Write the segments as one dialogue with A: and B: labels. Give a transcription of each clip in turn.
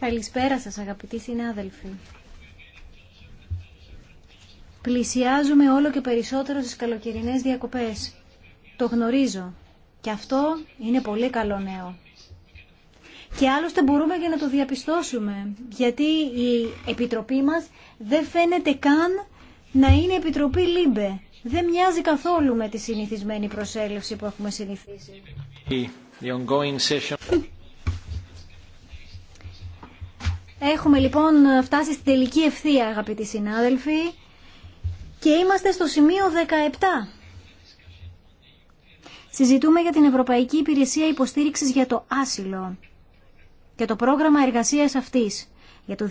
A: Καλησπέρα σας αγαπητοί συνάδελφοι. Πλησιάζουμε όλο και περισσότερο στις καλοκαιρινές διακοπές. Το γνωρίζω. Και αυτό είναι πολύ καλό νέο. Και άλλωστε μπορούμε και να το διαπιστώσουμε, γιατί η Επιτροπή μας δεν φαίνεται καν να είναι Επιτροπή ΛΥΜΠΕ δεν μοιάζει καθόλου με τη συνηθισμένη προσέλευση που έχουμε συνηθίσει. Έχουμε λοιπόν φτάσει στην τελική ευθεία αγαπητοί συνάδελφοι και είμαστε στο σημείο 17. Συζητούμε για την Ευρωπαϊκή Υπηρεσία Υποστήριξης για το Άσυλο και το πρόγραμμα εργασίας αυτής για το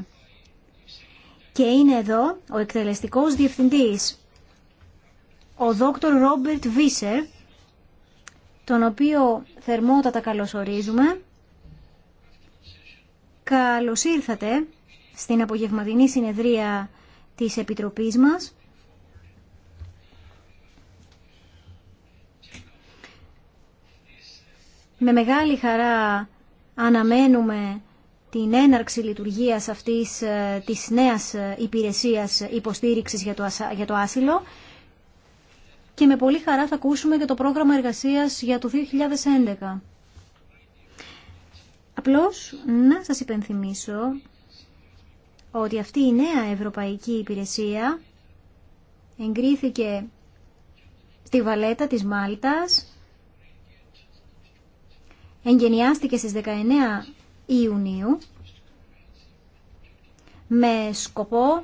A: 2011 και είναι εδώ ο εκτελεστικός διευθυντής, ο δόκτωρ Ρόμπερτ Βίσερ, τον οποίο θερμότατα καλωσορίζουμε. Καλώς ήρθατε στην απογευματινή συνεδρία της Επιτροπής μας. Με μεγάλη χαρά αναμένουμε την έναρξη λειτουργίας αυτής ε, της νέας ε, υπηρεσίας υποστήριξης για το άσυλο και με πολύ χαρά θα ακούσουμε και το πρόγραμμα εργασίας για το 2011. Απλώς να σας υπενθυμίσω ότι αυτή η νέα ευρωπαϊκή υπηρεσία εγκρίθηκε στη Βαλέτα της Μάλτας, εγγενιάστηκε στις 19 Ιουνίου με σκοπό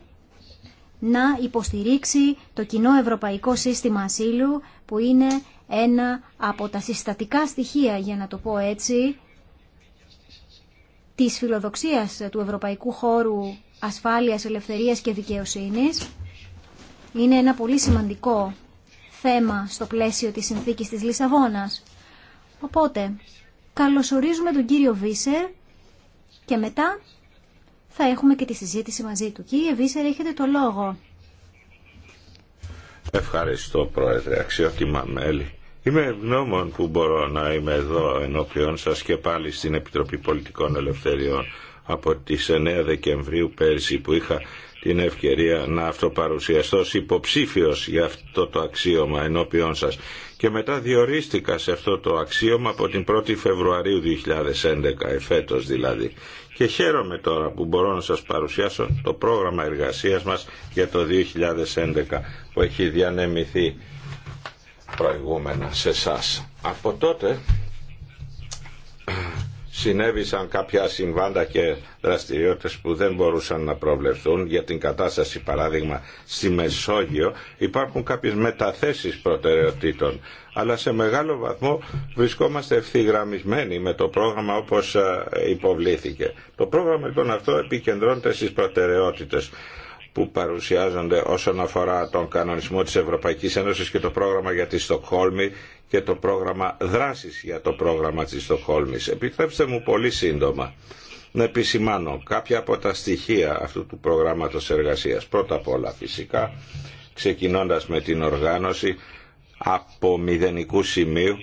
A: να υποστηρίξει το κοινό ευρωπαϊκό σύστημα ασύλου που είναι ένα από τα συστατικά στοιχεία, για να το πω έτσι, της φιλοδοξίας του ευρωπαϊκού χώρου ασφάλειας, ελευθερίας και δικαιοσύνης. Είναι ένα πολύ σημαντικό θέμα στο πλαίσιο της συνθήκης της Λισαβόνας. Οπότε, καλωσορίζουμε τον κύριο Βίσερ και μετά θα έχουμε και τη συζήτηση μαζί του. Κύριε Βίσερ, έχετε το λόγο.
B: Ευχαριστώ Πρόεδρε, αξιότιμα μέλη. Είμαι ευγνώμων που μπορώ να είμαι εδώ ενώπιον σας και πάλι στην Επιτροπή Πολιτικών Ελευθεριών από τις 9 Δεκεμβρίου πέρσι που είχα την ευκαιρία να αυτοπαρουσιαστώ υποψήφιος για αυτό το αξίωμα ενώπιόν σας και μετά διορίστηκα σε αυτό το αξίωμα από την 1η Φεβρουαρίου 2011, εφέτος δηλαδή. Και χαίρομαι τώρα που μπορώ να σας παρουσιάσω το πρόγραμμα εργασίας μας για το 2011 που έχει διανεμηθεί προηγούμενα σε εσά. Από τότε συνέβησαν κάποια συμβάντα και δραστηριότητες που δεν μπορούσαν να προβλεφθούν για την κατάσταση παράδειγμα στη Μεσόγειο υπάρχουν κάποιες μεταθέσεις προτεραιοτήτων αλλά σε μεγάλο βαθμό βρισκόμαστε ευθυγραμμισμένοι με το πρόγραμμα όπως ε, υποβλήθηκε. Το πρόγραμμα λοιπόν αυτό επικεντρώνεται στις προτεραιότητες που παρουσιάζονται όσον αφορά τον κανονισμό της Ευρωπαϊκής Ένωσης και το πρόγραμμα για τη Στοκχόλμη και το πρόγραμμα δράσης για το πρόγραμμα της Στοκχόλμης. Επιτρέψτε μου πολύ σύντομα να επισημάνω κάποια από τα στοιχεία αυτού του προγράμματος εργασίας. Πρώτα απ' όλα φυσικά, ξεκινώντας με την οργάνωση από μηδενικού σημείου,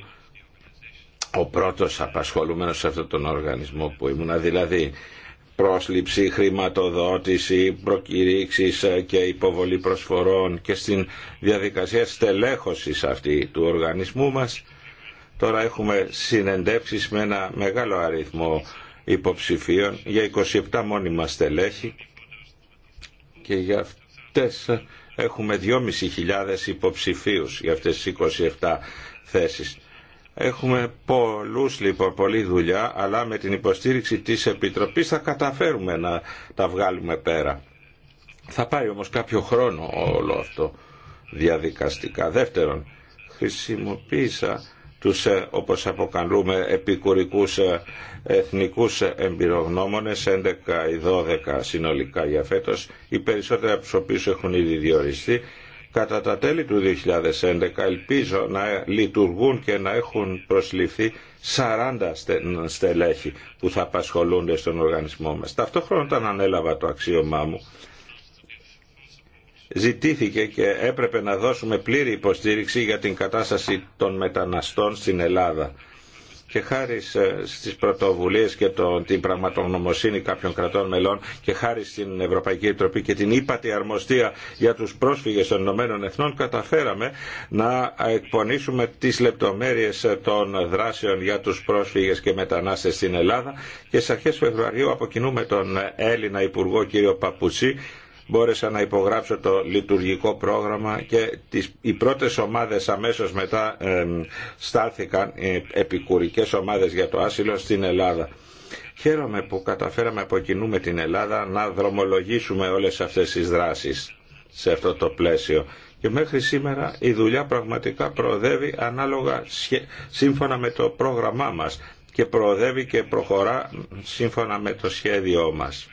B: ο πρώτος απασχολούμενος σε αυτόν τον οργανισμό που ήμουνα, δηλαδή πρόσληψη, χρηματοδότηση, προκηρύξεις και υποβολή προσφορών και στην διαδικασία στελέχωσης αυτή του οργανισμού μας. Τώρα έχουμε συνεντεύξεις με ένα μεγάλο αριθμό υποψηφίων για 27 μόνιμα στελέχη και για αυτές έχουμε 2.500 υποψηφίους για αυτές τις 27 θέσεις. Έχουμε πολλούς λοιπόν, πολλή δουλειά, αλλά με την υποστήριξη της Επιτροπής θα καταφέρουμε να τα βγάλουμε πέρα. Θα πάει όμως κάποιο χρόνο όλο αυτό διαδικαστικά. Δεύτερον, χρησιμοποίησα τους ε, όπως αποκαλούμε επικουρικούς ε, εθνικούς εμπειρογνώμονες 11 ή 12 συνολικά για φέτος οι περισσότεροι από τους οποίους έχουν ήδη διοριστεί κατά τα τέλη του 2011 ελπίζω να λειτουργούν και να έχουν προσληφθεί 40 στελέχη που θα απασχολούνται στον οργανισμό μας. Ταυτόχρονα όταν ανέλαβα το αξίωμά μου ζητήθηκε και έπρεπε να δώσουμε πλήρη υποστήριξη για την κατάσταση των μεταναστών στην Ελλάδα και χάρη στις πρωτοβουλίες και την πραγματογνωμοσύνη κάποιων κρατών μελών και χάρη στην Ευρωπαϊκή Επιτροπή και την ύπατη αρμοστία για τους πρόσφυγες των Ηνωμένων Εθνών καταφέραμε να εκπονήσουμε τις λεπτομέρειες των δράσεων για τους πρόσφυγες και μετανάστες στην Ελλάδα και στις αρχέ Φεβρουαρίου αποκοινούμε τον Έλληνα Υπουργό κύριο Παπουτσί μπόρεσα να υπογράψω το λειτουργικό πρόγραμμα και τις, οι πρώτες ομάδες αμέσως μετά ε, στάλθηκαν, ε, επικουρικές ομάδες για το άσυλο στην Ελλάδα. Χαίρομαι που καταφέραμε από κοινού με την Ελλάδα να δρομολογήσουμε όλες αυτές τις δράσεις σε αυτό το πλαίσιο. Και μέχρι σήμερα η δουλειά πραγματικά προοδεύει ανάλογα σύμφωνα με το πρόγραμμά μας και προοδεύει και προχωρά σύμφωνα με το σχέδιό μας.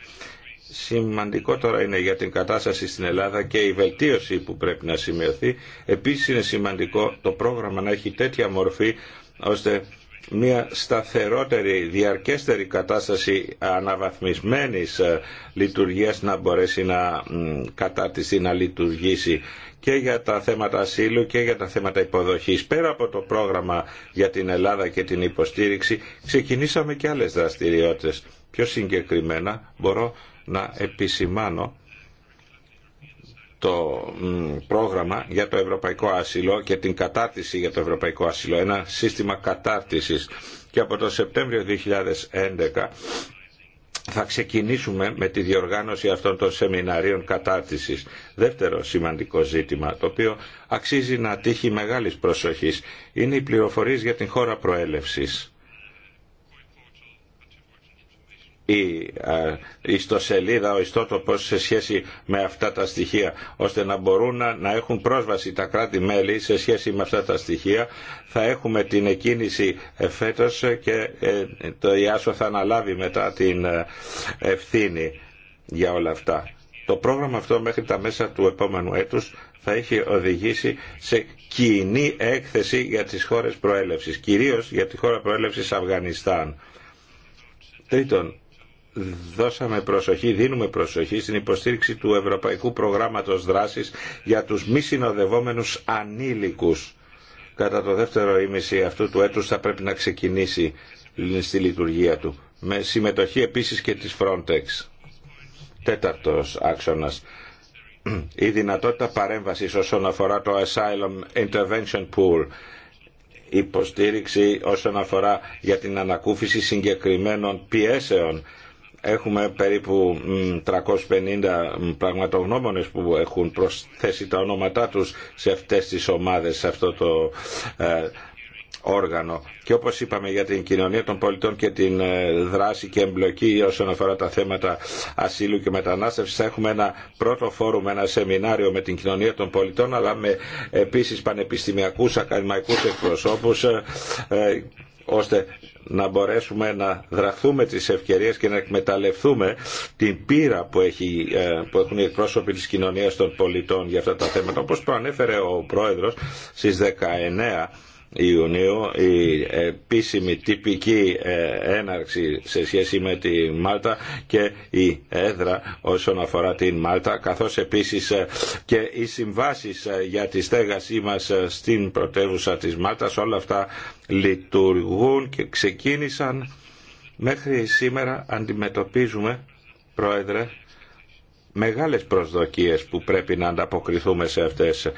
B: Σημαντικό τώρα είναι για την κατάσταση στην Ελλάδα και η βελτίωση που πρέπει να σημειωθεί. Επίσης είναι σημαντικό το πρόγραμμα να έχει τέτοια μορφή ώστε μια σταθερότερη, διαρκέστερη κατάσταση αναβαθμισμένης ε, λειτουργίας να μπορέσει να κατάρτιστεί, να λειτουργήσει και για τα θέματα ασύλου και για τα θέματα υποδοχής. Πέρα από το πρόγραμμα για την Ελλάδα και την υποστήριξη, ξεκινήσαμε και άλλες δραστηριότητες. Πιο συγκεκριμένα μπορώ να επισημάνω το πρόγραμμα για το Ευρωπαϊκό Ασύλο και την κατάρτιση για το Ευρωπαϊκό Ασύλο, ένα σύστημα κατάρτισης. Και από το Σεπτέμβριο 2011 θα ξεκινήσουμε με τη διοργάνωση αυτών των σεμιναρίων κατάρτισης. Δεύτερο σημαντικό ζήτημα, το οποίο αξίζει να τύχει μεγάλης προσοχής, είναι οι πληροφορίες για την χώρα προέλευσης. η ιστοσελίδα, ο ιστότοπος σε σχέση με αυτά τα στοιχεία, ώστε να μπορούν να, έχουν πρόσβαση τα κράτη-μέλη σε σχέση με αυτά τα στοιχεία. Θα έχουμε την εκκίνηση φέτος και ε, το ΙΑΣΟ θα αναλάβει μετά την ε, ευθύνη για όλα αυτά. Το πρόγραμμα αυτό μέχρι τα μέσα του επόμενου έτους θα έχει οδηγήσει σε κοινή έκθεση για τις χώρες προέλευσης, κυρίως για τη χώρα προέλευσης Αφγανιστάν. Τρίτον, δώσαμε προσοχή, δίνουμε προσοχή στην υποστήριξη του Ευρωπαϊκού Προγράμματος Δράσης για τους μη συνοδευόμενους ανήλικους. Κατά το δεύτερο ήμιση αυτού του έτους θα πρέπει να ξεκινήσει στη λειτουργία του. Με συμμετοχή επίσης και της Frontex. Τέταρτος άξονας. Η δυνατότητα παρέμβασης όσον αφορά το Asylum Intervention Pool υποστήριξη όσον αφορά για την ανακούφιση συγκεκριμένων πιέσεων έχουμε περίπου 350 πραγματογνώμονες που έχουν προσθέσει τα ονόματά τους σε αυτές τις ομάδες, σε αυτό το ε, όργανο. Και όπως είπαμε για την κοινωνία των πολιτών και την ε, δράση και εμπλοκή όσον αφορά τα θέματα ασύλου και μετανάστευσης θα έχουμε ένα πρώτο φόρουμ, ένα σεμινάριο με την κοινωνία των πολιτών αλλά με επίσης πανεπιστημιακούς, ακαδημαϊκούς εκπροσώπους ε, ώστε να μπορέσουμε να δραχθούμε τις ευκαιρίες και να εκμεταλλευτούμε την πείρα που, έχει, ε, που έχουν οι εκπρόσωποι της κοινωνίας των πολιτών για αυτά τα θέματα. Όπως προανέφερε ο Πρόεδρος στις 19 Ιουνίου η επίσημη τυπική ε, έναρξη σε σχέση με τη Μάλτα και η έδρα όσον αφορά την Μάλτα καθώς επίσης ε, και οι συμβάσεις ε, για τη στέγασή μας στην πρωτεύουσα της Μάλτας όλα αυτά λειτουργούν και ξεκίνησαν μέχρι σήμερα αντιμετωπίζουμε Πρόεδρε μεγάλες προσδοκίες που πρέπει να ανταποκριθούμε σε αυτές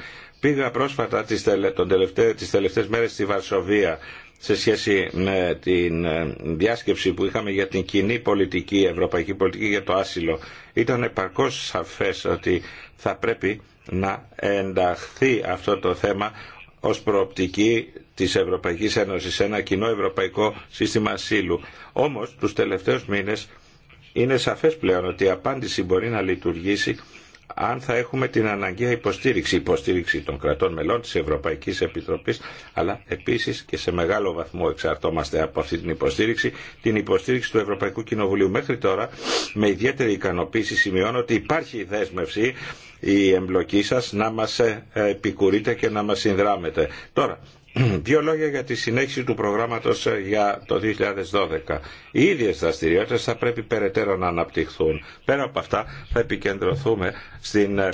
B: Πήγα πρόσφατα τις, τελευταίε τελευταίες μέρες στη Βαρσοβία σε σχέση με την ε, διάσκεψη που είχαμε για την κοινή πολιτική, ευρωπαϊκή πολιτική για το άσυλο. Ήταν επαρκώς σαφές ότι θα πρέπει να ενταχθεί αυτό το θέμα ως προοπτική της Ευρωπαϊκής Ένωσης, ένα κοινό ευρωπαϊκό σύστημα ασύλου. Όμως, τους τελευταίους μήνες είναι σαφές πλέον ότι η απάντηση μπορεί να λειτουργήσει αν θα έχουμε την αναγκαία υποστήριξη, υποστήριξη των κρατών μελών της Ευρωπαϊκής Επιτροπής, αλλά επίσης και σε μεγάλο βαθμό εξαρτώμαστε από αυτή την υποστήριξη, την υποστήριξη του Ευρωπαϊκού Κοινοβουλίου. Μέχρι τώρα, με ιδιαίτερη ικανοποίηση σημειώνω ότι υπάρχει η δέσμευση η εμπλοκή σας να μας ε, επικουρείτε και να μας συνδράμετε. Τώρα, Δύο λόγια για τη συνέχιση του προγράμματος ε, για το 2012. Οι ίδιες δραστηριότητες θα πρέπει περαιτέρω να αναπτυχθούν. Πέρα από αυτά θα επικεντρωθούμε στην ε,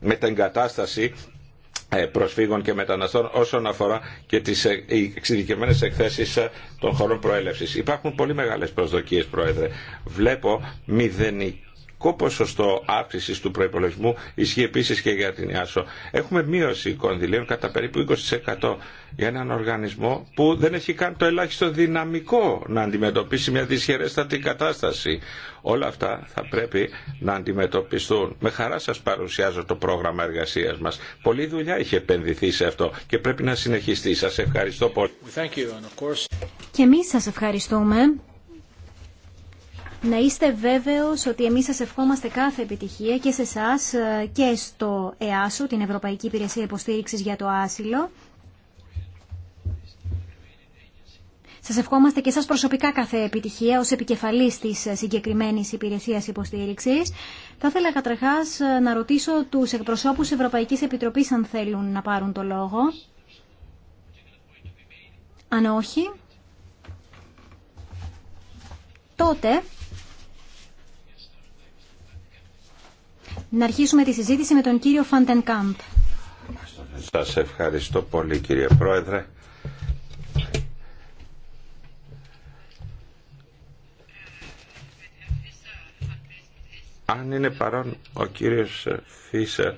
B: μεταγκατάσταση ε, προσφύγων και μεταναστών όσον αφορά και τις εξειδικευμένες εκθέσεις των χωρών προέλευσης. Υπάρχουν πολύ μεγάλες προσδοκίες, Πρόεδρε. Βλέπω μηδενική σημαντικό ποσοστό αύξηση του προϋπολογισμού ισχύει επίση και για την ΙΑΣΟ. Έχουμε μείωση κονδυλίων κατά περίπου 20% για έναν οργανισμό που δεν έχει καν το ελάχιστο δυναμικό να αντιμετωπίσει μια δυσχερέστατη κατάσταση. Όλα αυτά θα πρέπει να αντιμετωπιστούν. Με χαρά σας παρουσιάζω το πρόγραμμα εργασίας μα. Πολλή δουλειά έχει επενδυθεί σε αυτό και πρέπει να συνεχιστεί. Σα ευχαριστώ πολύ.
A: Και εμεί σα ευχαριστούμε. Να είστε βέβαιος ότι εμείς σας ευχόμαστε κάθε επιτυχία και σε εσά ε, και στο ΕΑΣΟ, την Ευρωπαϊκή Υπηρεσία Υποστήριξης για το Άσυλο. Σας ευχόμαστε και σας προσωπικά κάθε επιτυχία ως επικεφαλής της ε, συγκεκριμένης υπηρεσίας υποστήριξης. Θα ήθελα καταρχάς ε, να ρωτήσω τους εκπροσώπους Ευρωπαϊκής Επιτροπής αν θέλουν να πάρουν το λόγο. Αν όχι, τότε να αρχίσουμε τη συζήτηση με τον κύριο Κάμπ.
B: Σας ευχαριστώ πολύ κύριε Πρόεδρε. Αν είναι παρόν ο κύριος Φίσερ,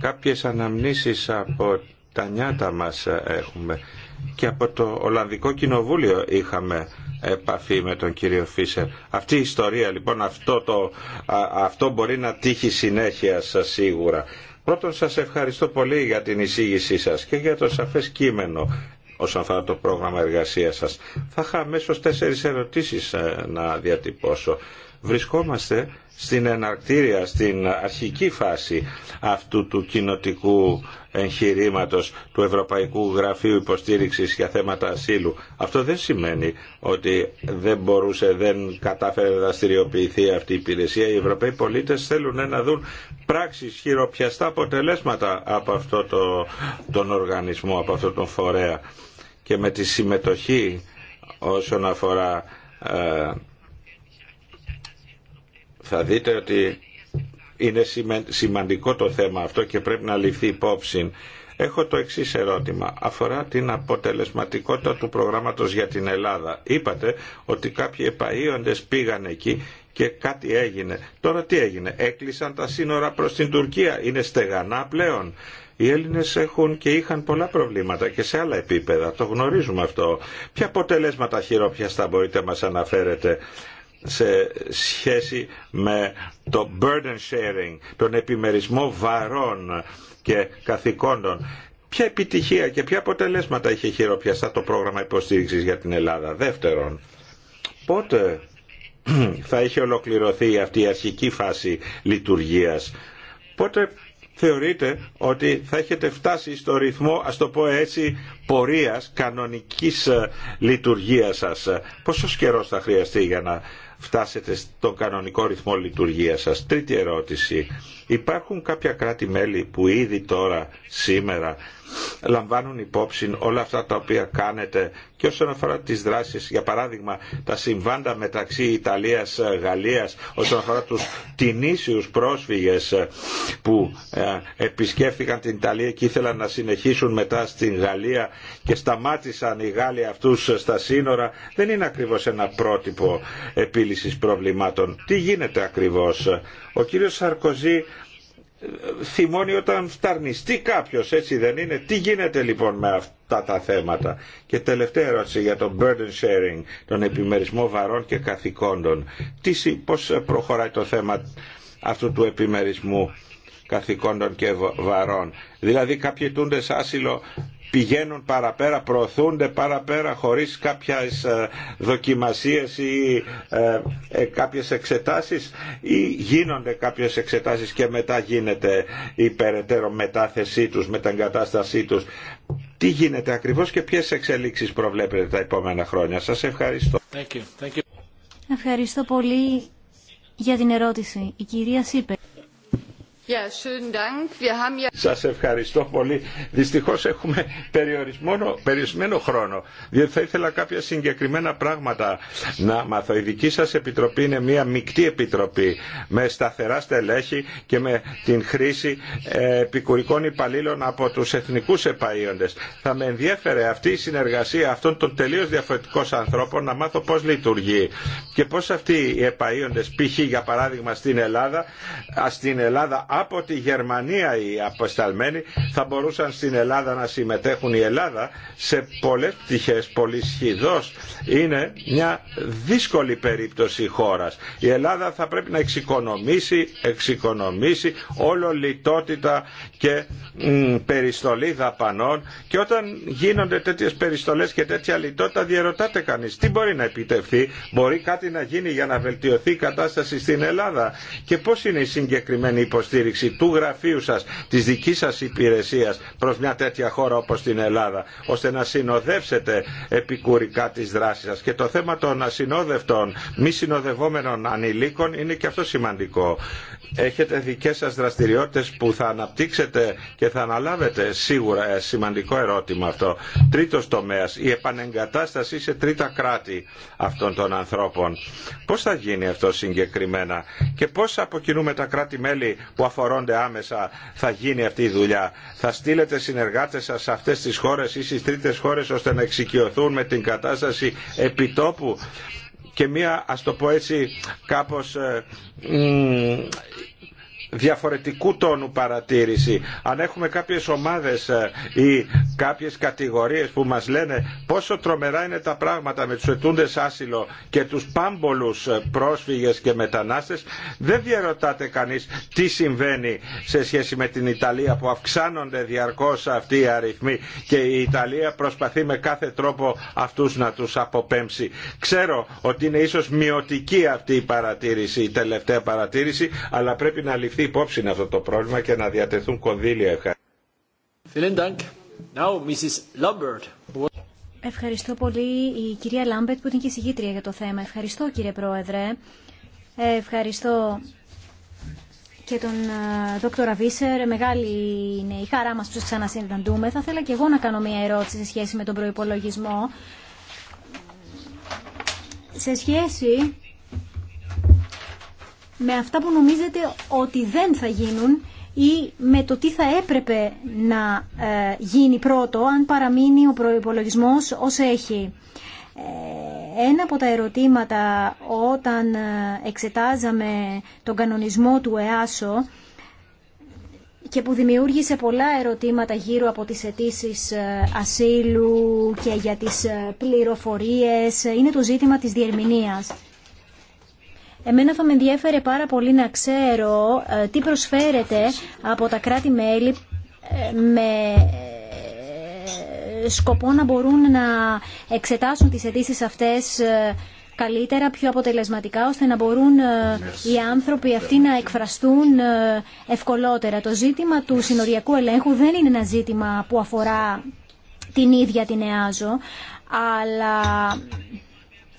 B: κάποιες αναμνήσεις από τα νιάτα μας έχουμε και από το Ολλανδικό Κοινοβούλιο είχαμε επαφή με τον κύριο Φίσερ. Αυτή η ιστορία λοιπόν αυτό, το, αυτό μπορεί να τύχει συνέχεια σας σίγουρα. Πρώτον σας ευχαριστώ πολύ για την εισήγησή σας και για το σαφές κείμενο όσον αφορά το πρόγραμμα εργασίας σας. Θα είχα αμέσως τέσσερις ερωτήσεις ε, να διατυπώσω βρισκόμαστε στην εναρκτήρια, στην αρχική φάση αυτού του κοινοτικού εγχειρήματος του Ευρωπαϊκού Γραφείου Υποστήριξης για θέματα ασύλου. Αυτό δεν σημαίνει ότι δεν μπορούσε, δεν κατάφερε να δραστηριοποιηθεί αυτή η υπηρεσία. Οι Ευρωπαίοι πολίτες θέλουν να δουν πράξεις, χειροπιαστά αποτελέσματα από αυτό το, τον οργανισμό, από αυτό τον φορέα και με τη συμμετοχή όσον αφορά ε, θα δείτε ότι είναι σημαντικό το θέμα αυτό και πρέπει να ληφθεί υπόψη. Έχω το εξή ερώτημα. Αφορά την αποτελεσματικότητα του προγράμματος για την Ελλάδα. Είπατε ότι κάποιοι επαΐοντες πήγαν εκεί και κάτι έγινε. Τώρα τι έγινε. Έκλεισαν τα σύνορα προς την Τουρκία. Είναι στεγανά πλέον. Οι Έλληνες έχουν και είχαν πολλά προβλήματα και σε άλλα επίπεδα. Το γνωρίζουμε αυτό. Ποια αποτελέσματα χειρόπιαστα μπορείτε να μας αναφέρετε σε σχέση με το burden sharing, τον επιμερισμό βαρών και καθηκόντων. Ποια επιτυχία και ποια αποτελέσματα είχε χειροπιαστά το πρόγραμμα υποστήριξης για την Ελλάδα. Δεύτερον, πότε θα είχε ολοκληρωθεί αυτή η αρχική φάση λειτουργίας. Πότε θεωρείτε ότι θα έχετε φτάσει στο ρυθμό, ας το πω έτσι, πορείας κανονικής ε, λειτουργίας σας. Πόσο καιρός θα χρειαστεί για να φτάσετε στον κανονικό ρυθμό λειτουργίας σας. Τρίτη ερώτηση. Υπάρχουν κάποια κράτη-μέλη που ήδη τώρα, σήμερα, λαμβάνουν υπόψη όλα αυτά τα οποία κάνετε και όσον αφορά τις δράσεις, για παράδειγμα τα συμβάντα μεταξύ Ιταλίας-Γαλλίας, όσον αφορά τους τινήσιους πρόσφυγες που ε, επισκέφθηκαν την Ιταλία και ήθελαν να συνεχίσουν μετά στην Γαλλία και σταμάτησαν οι Γάλλοι αυτούς στα σύνορα, δεν είναι ακριβώς ένα πρότυπο επίλυσης προβλημάτων. Τι γίνεται ακριβώς. Ο κύριος Σαρκοζή θυμώνει όταν φταρνιστεί κάποιος, έτσι δεν είναι. Τι γίνεται λοιπόν με αυτά τα θέματα. Και τελευταία ερώτηση για το burden sharing, τον επιμερισμό βαρών και καθηκόντων. Τι, πώς προχωράει το θέμα αυτού του επιμερισμού καθηκόντων και βαρών. Δηλαδή κάποιοι σε άσυλο πηγαίνουν παραπέρα, προωθούνται παραπέρα χωρίς κάποιες ε, δοκιμασίες ή ε, ε, κάποιες εξετάσεις ή γίνονται κάποιες εξετάσεις και μετά γίνεται η περαιτέρω μετάθεσή τους, μεταγκατάστασή τους. Τι γίνεται ακριβώς και ποιες εξελίξεις προβλέπετε τα επόμενα χρόνια. Σας ευχαριστώ.
C: Thank you. Thank you.
A: Ευχαριστώ πολύ για την ερώτηση. Η κυρία Σίπερ.
B: Σας ευχαριστώ πολύ. Δυστυχώς έχουμε περιορισμένο χρόνο, διότι θα ήθελα κάποια συγκεκριμένα πράγματα να μάθω. Η δική σας επιτροπή είναι μια μεικτή επιτροπή με σταθερά στελέχη και με την χρήση ε, επικουρικών υπαλλήλων από τους εθνικούς επαΐοντες. Θα με ενδιέφερε αυτή η συνεργασία αυτών των τελείως διαφορετικών ανθρώπων να μάθω πώς λειτουργεί και πώς αυτοί οι επαΐοντες, π.χ. για παράδειγμα στην Ελλάδα, στην Ελλάδα από τη Γερμανία οι αποσταλμένοι θα μπορούσαν στην Ελλάδα να συμμετέχουν. Η Ελλάδα σε πολλές πτυχές, πολυσχηδώς, είναι μια δύσκολη περίπτωση χώρας. Η Ελλάδα θα πρέπει να εξοικονομήσει, εξοικονομήσει όλο λιτότητα και μ, περιστολή δαπανών και όταν γίνονται τέτοιες περιστολές και τέτοια λιτότητα διαρωτάται κανείς τι μπορεί να επιτευχθεί, μπορεί κάτι να γίνει για να βελτιωθεί η κατάσταση στην Ελλάδα και πώς είναι η συγκεκριμένη υποστήριξη του γραφείου σας, της δικής σας υπηρεσίας προς μια τέτοια χώρα όπως την Ελλάδα, ώστε να συνοδεύσετε επικουρικά τις δράσεις σας. Και το θέμα των ασυνόδευτων, μη συνοδευόμενων ανηλίκων είναι και αυτό σημαντικό. Έχετε δικές σας δραστηριότητες που θα αναπτύξετε και θα αναλάβετε σίγουρα ε, σημαντικό ερώτημα αυτό. Τρίτος τομέας, η επανεγκατάσταση σε τρίτα κράτη αυτών των ανθρώπων. Πώς θα γίνει αυτό συγκεκριμένα και πώς αποκινούμε τα κράτη-μέλη που αφορούν αφορώνται άμεσα θα γίνει αυτή η δουλειά. Θα στείλετε συνεργάτες σας σε αυτές τις χώρες ή στις τρίτες χώρες ώστε να εξοικειωθούν με την κατάσταση επιτόπου και μία α το πω έτσι κάπως ε, διαφορετικού τόνου παρατήρηση. Αν έχουμε κάποιες ομάδες ή ε, κάποιες κατηγορίες που μας λένε πόσο τρομερά είναι τα πράγματα με τους ετούντες άσυλο και τους πάμπολους πρόσφυγες και μετανάστες δεν διαρωτάται κανείς τι συμβαίνει σε σχέση με την Ιταλία που αυξάνονται διαρκώς αυτοί οι αριθμοί και η Ιταλία προσπαθεί με κάθε τρόπο αυτούς να τους αποπέμψει. Ξέρω ότι είναι ίσως μειωτική αυτή η παρατήρηση, η τελευταία παρατήρηση, αλλά πρέπει να ληφθεί υπόψη αυτό το πρόβλημα και να διατεθούν κονδύλια. Ευχαριστώ.
A: Ευχαριστώ πολύ η κυρία Λάμπετ που είναι και συγγήτρια για το θέμα. Ευχαριστώ κύριε Πρόεδρε. Ε, ευχαριστώ και τον ε, δόκτωρα Βίσερ. Μεγάλη είναι η χαρά μας που σας ξανασυνδαντούμε. Θα ήθελα και εγώ να κάνω μια ερώτηση σε σχέση με τον προϋπολογισμό. Σε σχέση με αυτά που νομίζετε ότι δεν θα γίνουν ή με το τι θα έπρεπε να ε, γίνει πρώτο αν παραμείνει ο προϋπολογισμός ως έχει. Ε, ένα από τα ερωτήματα όταν ε, εξετάζαμε τον κανονισμό του ΕΑΣΟ και που δημιούργησε πολλά ερωτήματα γύρω από τις αιτήσει ασύλου και για τις πληροφορίες είναι το ζήτημα της διερμηνίας. Εμένα θα με ενδιέφερε πάρα πολύ να ξέρω ε, τι προσφέρεται από τα κράτη-μέλη ε, με ε, σκοπό να μπορούν να εξετάσουν τις αιτήσει αυτές καλύτερα, πιο αποτελεσματικά, ώστε να μπορούν οι άνθρωποι αυτοί να εκφραστούν ευκολότερα. Το ζήτημα του συνοριακού ελέγχου δεν είναι ένα ζήτημα που αφορά την ίδια την ΕΑΖΟ, αλλά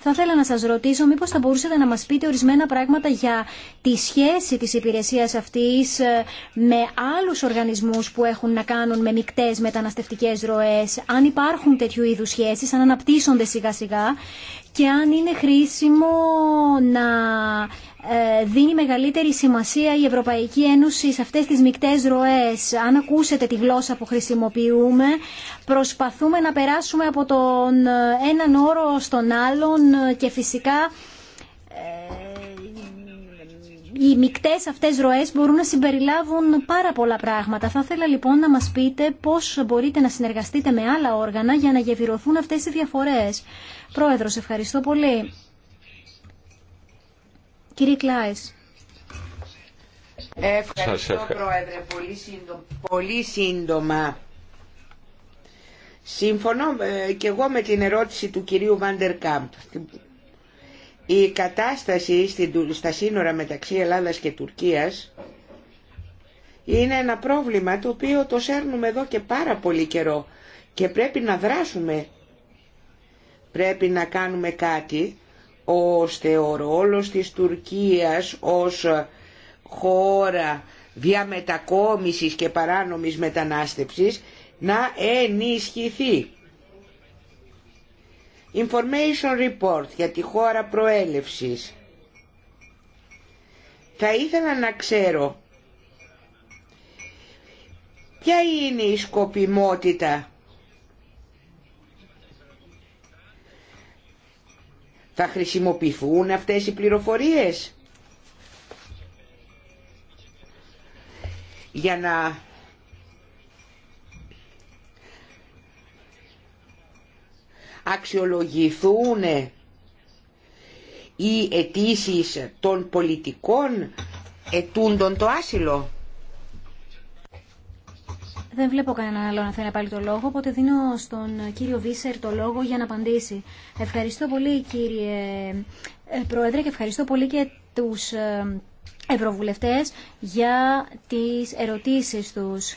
A: θα ήθελα να σας ρωτήσω μήπως θα μπορούσατε να μας πείτε ορισμένα πράγματα για τη σχέση της υπηρεσίας αυτής ε, με άλλους οργανισμούς που έχουν να κάνουν με μικτές μεταναστευτικές ροές, αν υπάρχουν τέτοιου είδους σχέσεις, αν αναπτύσσονται σιγά σιγά και αν είναι χρήσιμο να ε, δίνει μεγαλύτερη σημασία η Ευρωπαϊκή Ένωση σε αυτές τις μικτές ροές. Αν ακούσετε τη γλώσσα που χρησιμοποιούμε, προσπαθούμε να περάσουμε από τον ε, έναν όρο στον άλλον και φυσικά ε, οι μικτές αυτές ροές μπορούν να συμπεριλάβουν πάρα πολλά πράγματα. Θα ήθελα λοιπόν να μας πείτε πώς μπορείτε να συνεργαστείτε με άλλα όργανα για να γεβηρωθούν αυτές οι διαφορές. Πρόεδρος, ευχαριστώ πολύ. Κύριε Κλάες.
D: Ευχαριστώ Πρόεδρε, πολύ σύντομα. Πολύ Συμφωνώ ε, και εγώ με την ερώτηση του κυρίου Βάντερ Η κατάσταση στην, στα σύνορα μεταξύ Ελλάδας και Τουρκίας είναι ένα πρόβλημα το οποίο το σέρνουμε εδώ και πάρα πολύ καιρό και πρέπει να δράσουμε. Πρέπει να κάνουμε κάτι ώστε ο ρόλος της Τουρκίας ως χώρα διαμετακόμισης και παράνομης μετανάστευσης να ενισχυθεί. Information report για τη χώρα προέλευσης. Θα ήθελα να ξέρω ποια είναι η σκοπιμότητα Θα χρησιμοποιηθούν αυτές οι πληροφορίες για να αξιολογηθούν οι αιτήσει των πολιτικών ετούντων το άσυλο.
A: Δεν βλέπω κανέναν άλλο να θέλει πάλι το λόγο, οπότε δίνω στον κύριο Βίσερ το λόγο για να απαντήσει. Ευχαριστώ πολύ κύριε ε, Πρόεδρε και ευχαριστώ πολύ και τους ε, ευρωβουλευτές για τις ερωτήσεις τους.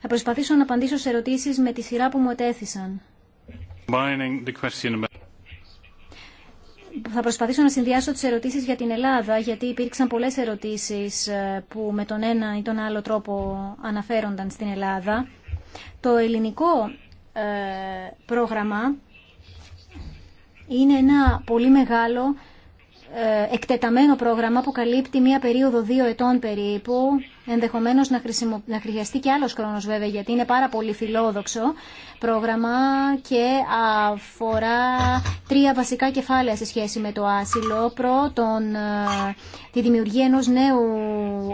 A: Θα προσπαθήσω να απαντήσω σε ερωτήσεις με τη σειρά που μου ετέθησαν θα προσπαθήσω να συνδυάσω τις ερωτήσεις για την Ελλάδα, γιατί υπήρξαν πολλές ερωτήσεις ε, που με τον ένα ή τον άλλο τρόπο αναφέρονταν στην Ελλάδα. Το ελληνικό ε, πρόγραμμα είναι ένα πολύ μεγάλο ε, εκτεταμένο πρόγραμμα που καλύπτει μία περίοδο δύο ετών περίπου Ενδεχομένω να, χρησιμο... να χρειαστεί και άλλο χρόνο, βέβαια γιατί είναι πάρα πολύ φιλόδοξο πρόγραμμα και αφορά τρία βασικά κεφάλαια σε σχέση με το άσυλο. Πρώτον, ε, τη δημιουργία ενό νέου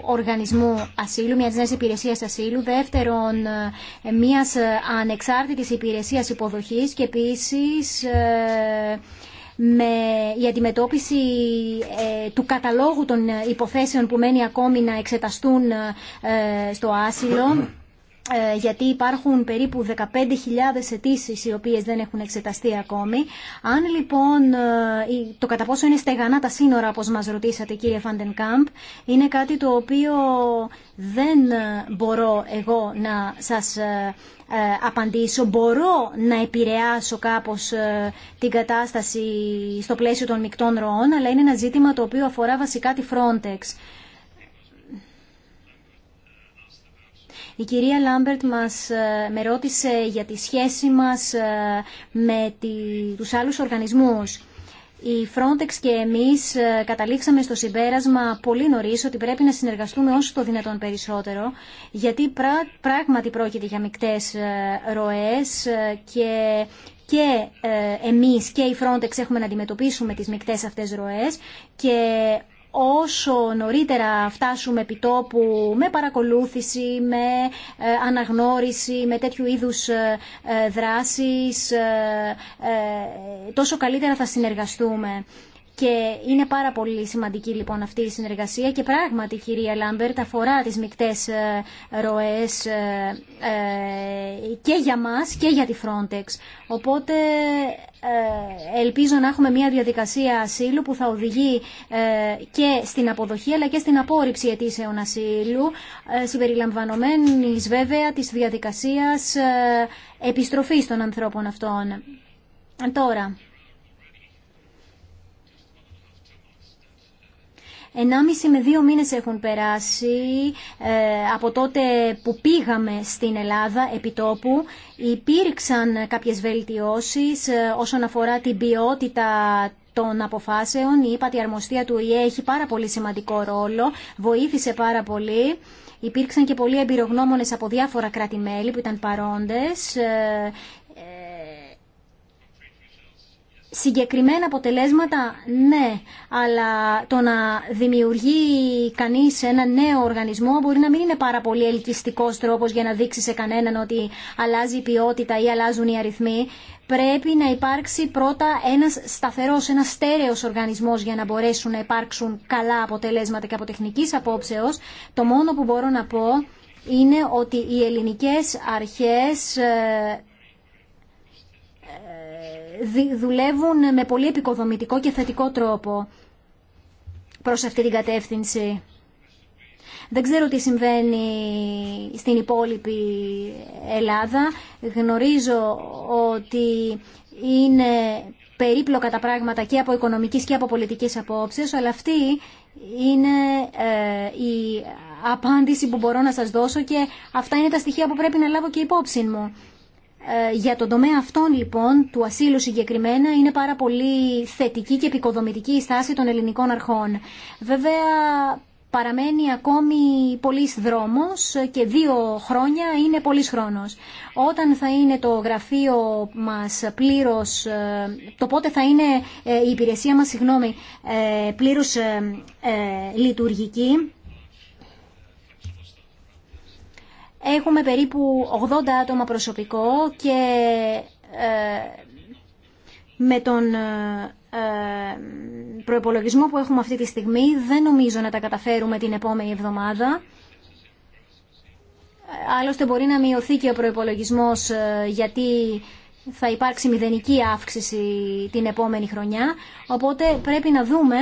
A: οργανισμού ασύλου, μια νέα υπηρεσίας ασύλου. Δεύτερον, ε, μιας ε, ανεξάρτητης υπηρεσίας υποδοχής και επίσης με η αντιμετώπιση ε, του καταλόγου των ε, υποθέσεων που μένει ακόμη να εξεταστούν ε, στο άσυλο ε, γιατί υπάρχουν περίπου 15.000 αιτήσει οι οποίες δεν έχουν εξεταστεί ακόμη. Αν λοιπόν ε, το κατά πόσο είναι στεγανά τα σύνορα, όπως μας ρωτήσατε κύριε Φαντεν Κάμπ, είναι κάτι το οποίο δεν ε, μπορώ εγώ να σας απαντήσω. Μπορώ να επηρεάσω κάπως την κατάσταση στο πλαίσιο των μεικτών ροών, αλλά είναι ένα ζήτημα το οποίο αφορά βασικά τη Frontex. Η κυρία Λάμπερτ μας ε, με ρώτησε για τη σχέση μας ε, με τη, τους άλλους οργανισμούς. Η Frontex και εμείς ε, καταλήξαμε στο συμπέρασμα πολύ νωρίς ότι πρέπει να συνεργαστούμε όσο το δυνατόν περισσότερο γιατί πράγματι πρόκειται για μικτές ροές και και εμείς και η Frontex έχουμε να αντιμετωπίσουμε τις μικτές αυτές ροές και όσο νωρίτερα φτάσουμε επί τόπου με παρακολούθηση, με ε, αναγνώριση, με τέτοιου είδους ε, ε, δράσεις, τόσο καλύτερα θα συνεργαστούμε. Και είναι πάρα πολύ σημαντική λοιπόν αυτή η συνεργασία και πράγματι κυρία Λάμπερτ αφορά τις μικτές ε, ροές ε, ε, και για μας και για τη Frontex. Οπότε ελπίζω να έχουμε μια διαδικασία ασύλου που θα οδηγεί και στην αποδοχή αλλά και στην απόρριψη αιτήσεων ασύλου συμπεριλαμβανομένης βέβαια της διαδικασίας επιστροφής των ανθρώπων αυτών. Τώρα, Ενάμιση με δύο μήνες έχουν περάσει ε, από τότε που πήγαμε στην Ελλάδα επί επιτόπου. Υπήρξαν κάποιες βελτιώσεις ε, όσον αφορά την ποιότητα των αποφάσεων. Η ύπατη αρμοστία του ΙΕ έχει πάρα πολύ σημαντικό ρόλο, βοήθησε πάρα πολύ. Υπήρξαν και πολλοί εμπειρογνώμονε από διάφορα κράτη-μέλη που ήταν παρόντες. Ε, Συγκεκριμένα αποτελέσματα, ναι, αλλά το να δημιουργεί κανείς ένα νέο οργανισμό μπορεί να μην είναι πάρα πολύ ελκυστικός τρόπος για να δείξει σε κανέναν ότι αλλάζει η ποιότητα ή αλλάζουν οι αριθμοί. Πρέπει να υπάρξει πρώτα ένας σταθερός, ένας στέρεος οργανισμός για να μπορέσουν να υπάρξουν καλά αποτελέσματα και από τεχνικής απόψεως. Το μόνο που μπορώ να πω είναι ότι οι ελληνικές αρχές ε, δουλεύουν με πολύ επικοδομητικό και θετικό τρόπο προς αυτή την κατεύθυνση. Δεν ξέρω τι συμβαίνει στην υπόλοιπη Ελλάδα. Γνωρίζω ότι είναι περίπλοκα τα πράγματα και από οικονομικής και από πολιτικής απόψεως, αλλά αυτή είναι ε, η απάντηση που μπορώ να σας δώσω και αυτά είναι τα στοιχεία που πρέπει να λάβω και υπόψη μου. Ε, για τον τομέα αυτών λοιπόν του ασύλου συγκεκριμένα είναι πάρα πολύ θετική και επικοδομητική η στάση των ελληνικών αρχών. Βέβαια παραμένει ακόμη πολύ δρόμος και δύο χρόνια είναι πολύς χρόνος. Όταν θα είναι το γραφείο μας πλήρως, ε, το πότε θα είναι ε, η υπηρεσία μας, συγγνώμη, πλήρως λειτουργική, Έχουμε περίπου 80 άτομα προσωπικό και ε, με τον ε, ε, προϋπολογισμό που έχουμε αυτή τη στιγμή δεν νομίζω να τα καταφέρουμε την επόμενη εβδομάδα. Άλλωστε μπορεί να μειωθεί και ο προϋπολογισμός γιατί θα υπάρξει μηδενική αύξηση την επόμενη χρονιά. Οπότε πρέπει να δούμε,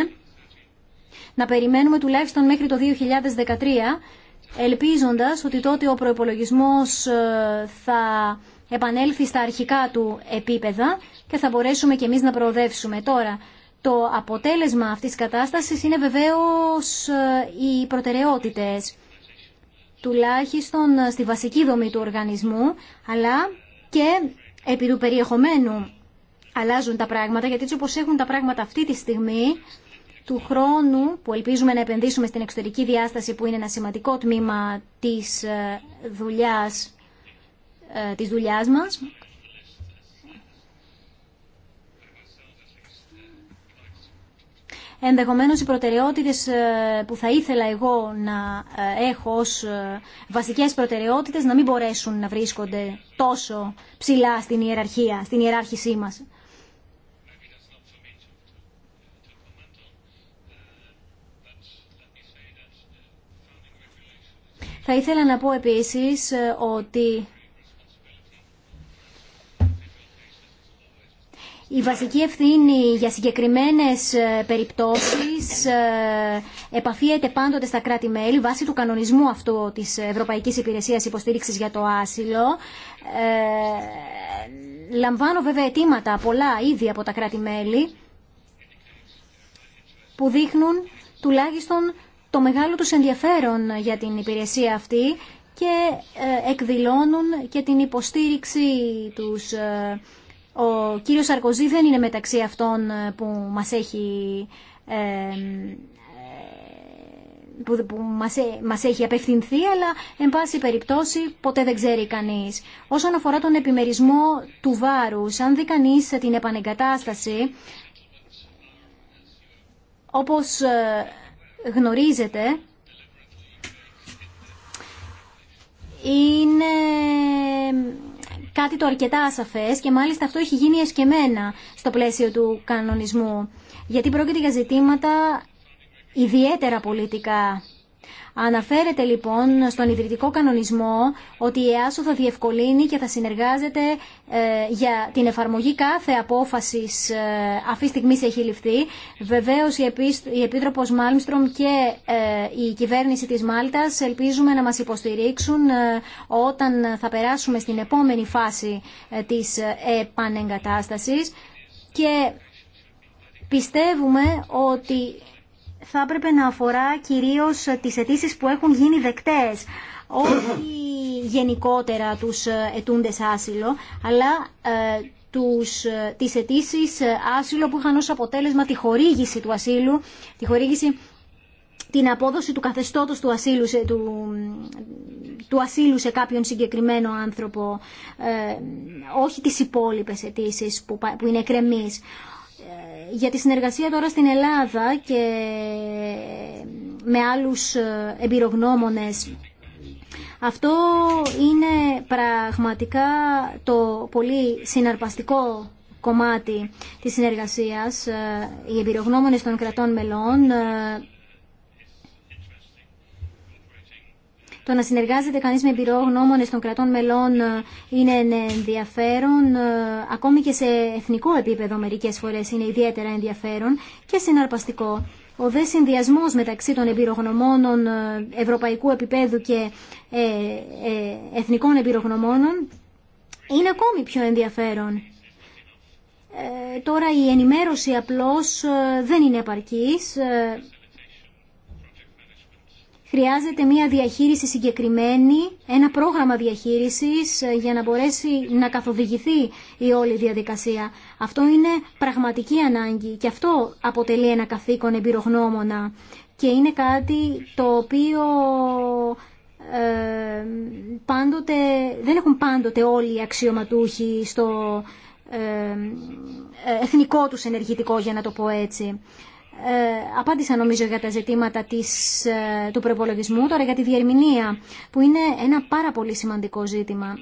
A: να περιμένουμε τουλάχιστον μέχρι το 2013 ελπίζοντας ότι τότε ο προϋπολογισμός ε, θα επανέλθει στα αρχικά του επίπεδα και θα μπορέσουμε και εμείς να προοδεύσουμε. Τώρα, το αποτέλεσμα αυτής της κατάστασης είναι βεβαίως ε, οι προτεραιότητες, τουλάχιστον ε, στη βασική δομή του οργανισμού, αλλά και επί του περιεχομένου αλλάζουν τα πράγματα, γιατί έτσι όπως έχουν τα πράγματα αυτή τη στιγμή, του χρόνου που ελπίζουμε να επενδύσουμε στην εξωτερική διάσταση που είναι ένα σημαντικό τμήμα της ε, δουλειάς, ε, της δουλειάς μας. Ενδεχομένως οι προτεραιότητες ε, που θα ήθελα εγώ να έχω ως βασικές προτεραιότητες να μην μπορέσουν να βρίσκονται τόσο ψηλά στην ιεραρχία, στην ιεράρχησή μας. Θα ήθελα να πω επίσης ε, ότι Η βασική ευθύνη για συγκεκριμένες ε, περιπτώσεις ε, επαφίεται πάντοτε στα κράτη-μέλη βάσει του κανονισμού αυτού της Ευρωπαϊκής Υπηρεσίας Υποστήριξης για το Άσυλο. Ε, λαμβάνω βέβαια αιτήματα πολλά ήδη από τα κράτη-μέλη που δείχνουν τουλάχιστον το μεγάλο τους ενδιαφέρον για την υπηρεσία αυτή και ε, εκδηλώνουν και την υποστήριξή τους. Ε, ο κύριος Σαρκοζή δεν είναι μεταξύ αυτών ε, που μας έχει που, που μας, έχει απευθυνθεί, αλλά εν πάση περιπτώσει ποτέ δεν ξέρει κανείς. Όσον αφορά τον επιμερισμό του βάρους, αν δει κανείς την επανεγκατάσταση, όπως γνωρίζετε είναι κάτι το αρκετά ασαφές και μάλιστα αυτό έχει γίνει εσκεμένα στο πλαίσιο του κανονισμού γιατί πρόκειται για ζητήματα ιδιαίτερα πολιτικά Αναφέρεται λοιπόν στον ιδρυτικό κανονισμό ότι η ΕΑΣΟ θα διευκολύνει και θα συνεργάζεται ε, για την εφαρμογή κάθε απόφασης ε, αυτή τη στιγμή έχει ληφθεί. Βεβαίως η επίτροπο Μάλμστρομ και ε, η κυβέρνηση της Μάλτας ελπίζουμε να μα υποστηρίξουν όταν θα περάσουμε στην επόμενη φάση της επανεγκατάσταση. και πιστεύουμε ότι θα έπρεπε να αφορά κυρίως τις αιτήσει που έχουν γίνει δεκτές, όχι γενικότερα τους ετούντες άσυλο, αλλά ε, τους, ε, τις αιτήσει άσυλο που είχαν ως αποτέλεσμα τη χορήγηση του ασύλου, τη χορήγηση την απόδοση του καθεστώτος του ασύλου σε, του, του ασύλου σε κάποιον συγκεκριμένο άνθρωπο, ε, όχι τις υπόλοιπες αιτήσει που, που είναι κρεμείς για τη συνεργασία τώρα στην Ελλάδα και με άλλους ε, εμπειρογνώμονες. Αυτό είναι πραγματικά το πολύ συναρπαστικό κομμάτι της συνεργασίας. Ε, οι εμπειρογνώμονες των κρατών μελών ε, Το να συνεργάζεται κανείς με εμπειρογνώμονε των κρατών μελών ε, είναι ε, ενδιαφέρον, ε, ακόμη και σε εθνικό επίπεδο μερικές φορές είναι ιδιαίτερα ενδιαφέρον και συναρπαστικό. Ο δε συνδυασμό μεταξύ των εμπειρογνωμόνων ευρωπαϊκού επίπεδου και εθνικών εμπειρογνωμόνων είναι ακόμη πιο ενδιαφέρον. τώρα η ενημέρωση απλώς δεν είναι επαρκής χρειάζεται μια διαχείριση συγκεκριμένη, ένα πρόγραμμα διαχείρισης ε, για να μπορέσει να καθοδηγηθεί η όλη διαδικασία. Αυτό είναι πραγματική ανάγκη και αυτό αποτελεί ένα καθήκον εμπειρογνώμονα και είναι κάτι το οποίο ε, πάντοτε, δεν έχουν πάντοτε όλοι οι αξιωματούχοι στο ε, εθνικό τους ενεργητικό, για να το πω έτσι ε, απάντησα νομίζω για τα ζητήματα της, ε, του προπολογισμού, τώρα για τη διερμηνία, που είναι ένα πάρα πολύ σημαντικό ζήτημα.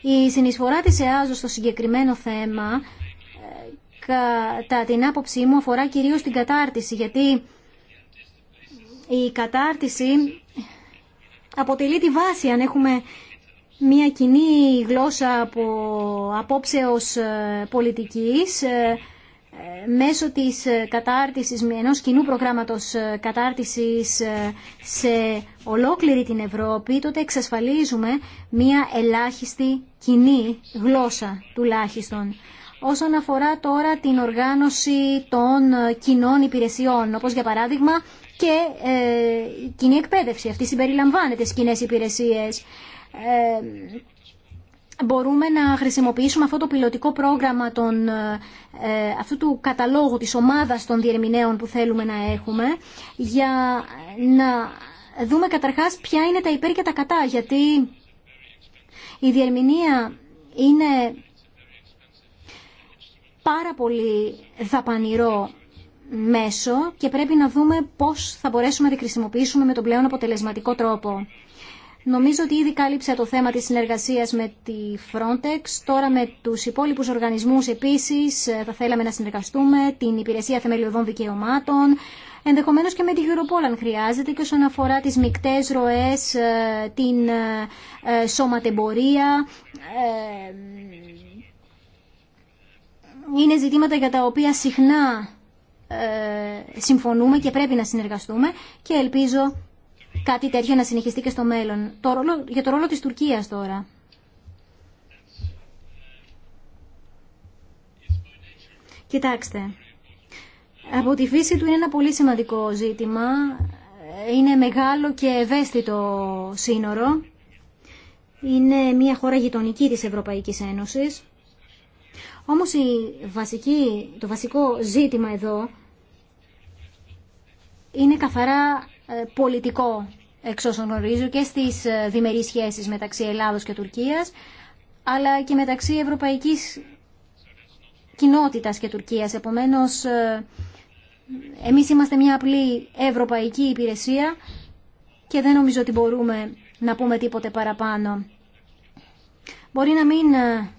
A: Η συνεισφορά της ΕΑΖΟ στο συγκεκριμένο θέμα, ε, κατά την άποψή μου, αφορά κυρίως την κατάρτιση, γιατί η κατάρτιση αποτελεί τη βάση αν έχουμε μια κοινή γλώσσα από απόψεως ε, πολιτικής, ε, μέσω της ε, κατάρτισης ενός κοινού προγράμματος ε, κατάρτισης ε, σε ολόκληρη την Ευρώπη, τότε εξασφαλίζουμε μία ελάχιστη κοινή γλώσσα τουλάχιστον. Όσον αφορά τώρα την οργάνωση των κοινών υπηρεσιών, όπως για παράδειγμα και ε, κοινή εκπαίδευση, αυτή συμπεριλαμβάνεται στις κοινές υπηρεσίες μπορούμε να χρησιμοποιήσουμε αυτό το πιλωτικό πρόγραμμα των, ε, αυτού του καταλόγου της ομάδας των διερμηνέων που θέλουμε να έχουμε για να δούμε καταρχάς ποια είναι τα υπέρ και τα κατά γιατί η διερμηνία είναι πάρα πολύ δαπανηρό μέσο και πρέπει να δούμε πώς θα μπορέσουμε να τη χρησιμοποιήσουμε με τον πλέον αποτελεσματικό τρόπο. Νομίζω ότι ήδη κάλυψα το θέμα της συνεργασίας με τη Frontex. Τώρα με τους υπόλοιπους οργανισμούς επίσης ε, θα θέλαμε να συνεργαστούμε, την Υπηρεσία Θεμελιωδών Δικαιωμάτων, ενδεχομένως και με τη Europol αν χρειάζεται και όσον αφορά τις μικτές ροές, ε, την ε, σώματεμπορία, είναι ζητήματα για τα οποία συχνά συμφωνούμε και πρέπει να συνεργαστούμε και ελπίζω κάτι τέτοιο να συνεχιστεί και στο μέλλον. για το ρόλο της Τουρκίας τώρα. Κοιτάξτε, από τη φύση του είναι ένα πολύ σημαντικό ζήτημα. Είναι μεγάλο και ευαίσθητο σύνορο. Είναι μια χώρα γειτονική της Ευρωπαϊκής Ένωσης. Όμως η βασική, το βασικό ζήτημα εδώ είναι καθαρά ε, πολιτικό εξ όσων γνωρίζω, και στις ε, διμερείς σχέσεις μεταξύ Ελλάδος και Τουρκίας, αλλά και μεταξύ Ευρωπαϊκής Κοινότητας και Τουρκίας. Επομένως, ε, εμείς είμαστε μια απλή ευρωπαϊκή υπηρεσία και δεν νομίζω ότι μπορούμε να πούμε τίποτε παραπάνω. Μπορεί να μην ε,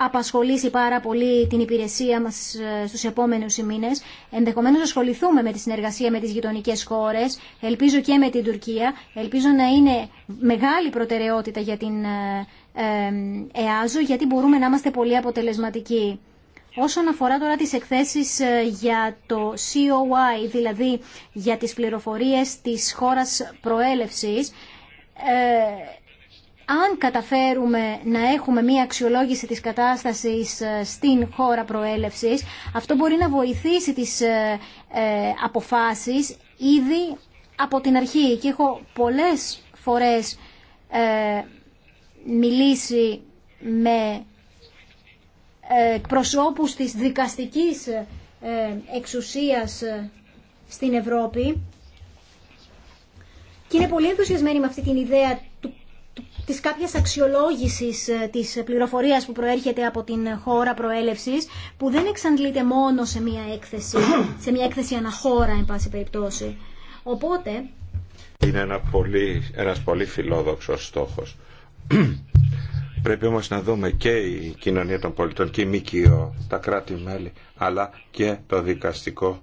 A: απασχολήσει πάρα πολύ την υπηρεσία μας ε, στους επόμενους μήνες. Ενδεχομένως ασχοληθούμε με τη συνεργασία με τις γειτονικέ χώρες, ελπίζω και με την Τουρκία, ελπίζω να είναι μεγάλη προτεραιότητα για την ε, ε, ΕΑΖΟ, γιατί μπορούμε να είμαστε πολύ αποτελεσματικοί. Όσον αφορά τώρα τις εκθέσεις για το COI, δηλαδή για τις πληροφορίες της χώρας προέλευσης, αν καταφέρουμε να έχουμε μία αξιολόγηση της κατάστασης ε, στην χώρα προέλευσης, αυτό μπορεί να βοηθήσει τις ε, ε, αποφάσεις ήδη από την αρχή. Και έχω πολλές φορές μιλήσει με προσώπους της δικαστικής εξουσίας στην Ευρώπη και είναι πολύ ενθουσιασμένοι με αυτή την ιδέα του της κάποιας αξιολόγηση ε, της πληροφορίας που προέρχεται από την χώρα προέλευσης που δεν εξαντλείται μόνο σε μια έκθεση, σε μια έκθεση αναχώρα εν πάση περιπτώσει. Οπότε...
B: Είναι ένα πολύ, ένας πολύ φιλόδοξος στόχος. Πρέπει όμως να δούμε και η κοινωνία των πολιτών και η ΜΚΟ, τα κράτη-μέλη, αλλά και το δικαστικό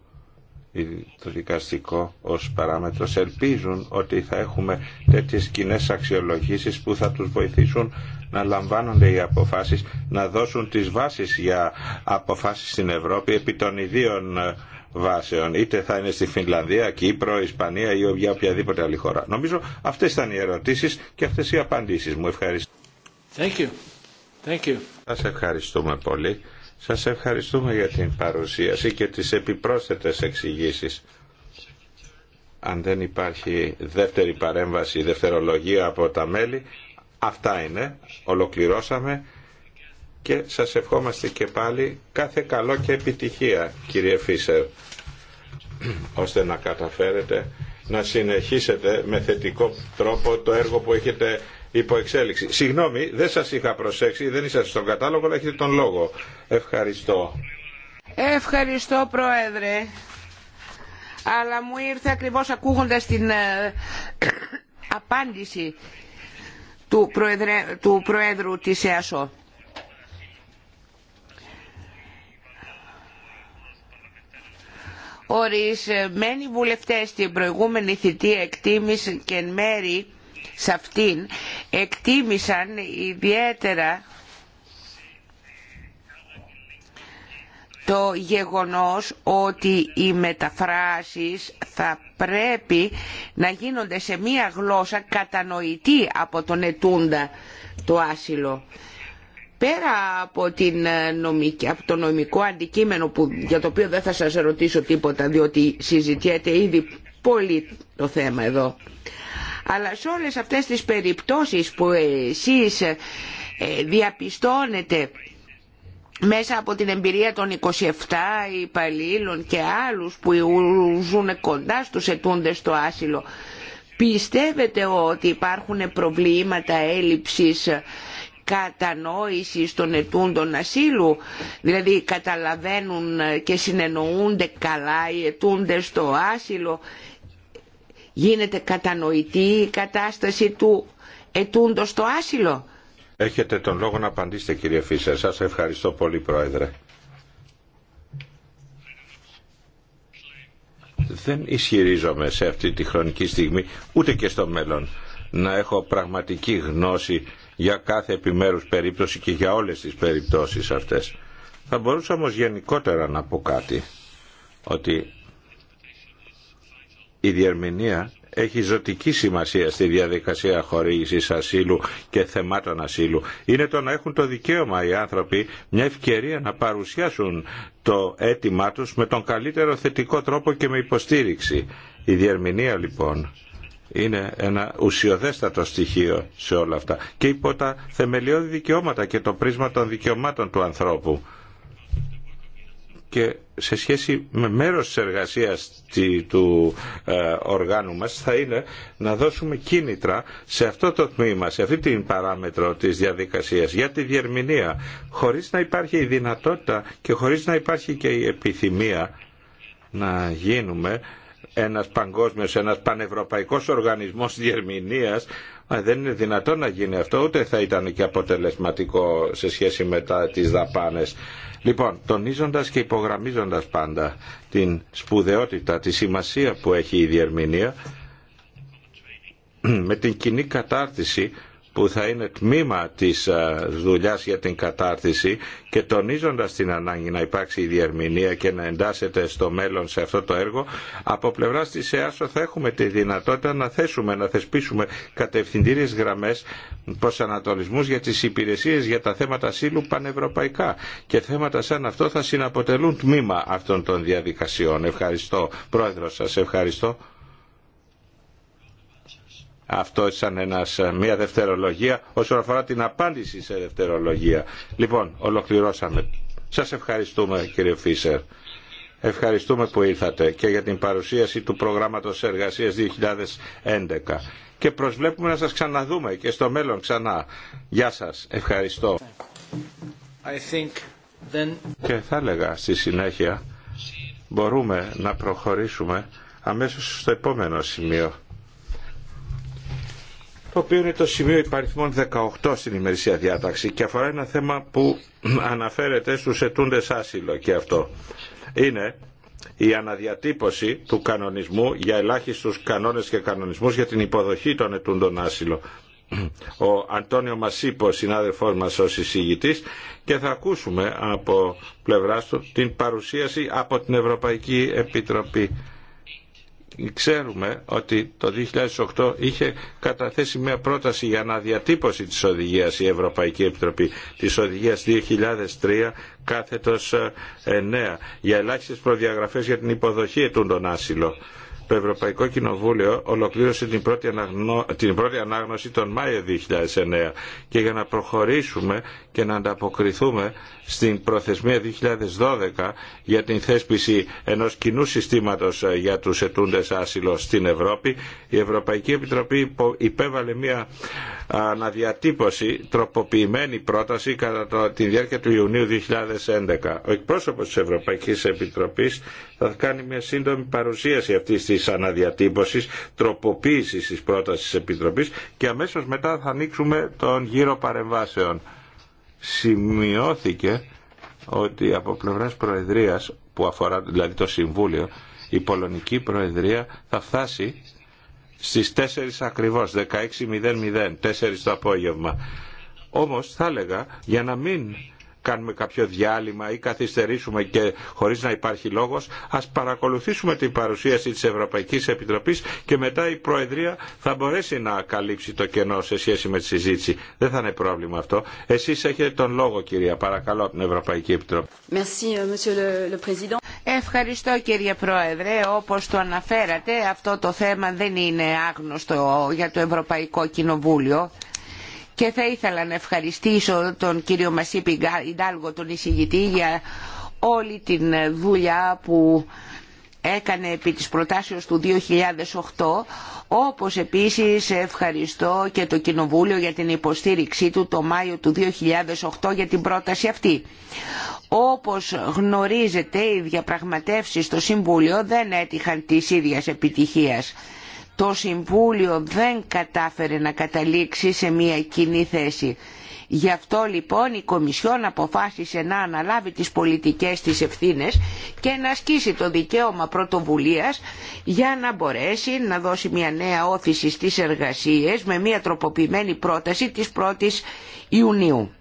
B: το δικαστικό ως παράμετρος. Ελπίζουν ότι θα έχουμε τέτοιες κοινέ αξιολογήσεις που θα τους βοηθήσουν να λαμβάνονται οι αποφάσεις, να δώσουν τις βάσεις για αποφάσεις στην Ευρώπη επί των ιδίων ε, βάσεων, είτε θα είναι στη Φινλανδία, Κύπρο, Ισπανία ή για οποιαδήποτε άλλη χώρα. Νομίζω αυτές ήταν οι ερωτήσεις και αυτές οι απαντήσεις μου. Ευχαριστώ. Thank you. Thank you. Σας ευχαριστούμε πολύ. Σας ευχαριστούμε για την παρουσίαση και τις επιπρόσθετες εξηγήσει. Αν δεν υπάρχει δεύτερη παρέμβαση, δευτερολογία από τα μέλη, αυτά είναι, ολοκληρώσαμε και σας ευχόμαστε και πάλι κάθε καλό και επιτυχία, κύριε Φίσερ, ώστε να καταφέρετε να συνεχίσετε με θετικό τρόπο το έργο που έχετε υποεξέλιξη. Συγγνώμη, δεν σας είχα προσέξει, δεν είσαστε στον κατάλογο, αλλά έχετε τον λόγο. Ευχαριστώ.
D: Ευχαριστώ Πρόεδρε. Αλλά μου ήρθε ακριβώς ακούγοντας την ε, απάντηση του, Προεδρε... του Προέδρου της ΕΑΣΟ. Ορισμένοι βουλευτές στην προηγούμενη θητεία εκτίμησαν και εν μέρη σε αυτήν εκτίμησαν ιδιαίτερα το γεγονός ότι οι μεταφράσεις θα πρέπει να γίνονται σε μία γλώσσα κατανοητή από τον ετούντα το άσυλο. Πέρα από, την ε, νομική, από το νομικό αντικείμενο που, για το οποίο δεν θα σας ρωτήσω τίποτα διότι συζητιέται ήδη πολύ το θέμα εδώ. Αλλά σε όλες αυτές τις περιπτώσεις που εσείς ε, διαπιστώνετε μέσα από την εμπειρία των 27 υπαλλήλων και άλλους που ζουν κοντά στους ετούντες στο άσυλο πιστεύετε ότι υπάρχουν προβλήματα έλλειψης κατανόησης των ετούντων ασύλου δηλαδή καταλαβαίνουν και συνεννοούνται καλά οι ετούντες στο άσυλο γίνεται κατανοητή η κατάσταση του ετούντος στο άσυλο.
B: Έχετε τον λόγο να απαντήσετε κύριε Φύσερ. Σας ευχαριστώ πολύ πρόεδρε. Δεν ισχυρίζομαι σε αυτή τη χρονική στιγμή ούτε και στο μέλλον να έχω πραγματική γνώση για κάθε επιμέρους περίπτωση και για όλες τις περιπτώσεις αυτές. Θα μπορούσα όμως γενικότερα να πω κάτι ότι η διερμηνία έχει ζωτική σημασία στη διαδικασία χορηγήση ασύλου και θεμάτων ασύλου. Είναι το να έχουν το δικαίωμα οι άνθρωποι μια ευκαιρία να παρουσιάσουν το αίτημά τους με τον καλύτερο θετικό τρόπο και με υποστήριξη. Η διερμηνία λοιπόν είναι ένα ουσιοδέστατο στοιχείο σε όλα αυτά και υπό τα θεμελιώδη δικαιώματα και το πρίσμα των δικαιωμάτων του ανθρώπου και σε σχέση με μέρος της εργασίας του ε, οργάνου μας θα είναι να δώσουμε κίνητρα σε αυτό το τμήμα, σε αυτή την παράμετρο της διαδικασίας για τη διερμηνία χωρίς να υπάρχει η δυνατότητα και χωρίς να υπάρχει και η επιθυμία να γίνουμε ένας παγκόσμιος, ένας πανευρωπαϊκός οργανισμός διερμηνίας δεν είναι δυνατόν να γίνει αυτό, ούτε θα ήταν και αποτελεσματικό σε σχέση με τα, τις δαπάνες. Λοιπόν, τονίζοντας και υπογραμμίζοντας πάντα την σπουδαιότητα, τη σημασία που έχει η διερμηνία, με την κοινή κατάρτιση που θα είναι τμήμα της δουλειάς για την κατάρτιση και τονίζοντας την ανάγκη να υπάρξει η διερμηνία και να εντάσσεται στο μέλλον σε αυτό το έργο, από πλευρά τη ΕΑΣΟ θα έχουμε τη δυνατότητα να θέσουμε, να θεσπίσουμε κατευθυντήριες γραμμές προς ανατολισμούς για τις υπηρεσίες για τα θέματα σύλλου πανευρωπαϊκά και θέματα σαν αυτό θα συναποτελούν τμήμα αυτών των διαδικασιών. Ευχαριστώ. Πρόεδρο σας, ευχαριστώ. Αυτό ήταν ένας, ε, μια δευτερολογία όσον αφορά την απάντηση σε δευτερολογία. Λοιπόν, ολοκληρώσαμε. Σας ευχαριστούμε κύριε Φίσερ. Ευχαριστούμε που ήρθατε και για την παρουσίαση του προγράμματος εργασίας 2011. Και προσβλέπουμε να σας ξαναδούμε και στο μέλλον ξανά. Γεια σας. Ευχαριστώ. then... Και θα έλεγα στη συνέχεια μπορούμε να προχωρήσουμε αμέσως στο επόμενο σημείο το οποίο είναι το σημείο υπαριθμών 18 στην ημερησία διάταξη και αφορά ένα θέμα που αναφέρεται στους ετούντες άσυλο και αυτό. Είναι η αναδιατύπωση του κανονισμού για ελάχιστους κανόνες και κανονισμούς για την υποδοχή των ετούντων άσυλο. Ο Αντώνιο Μασίπο, συνάδελφός μας ως εισηγητής και θα ακούσουμε από πλευράς του την παρουσίαση από την Ευρωπαϊκή Επιτροπή ξέρουμε ότι το 2008 είχε καταθέσει μια πρόταση για αναδιατύπωση της οδηγίας η Ευρωπαϊκή Επιτροπή της οδηγίας 2003 κάθετος 9 ε, για ελάχιστες προδιαγραφές για την υποδοχή ετούντων άσυλο. Το Ευρωπαϊκό Κοινοβούλιο ολοκλήρωσε την πρώτη, την πρώτη ανάγνωση τον Μάιο 2009 και για να προχωρήσουμε και να ανταποκριθούμε στην προθεσμία 2012 για την θέσπιση ενός κοινού συστήματος ε, για τους ετούντες άσυλο στην Ευρώπη, η Ευρωπαϊκή Επιτροπή υπέβαλε μια αναδιατύπωση τροποποιημένη πρόταση κατά τη διάρκεια του Ιουνίου 2011. Ο εκπρόσωπος της Ευρωπαϊκής Επιτροπής θα κάνει μια σύντομη παρουσίαση αυτής της αναδιατύπωσης, τροποποίησης της πρότασης της Επιτροπής και αμέσως μετά θα ανοίξουμε τον γύρο παρεμβάσεων. Σημειώθηκε ότι από πλευράς Προεδρίας, που αφορά δηλαδή το Συμβούλιο, η Πολωνική Προεδρία θα φτάσει στις 4 ακριβώς, 16.00, 4 το απόγευμα. Όμως θα έλεγα για να μην κάνουμε κάποιο διάλειμμα ή καθυστερήσουμε και χωρίς να υπάρχει λόγος, ας παρακολουθήσουμε την παρουσίαση της Ευρωπαϊκής Επιτροπής και μετά η Προεδρία θα μπορέσει να καλύψει το κενό σε σχέση με τη συζήτηση. Δεν θα είναι πρόβλημα αυτό. Εσείς έχετε τον λόγο κυρία, παρακαλώ την Ευρωπαϊκή Επιτροπή.
A: Euh,
D: Ευχαριστώ κύριε Πρόεδρε. Όπως το αναφέρατε αυτό το θέμα δεν είναι άγνωστο για το Ευρωπαϊκό Κοινοβούλιο και θα ήθελα να ευχαριστήσω τον κύριο Μασίπη Ιντάλγο, τον εισηγητή, για όλη την δουλειά που έκανε επί της προτάσεως του 2008, όπως επίσης ευχαριστώ και το Κοινοβούλιο για την υποστήριξή του το Μάιο του 2008 για την πρόταση αυτή. Όπως γνωρίζετε, οι διαπραγματεύσεις στο Συμβούλιο δεν έτυχαν της ίδιας επιτυχίας το Συμβούλιο δεν κατάφερε να καταλήξει σε μια κοινή θέση. Γι' αυτό λοιπόν η Κομισιόν αποφάσισε να αναλάβει τις πολιτικές της ευθύνες και να ασκήσει το δικαίωμα πρωτοβουλίας για να μπορέσει να δώσει μια νέα όθηση στις εργασίες με μια τροποποιημένη πρόταση της 1ης Ιουνίου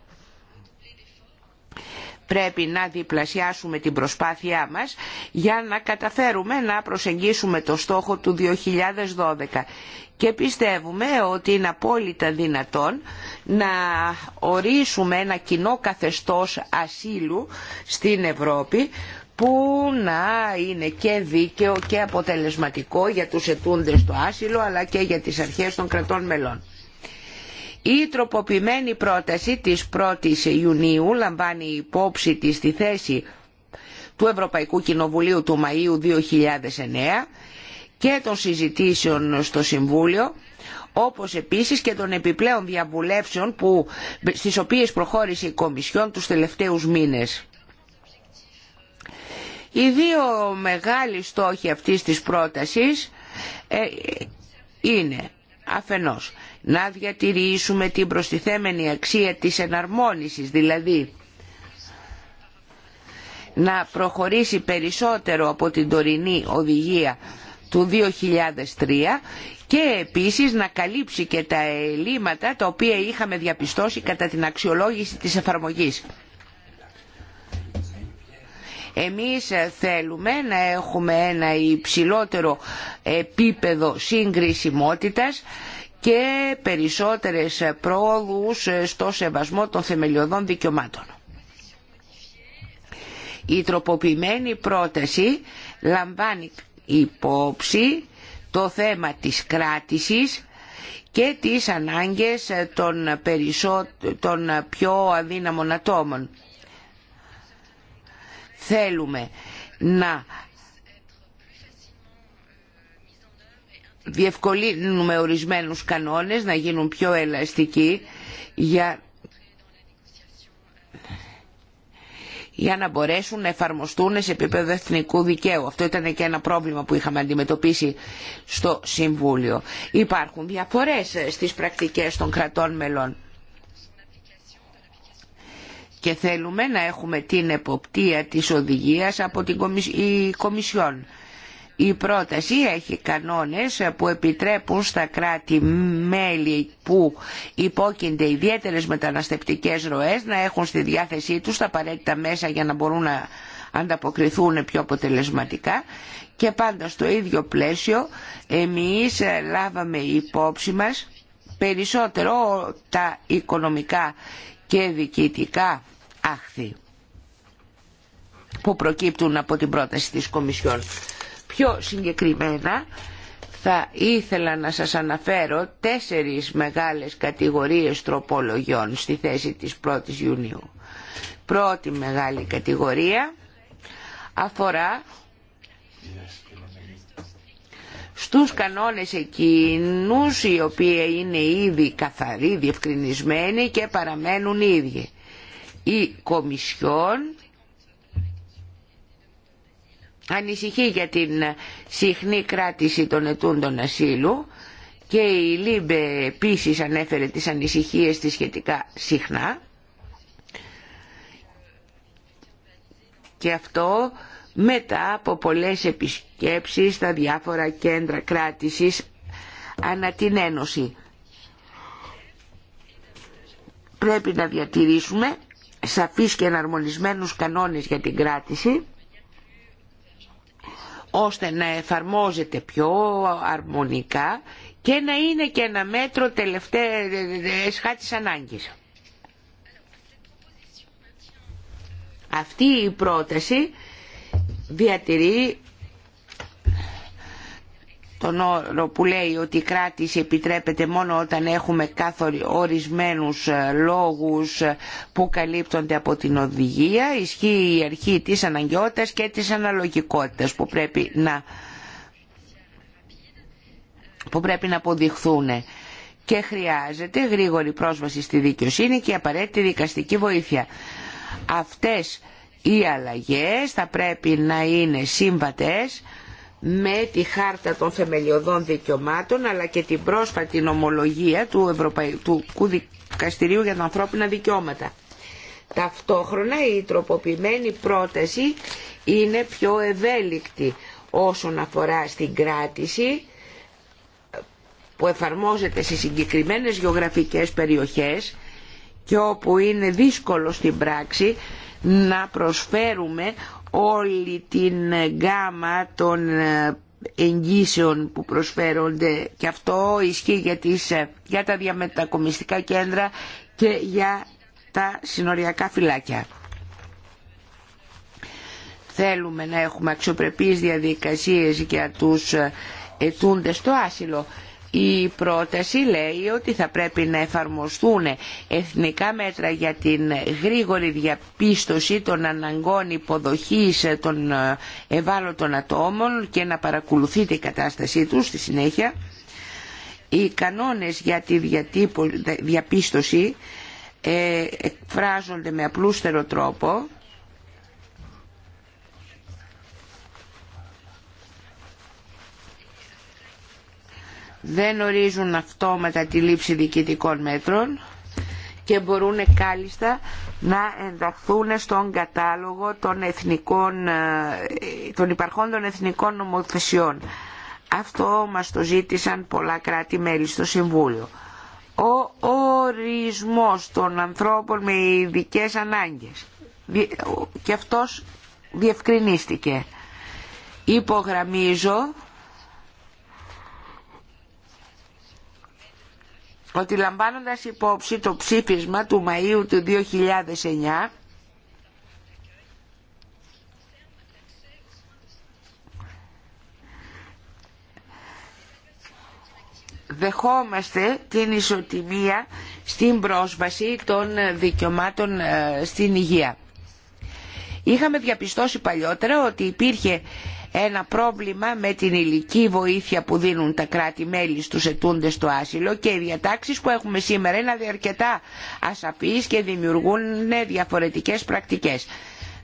D: πρέπει να διπλασιάσουμε την προσπάθειά μας για να καταφέρουμε να προσεγγίσουμε το στόχο του 2012 και πιστεύουμε ότι είναι απόλυτα δυνατόν να ορίσουμε ένα κοινό καθεστώς ασύλου στην Ευρώπη που να είναι και δίκαιο και αποτελεσματικό για τους ετούντες το άσυλο αλλά και για τις αρχές των κρατών μελών. Η τροποποιημένη πρόταση της 1ης Ιουνίου λαμβάνει υπόψη της στη θέση του Ευρωπαϊκού Κοινοβουλίου του Μαΐου 2009 και των συζητήσεων στο Συμβούλιο όπως επίσης και των επιπλέον διαβουλεύσεων που, στις οποίες προχώρησε η Κομισιόν τους τελευταίους μήνες. Οι δύο μεγάλοι στόχοι αυτής της πρότασης ε, ε, είναι αφενός να διατηρήσουμε την προστιθέμενη αξία της εναρμόνισης, δηλαδή να προχωρήσει περισσότερο από την τωρινή οδηγία του 2003 και επίσης να καλύψει και τα ελλείμματα τα οποία είχαμε διαπιστώσει κατά την αξιολόγηση της εφαρμογής. Εμείς θέλουμε να έχουμε ένα υψηλότερο επίπεδο συγκρισιμότητας και περισσότερες πρόοδους στο σεβασμό των θεμελιωδών δικαιωμάτων. Η τροποποιημένη πρόταση λαμβάνει υπόψη το θέμα της κράτησης και τις ανάγκες των, των πιο αδύναμων ατόμων. Θέλουμε να διευκολύνουμε ορισμένους κανόνες να γίνουν πιο ελαστικοί για, για να μπορέσουν να εφαρμοστούν σε επίπεδο εθνικού δικαίου. Αυτό ήταν και ένα πρόβλημα που είχαμε αντιμετωπίσει στο Συμβούλιο. Υπάρχουν διαφορές στις πρακτικές των κρατών μελών και θέλουμε να έχουμε την εποπτεία της οδηγίας από την Κομισιόν. Η πρόταση έχει κανόνες που επιτρέπουν στα κράτη-μέλη που υπόκεινται ιδιαίτερες μεταναστευτικές ροές να έχουν στη διάθεσή τους τα απαραίτητα μέσα για να μπορούν να ανταποκριθούν πιο αποτελεσματικά και πάντα στο ίδιο πλαίσιο εμείς λάβαμε υπόψη μας περισσότερο τα οικονομικά και δικητικά άχθη που προκύπτουν από την πρόταση της Κομισιόν. Πιο συγκεκριμένα θα ήθελα να σας αναφέρω τέσσερις μεγάλες κατηγορίες τροπολογιών στη θέση της 1ης Ιουνίου. Πρώτη μεγάλη κατηγορία αφορά στους κανόνες εκείνους οι οποίοι είναι ήδη καθαροί, διευκρινισμένοι και παραμένουν ίδιοι. Η Κομισιόν ανησυχεί για την συχνή κράτηση των ετούντων ασύλου και η Λίμπε επίσης ανέφερε τις ανησυχίες της σχετικά συχνά και αυτό μετά από πολλές επισκέψεις στα διάφορα κέντρα κράτησης ανά την Ένωση. Πρέπει να διατηρήσουμε σαφείς και εναρμονισμένους κανόνες για την κράτηση ώστε να εφαρμόζεται πιο αρμονικά και να είναι και ένα μέτρο τελευταίες χάτης ανάγκης. Αυτή η πρόταση διατηρεί τον όρο που λέει ότι η κράτηση επιτρέπεται μόνο όταν έχουμε ορισμένους ε, λόγους ε, που καλύπτονται από την οδηγία ισχύει η αρχή της αναγκαιότητας και της αναλογικότητας που πρέπει να, που πρέπει να αποδειχθούν και χρειάζεται γρήγορη πρόσβαση στη δικαιοσύνη και απαραίτητη δικαστική βοήθεια. Αυτές οι αλλαγές θα πρέπει να είναι σύμβατες με τη Χάρτα των Θεμελιωδών Δικαιωμάτων αλλά και την πρόσφατη νομολογία του Ευρωπαϊκού Δικαστηρίου για τα Ανθρώπινα Δικαιώματα. Ταυτόχρονα η τροποποιημένη πρόταση είναι πιο ευέλικτη όσον αφορά στην κράτηση που εφαρμόζεται σε συγκεκριμένες γεωγραφικές περιοχές και όπου είναι δύσκολο στην πράξη να προσφέρουμε όλη την γκάμα των ε, εγγύσεων που προσφέρονται και αυτό ισχύει για, ε, για τα διαμετακομιστικά κέντρα και για τα συνοριακά φυλάκια. Θέλουμε να έχουμε αξιοπρεπείς διαδικασίες για τους ε, ετούντες στο άσυλο η πρόταση λέει ότι θα πρέπει να εφαρμοστούν εθνικά μέτρα για την γρήγορη διαπίστωση των αναγκών υποδοχής των ε, ευάλωτων ατόμων και να παρακολουθείται η κατάστασή τους στη συνέχεια. Οι κανόνες για τη διαπίστωση ε, εκφράζονται με απλούστερο τρόπο δεν ορίζουν αυτόματα τη λήψη διοικητικών μέτρων και μπορούν κάλλιστα να ενταχθούν στον κατάλογο των, εθνικών, ε, των υπαρχών των εθνικών νομοθεσιών. Αυτό μας το ζήτησαν πολλά κράτη-μέλη στο Συμβούλιο. Ο ορισμός των ανθρώπων με ειδικέ ανάγκες και αυτός διευκρινίστηκε. Υπογραμμίζω ότι λαμβάνοντας υπόψη το ψήφισμα του Μαΐου του 2009 δεχόμαστε την ισοτιμία στην πρόσβαση των δικαιωμάτων ε, στην υγεία. Είχαμε διαπιστώσει παλιότερα ότι υπήρχε ένα πρόβλημα με την ηλική βοήθεια που δίνουν τα κράτη-μέλη στους ετούντες στο άσυλο και οι διατάξεις που έχουμε σήμερα είναι αρκετά ασαφείς και δημιουργούν διαφορετικές πρακτικές.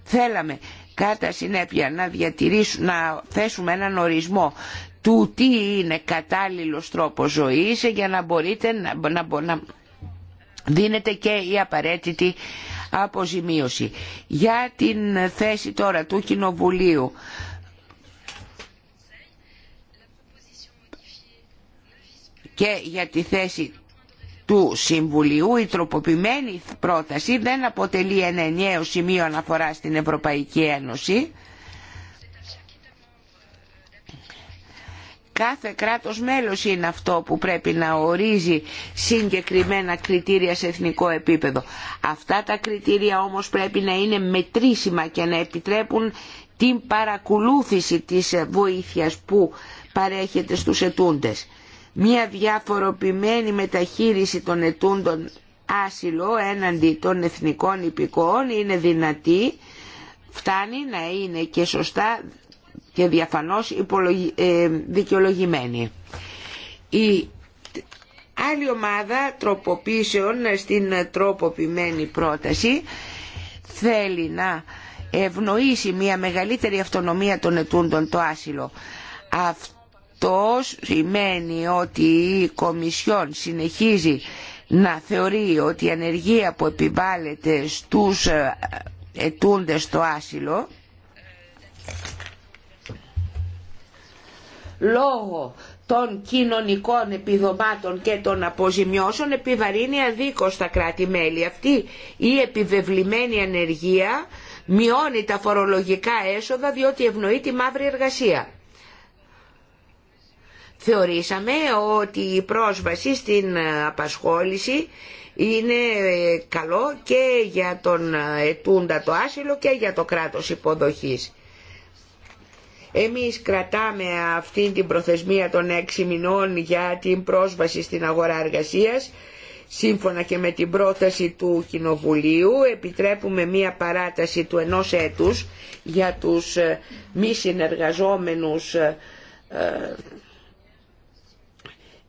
D: Θέλαμε κατά συνέπεια να, διατηρήσουμε, να θέσουμε έναν ορισμό του τι είναι κατάλληλος τρόπος ζωής για να μπορείτε να, να, δίνετε και η απαραίτητη αποζημίωση. Για την θέση τώρα του Κοινοβουλίου και για τη θέση του Συμβουλίου η τροποποιημένη πρόταση δεν αποτελεί ένα ενιαίο σημείο αναφορά στην Ευρωπαϊκή Ένωση. Κάθε κράτος μέλος είναι αυτό που πρέπει να ορίζει συγκεκριμένα κριτήρια σε εθνικό επίπεδο. Αυτά τα κριτήρια όμως πρέπει να είναι μετρήσιμα και να επιτρέπουν την παρακολούθηση της βοήθειας που παρέχεται στους ετούντες μια διαφοροποιημένη μεταχείριση των ετούντων άσυλο έναντι των εθνικών υπηκόων είναι δυνατή, φτάνει να είναι και σωστά και διαφανώς ε, δικαιολογημένη. Η άλλη ομάδα τροποποίησεων στην τροποποιημένη πρόταση θέλει να ευνοήσει μια μεγαλύτερη αυτονομία των ετούντων το άσυλο. Αυτό αυτό σημαίνει ότι η Κομισιόν συνεχίζει να θεωρεί ότι η ανεργία που επιβάλλεται στους ε, ετούντες στο άσυλο λόγω των κοινωνικών επιδομάτων και των αποζημιώσεων επιβαρύνει αδίκως τα κράτη-μέλη. Αυτή η επιβεβλημένη ανεργία μειώνει τα φορολογικά έσοδα διότι ευνοεί τη μαύρη εργασία θεωρήσαμε ότι η πρόσβαση στην απασχόληση είναι καλό και για τον ετούντα το άσυλο και για το κράτος υποδοχής. Εμείς κρατάμε αυτή την προθεσμία των έξι μηνών για την πρόσβαση στην αγορά εργασίας. Σύμφωνα και με την πρόταση του Κοινοβουλίου επιτρέπουμε μία παράταση του ενός έτους για τους μη συνεργαζόμενους ε,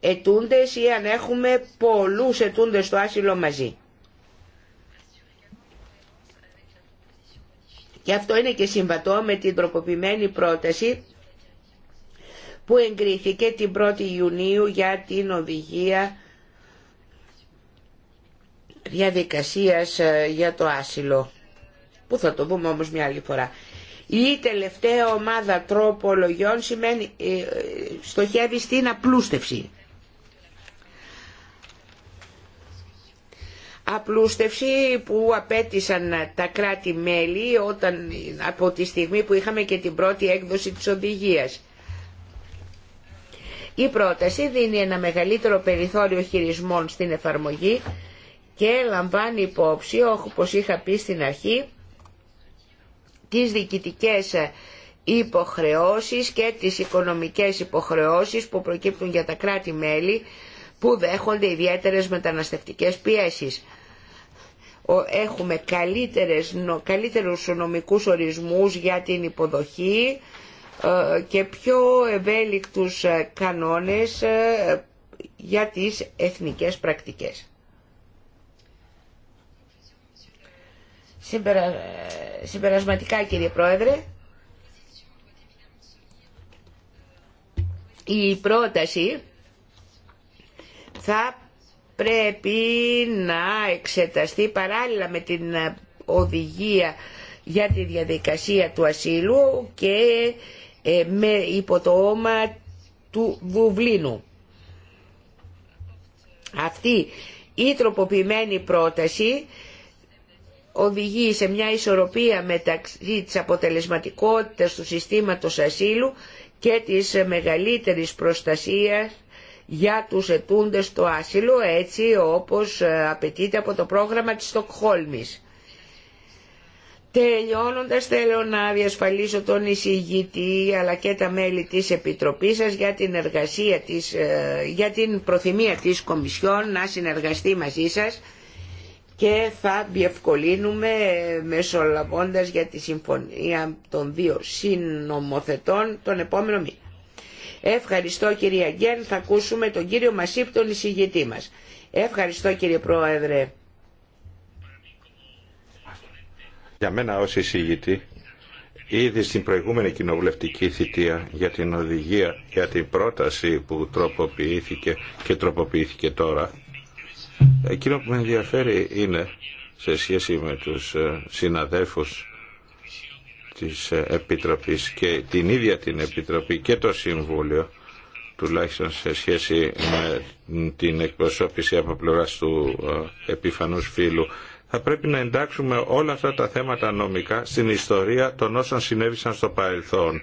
D: ετούντες ή αν έχουμε πολλούς ετούντες στο άσυλο μαζί. Και αυτό είναι και συμβατό με την τροποποιημένη πρόταση που εγκρίθηκε την 1η Ιουνίου για την οδηγία διαδικασίας ε, για το άσυλο που θα το δούμε όμως μια άλλη φορά η τελευταία ομάδα τροπολογιών σημαίνει, ε, ε, στοχεύει στην απλούστευση απλούστευση που απέτησαν τα κράτη-μέλη όταν, από τη στιγμή που είχαμε και την πρώτη έκδοση της οδηγίας. Η πρόταση δίνει ένα μεγαλύτερο περιθώριο χειρισμών στην εφαρμογή και λαμβάνει υπόψη, όπως είχα πει στην αρχή, τις διοικητικές υποχρεώσεις και τις οικονομικές υποχρεώσεις που προκύπτουν για τα κράτη-μέλη που δέχονται ιδιαίτερες μεταναστευτικές πιέσεις έχουμε καλύτερες, καλύτερους νομικούς ορισμούς για την υποδοχή ε, και πιο ευέλικτους ε, κανόνες ε, για τις εθνικές πρακτικές. Συμπερασματικά κύριε Πρόεδρε, η πρόταση θα πρέπει να εξεταστεί παράλληλα με την ε, οδηγία για τη διαδικασία του ασύλου και ε, με υπό το όμα του Βουβλίνου. Αυτή η τροποποιημένη πρόταση οδηγεί σε μια ισορροπία μεταξύ της αποτελεσματικότητας του συστήματος ασύλου και της μεγαλύτερης προστασίας για τους ετούντες το άσυλο έτσι όπως ε, απαιτείται από το πρόγραμμα της Στοκχόλμης. Τελειώνοντας θέλω να διασφαλίσω τον εισηγητή αλλά και τα μέλη της Επιτροπής σας για την, εργασία της, ε, για την προθυμία της Κομισιόν να συνεργαστεί μαζί σας και θα διευκολύνουμε ε, μεσολαβώντας για τη συμφωνία των δύο συνομοθετών τον επόμενο μήνα. Ευχαριστώ κύριε Αγγέλ, θα ακούσουμε τον κύριο Μασίπ, τον εισηγητή μας. Ευχαριστώ κύριε Πρόεδρε.
B: Για μένα ως εισηγητή, ήδη στην προηγούμενη κοινοβουλευτική θητεία για την οδηγία, για την πρόταση που τροποποιήθηκε και τροποποιήθηκε τώρα, εκείνο που με ενδιαφέρει είναι σε σχέση με τους ε, συναδέλφους της Επιτροπής και την ίδια την Επιτροπή και το Συμβούλιο τουλάχιστον σε σχέση με την εκπροσώπηση από πλευρά του ε, επιφανούς φίλου. Θα πρέπει να εντάξουμε όλα αυτά τα θέματα νομικά στην ιστορία των όσων συνέβησαν στο παρελθόν.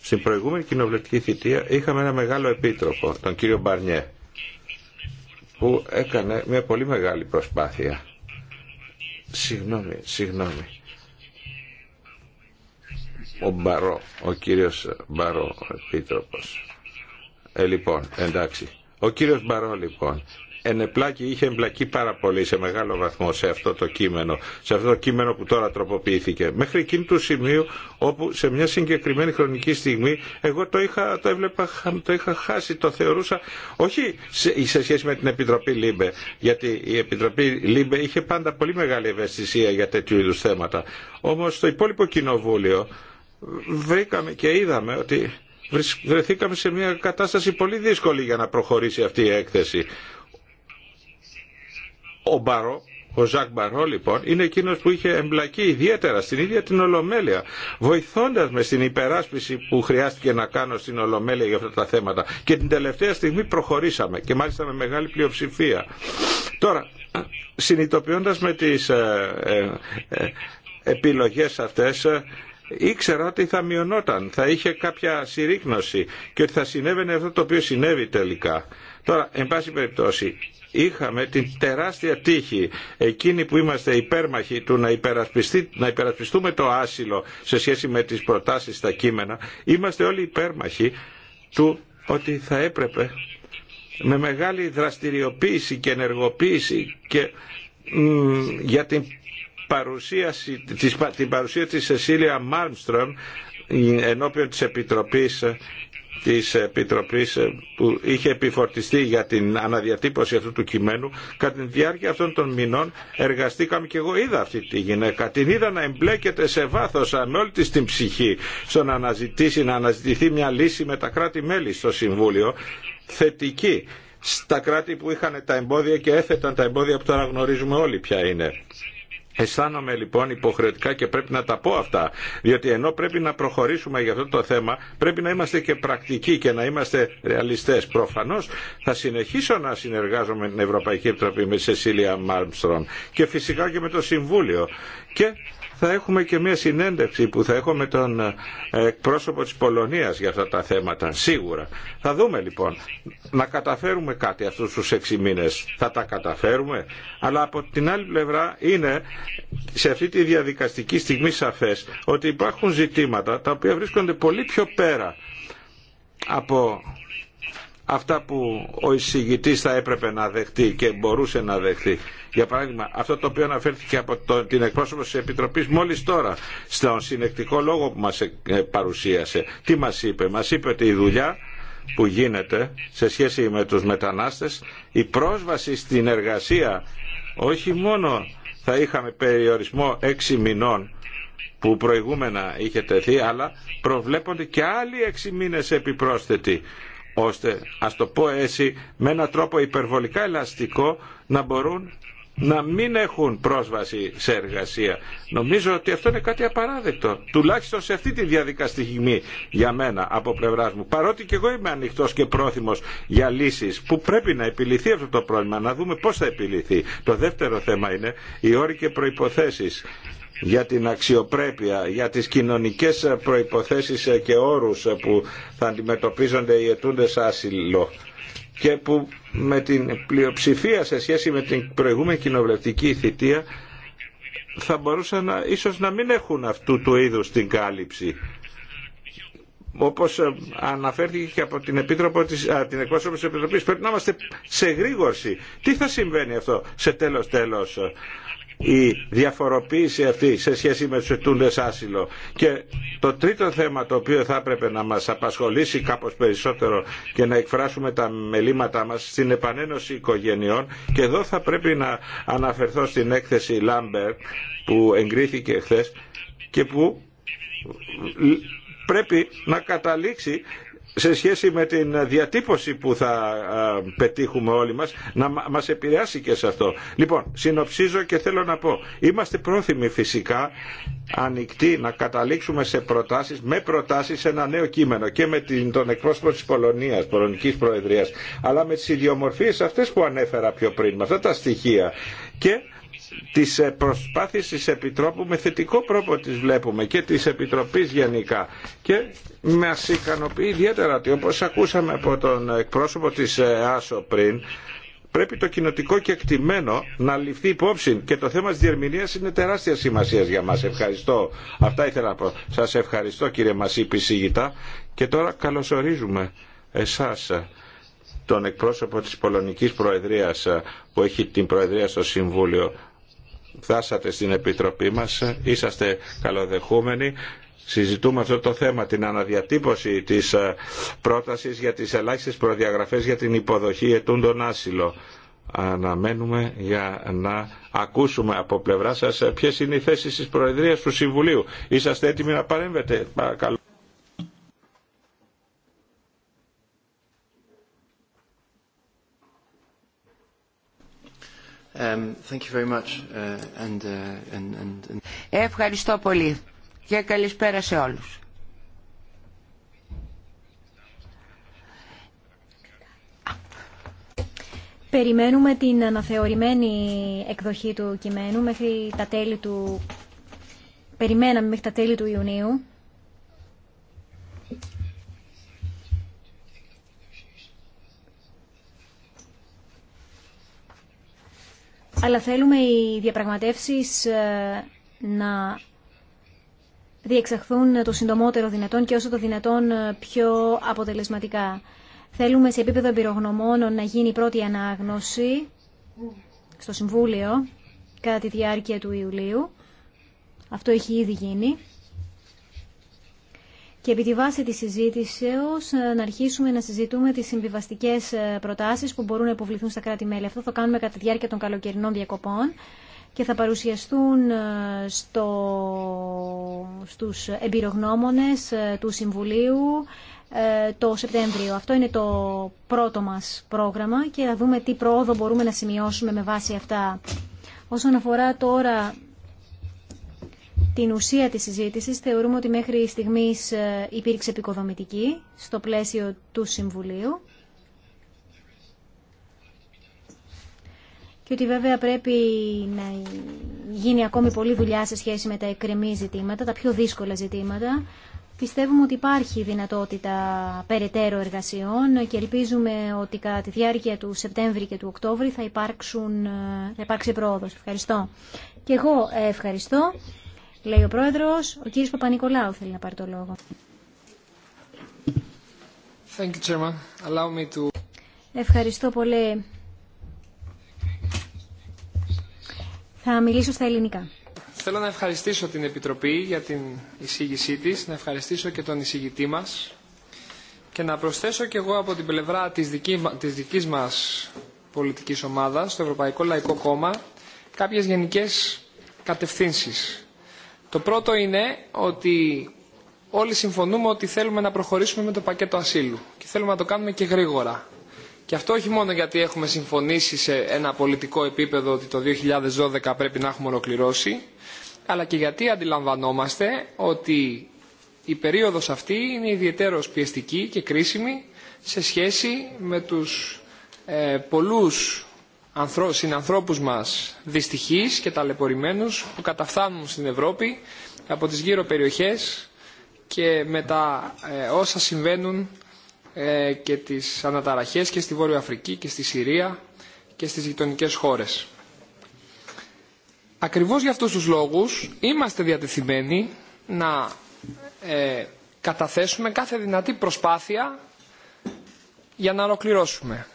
B: Στην προηγούμενη κοινοβουλευτική θητεία είχαμε ένα μεγάλο επίτροπο, τον κύριο Μπαρνιέ, που έκανε μια πολύ μεγάλη προσπάθεια. Συγγνώμη, συγγνώμη ο Μπαρό, ο κύριος Μπαρό, ο επίτροπος. Ε, λοιπόν, εντάξει. Ο κύριος Μπαρό, λοιπόν, ενεπλάκη, είχε εμπλακεί πάρα πολύ σε μεγάλο βαθμό σε αυτό το κείμενο, σε αυτό το κείμενο που τώρα τροποποιήθηκε. Μέχρι εκείνη του σημείου όπου σε μια συγκεκριμένη χρονική στιγμή εγώ το είχα, το έβλεπα, το είχα χάσει, το θεωρούσα όχι σε, σε σχέση με την Επιτροπή Λίμπε, γιατί η Επιτροπή Λίμπε είχε πάντα πολύ μεγάλη ευαισθησία για τέτοιου είδου θέματα. Όμω το υπόλοιπο κοινοβούλιο βρήκαμε και είδαμε ότι βρεθήκαμε σε μια κατάσταση πολύ δύσκολη για να προχωρήσει αυτή η έκθεση. Ο Μπαρό, ο Ζακ Μπαρό λοιπόν είναι εκείνος που είχε εμπλακεί ιδιαίτερα στην ίδια την Ολομέλεια βοηθώντας με στην υπεράσπιση που χρειάστηκε να κάνω στην Ολομέλεια για αυτά τα θέματα και την τελευταία στιγμή προχωρήσαμε και μάλιστα με μεγάλη πλειοψηφία. Τώρα, συνειδητοποιώντας με τις ε, ε, ε επιλογές αυτές ήξερα ότι θα μειωνόταν, θα είχε κάποια συρρήκνωση και ότι θα συνέβαινε αυτό το οποίο συνέβη τελικά. Τώρα, εν πάση περιπτώσει, είχαμε την τεράστια τύχη εκείνη που είμαστε υπέρμαχοι του να, να υπερασπιστούμε το άσυλο σε σχέση με τις προτάσεις στα κείμενα. Είμαστε όλοι υπέρμαχοι του ότι θα έπρεπε με μεγάλη δραστηριοποίηση και ενεργοποίηση και για την την παρουσία της Σεσίλια Μάρμστρομ ενώπιον της Επιτροπής ε, της Επιτροπής ε, που είχε επιφορτιστεί για την αναδιατύπωση αυτού του κειμένου. Κατά τη διάρκεια αυτών των μηνών εργαστήκαμε και εγώ είδα αυτή τη γυναίκα. Την είδα να εμπλέκεται σε βάθος με όλη της την ψυχή στο να αναζητήσει, να αναζητηθεί μια λύση με τα κράτη-μέλη στο Συμβούλιο θετική στα κράτη που είχαν τα εμπόδια και έθεταν τα εμπόδια που τώρα γνωρίζουμε όλοι ποια είναι. Αισθάνομαι λοιπόν υποχρεωτικά και πρέπει να τα πω αυτά, διότι ενώ πρέπει να προχωρήσουμε για αυτό το θέμα, πρέπει να είμαστε και πρακτικοί και να είμαστε ρεαλιστέ. Προφανώ θα συνεχίσω να συνεργάζομαι με την Ευρωπαϊκή Επιτροπή, με τη Σεσίλια Μάρμστρον και φυσικά και με το Συμβούλιο. Και θα έχουμε και μια συνέντευξη που θα έχω με τον ε, εκπρόσωπο της Πολωνίας για αυτά τα θέματα, σίγουρα. Θα δούμε λοιπόν να καταφέρουμε κάτι αυτούς τους έξι μήνες. Θα τα καταφέρουμε, αλλά από την άλλη πλευρά είναι σε αυτή τη διαδικαστική στιγμή σαφές ότι υπάρχουν ζητήματα τα οποία βρίσκονται πολύ πιο πέρα από αυτά που ο εισηγητής θα έπρεπε να δεχτεί και μπορούσε να δεχτεί. Για παράδειγμα, αυτό το οποίο αναφέρθηκε από την εκπρόσωπο της Επιτροπής μόλις τώρα, στον συνεκτικό λόγο που μας ε, ε, παρουσίασε. Τι μας είπε. Μας είπε ότι η δουλειά που γίνεται σε σχέση με τους μετανάστες, η πρόσβαση στην εργασία, όχι μόνο θα είχαμε περιορισμό έξι μηνών, που προηγούμενα είχε τεθεί, αλλά προβλέπονται και άλλοι έξι μήνες επιπρόσθετοι ώστε, ας το πω έτσι, με έναν τρόπο υπερβολικά ελαστικό να μπορούν να μην έχουν πρόσβαση σε εργασία. Νομίζω ότι αυτό είναι κάτι απαράδεκτο. Τουλάχιστον σε αυτή τη διαδικαστική για μένα από πλευρά μου. Παρότι και εγώ είμαι ανοιχτό και πρόθυμο για λύσει που πρέπει να επιληθεί αυτό το πρόβλημα, να δούμε πώ θα επιληθεί. Το δεύτερο θέμα είναι οι όροι και προποθέσει για την αξιοπρέπεια, για τις κοινωνικές προϋποθέσεις και όρους που θα αντιμετωπίζονται οι αιτούντες άσυλο και που με την πλειοψηφία σε σχέση με την προηγούμενη κοινοβουλευτική θητεία θα μπορούσαν να, ίσως να μην έχουν αυτού του είδους την κάλυψη. Όπως ε, αναφέρθηκε και από την, Επίτροπο της, α, την της Επιτροπής, πρέπει να είμαστε σε γρήγορση. Τι θα συμβαίνει αυτό σε τέλος τέλος η διαφοροποίηση αυτή σε σχέση με τους ετούντες άσυλο. Και το τρίτο θέμα το οποίο θα έπρεπε να μας απασχολήσει κάπως περισσότερο και να εκφράσουμε τα μελήματά μας στην επανένωση οικογενειών και εδώ θα πρέπει να αναφερθώ στην έκθεση Λάμπερ που εγκρίθηκε χθε και που πρέπει να καταλήξει σε σχέση με την διατύπωση που θα πετύχουμε όλοι μας να μας επηρεάσει και σε αυτό. Λοιπόν, συνοψίζω και θέλω να πω, είμαστε πρόθυμοι φυσικά ανοιχτοί να καταλήξουμε σε προτάσεις, με προτάσεις σε ένα νέο κείμενο και με την, τον εκπρόσωπο της Πολωνίας, Πολωνικής Προεδρίας, αλλά με τις ιδιομορφίες αυτές που ανέφερα πιο πριν, με αυτά τα στοιχεία. Και τις ε, προσπάθειες της Επιτρόπου με θετικό τρόπο τις βλέπουμε και της Επιτροπής γενικά και μας ικανοποιεί ιδιαίτερα ότι όπως ακούσαμε από τον εκπρόσωπο της ΑΣΟ ε, πριν πρέπει το κοινοτικό εκτιμένο να ληφθεί υπόψη και το θέμα της διερμηνίας είναι τεράστια σημασία για μας. Ευχαριστώ. Αυτά ήθελα να πω. Σας ευχαριστώ κύριε Μασίπη Σίγητα και τώρα καλωσορίζουμε εσάς ε, τον εκπρόσωπο της Πολωνικής Προεδρίας που έχει την Προεδρία στο Συμβούλιο φτάσατε στην Επιτροπή μας, είσαστε καλοδεχούμενοι. Συζητούμε αυτό το θέμα, την αναδιατύπωση της ε, πρότασης για τις ελάχιστες προδιαγραφές για την υποδοχή ετούντων άσυλο. Αναμένουμε για να ακούσουμε από πλευρά σας ε, ποιες είναι οι θέσεις της Προεδρίας του Συμβουλίου. Είσαστε έτοιμοι να παρέμβετε. Παρακαλώ.
E: Um, uh, uh,
D: Ευχαριστώ πολύ και καλησπέρα σε όλους.
A: Περιμένουμε την αναθεωρημένη εκδοχή του κειμένου μέχρι τα τέλη του... Περιμέναμε μέχρι τα τέλη του Ιουνίου. αλλά θέλουμε οι διαπραγματεύσεις ε, να διεξαχθούν το συντομότερο δυνατόν και όσο το δυνατόν ε, πιο αποτελεσματικά. Θέλουμε σε επίπεδο εμπειρογνωμόνων να γίνει η πρώτη ανάγνωση στο Συμβούλιο κατά τη διάρκεια του Ιουλίου. Αυτό έχει ήδη γίνει και επί τη βάση της συζήτησεως ε, να αρχίσουμε να συζητούμε τις συμβιβαστικές ε, προτάσεις που μπορούν να υποβληθούν στα κράτη-μέλη. Αυτό θα κάνουμε κατά τη διάρκεια των καλοκαιρινών διακοπών και θα παρουσιαστούν ε, στο, στους εμπειρογνώμονες του Συμβουλίου το Σεπτέμβριο. Αυτό είναι το πρώτο μας πρόγραμμα και θα δούμε τι πρόοδο μπορούμε να σημειώσουμε με βάση αυτά. Όσον αφορά τώρα την ουσία της συζήτησης θεωρούμε ότι μέχρι στιγμής ε, υπήρξε επικοδομητική στο πλαίσιο του Συμβουλίου και ότι βέβαια πρέπει να γίνει ακόμη πολλή δουλειά σε σχέση με τα εκκρεμή ζητήματα, τα πιο δύσκολα ζητήματα. Πιστεύουμε ότι υπάρχει δυνατότητα περαιτέρω εργασιών και ελπίζουμε ότι κατά τη διάρκεια του Σεπτέμβρη και του Οκτώβρη θα, ε, θα υπάρξει πρόοδος. Ευχαριστώ. Και εγώ ευχαριστώ λέει ο πρόεδρος. Ο κύριος Παπα-Νικολάου θέλει να πάρει το λόγο.
E: Thank you, Allow
A: Ευχαριστώ πολύ. Θα μιλήσω στα ελληνικά.
E: Θέλω να ευχαριστήσω την Επιτροπή για την εισήγησή της, να ευχαριστήσω και τον εισηγητή μας και να προσθέσω και εγώ από την πλευρά της, δική, της δικής μας πολιτικής ομάδας, το Ευρωπαϊκό Λαϊκό Κόμμα, κάποιες γενικές κατευθύνσεις το πρώτο είναι ότι όλοι συμφωνούμε ότι θέλουμε να προχωρήσουμε με το πακέτο ασύλου και θέλουμε να το κάνουμε και γρήγορα. Και αυτό όχι μόνο γιατί έχουμε συμφωνήσει σε ένα πολιτικό επίπεδο ότι το 2012 πρέπει να έχουμε ολοκληρώσει, αλλά και γιατί αντιλαμβανόμαστε ότι η περίοδος αυτή είναι ιδιαίτερος πιεστική και κρίσιμη σε σχέση με τους ε, πολλούς συνανθρώπους μας δυστυχείς και ταλαιπωρημένους που καταφθάνουν στην Ευρώπη από τις γύρω περιοχές και με ε, όσα συμβαίνουν ε, και τις αναταραχές και στη Βόρεια Αφρική και στη Συρία και στις γειτονικέ χώρες. Ακριβώς για αυτούς τους λόγους είμαστε διατεθειμένοι να ε, καταθέσουμε κάθε δυνατή προσπάθεια για να ολοκληρώσουμε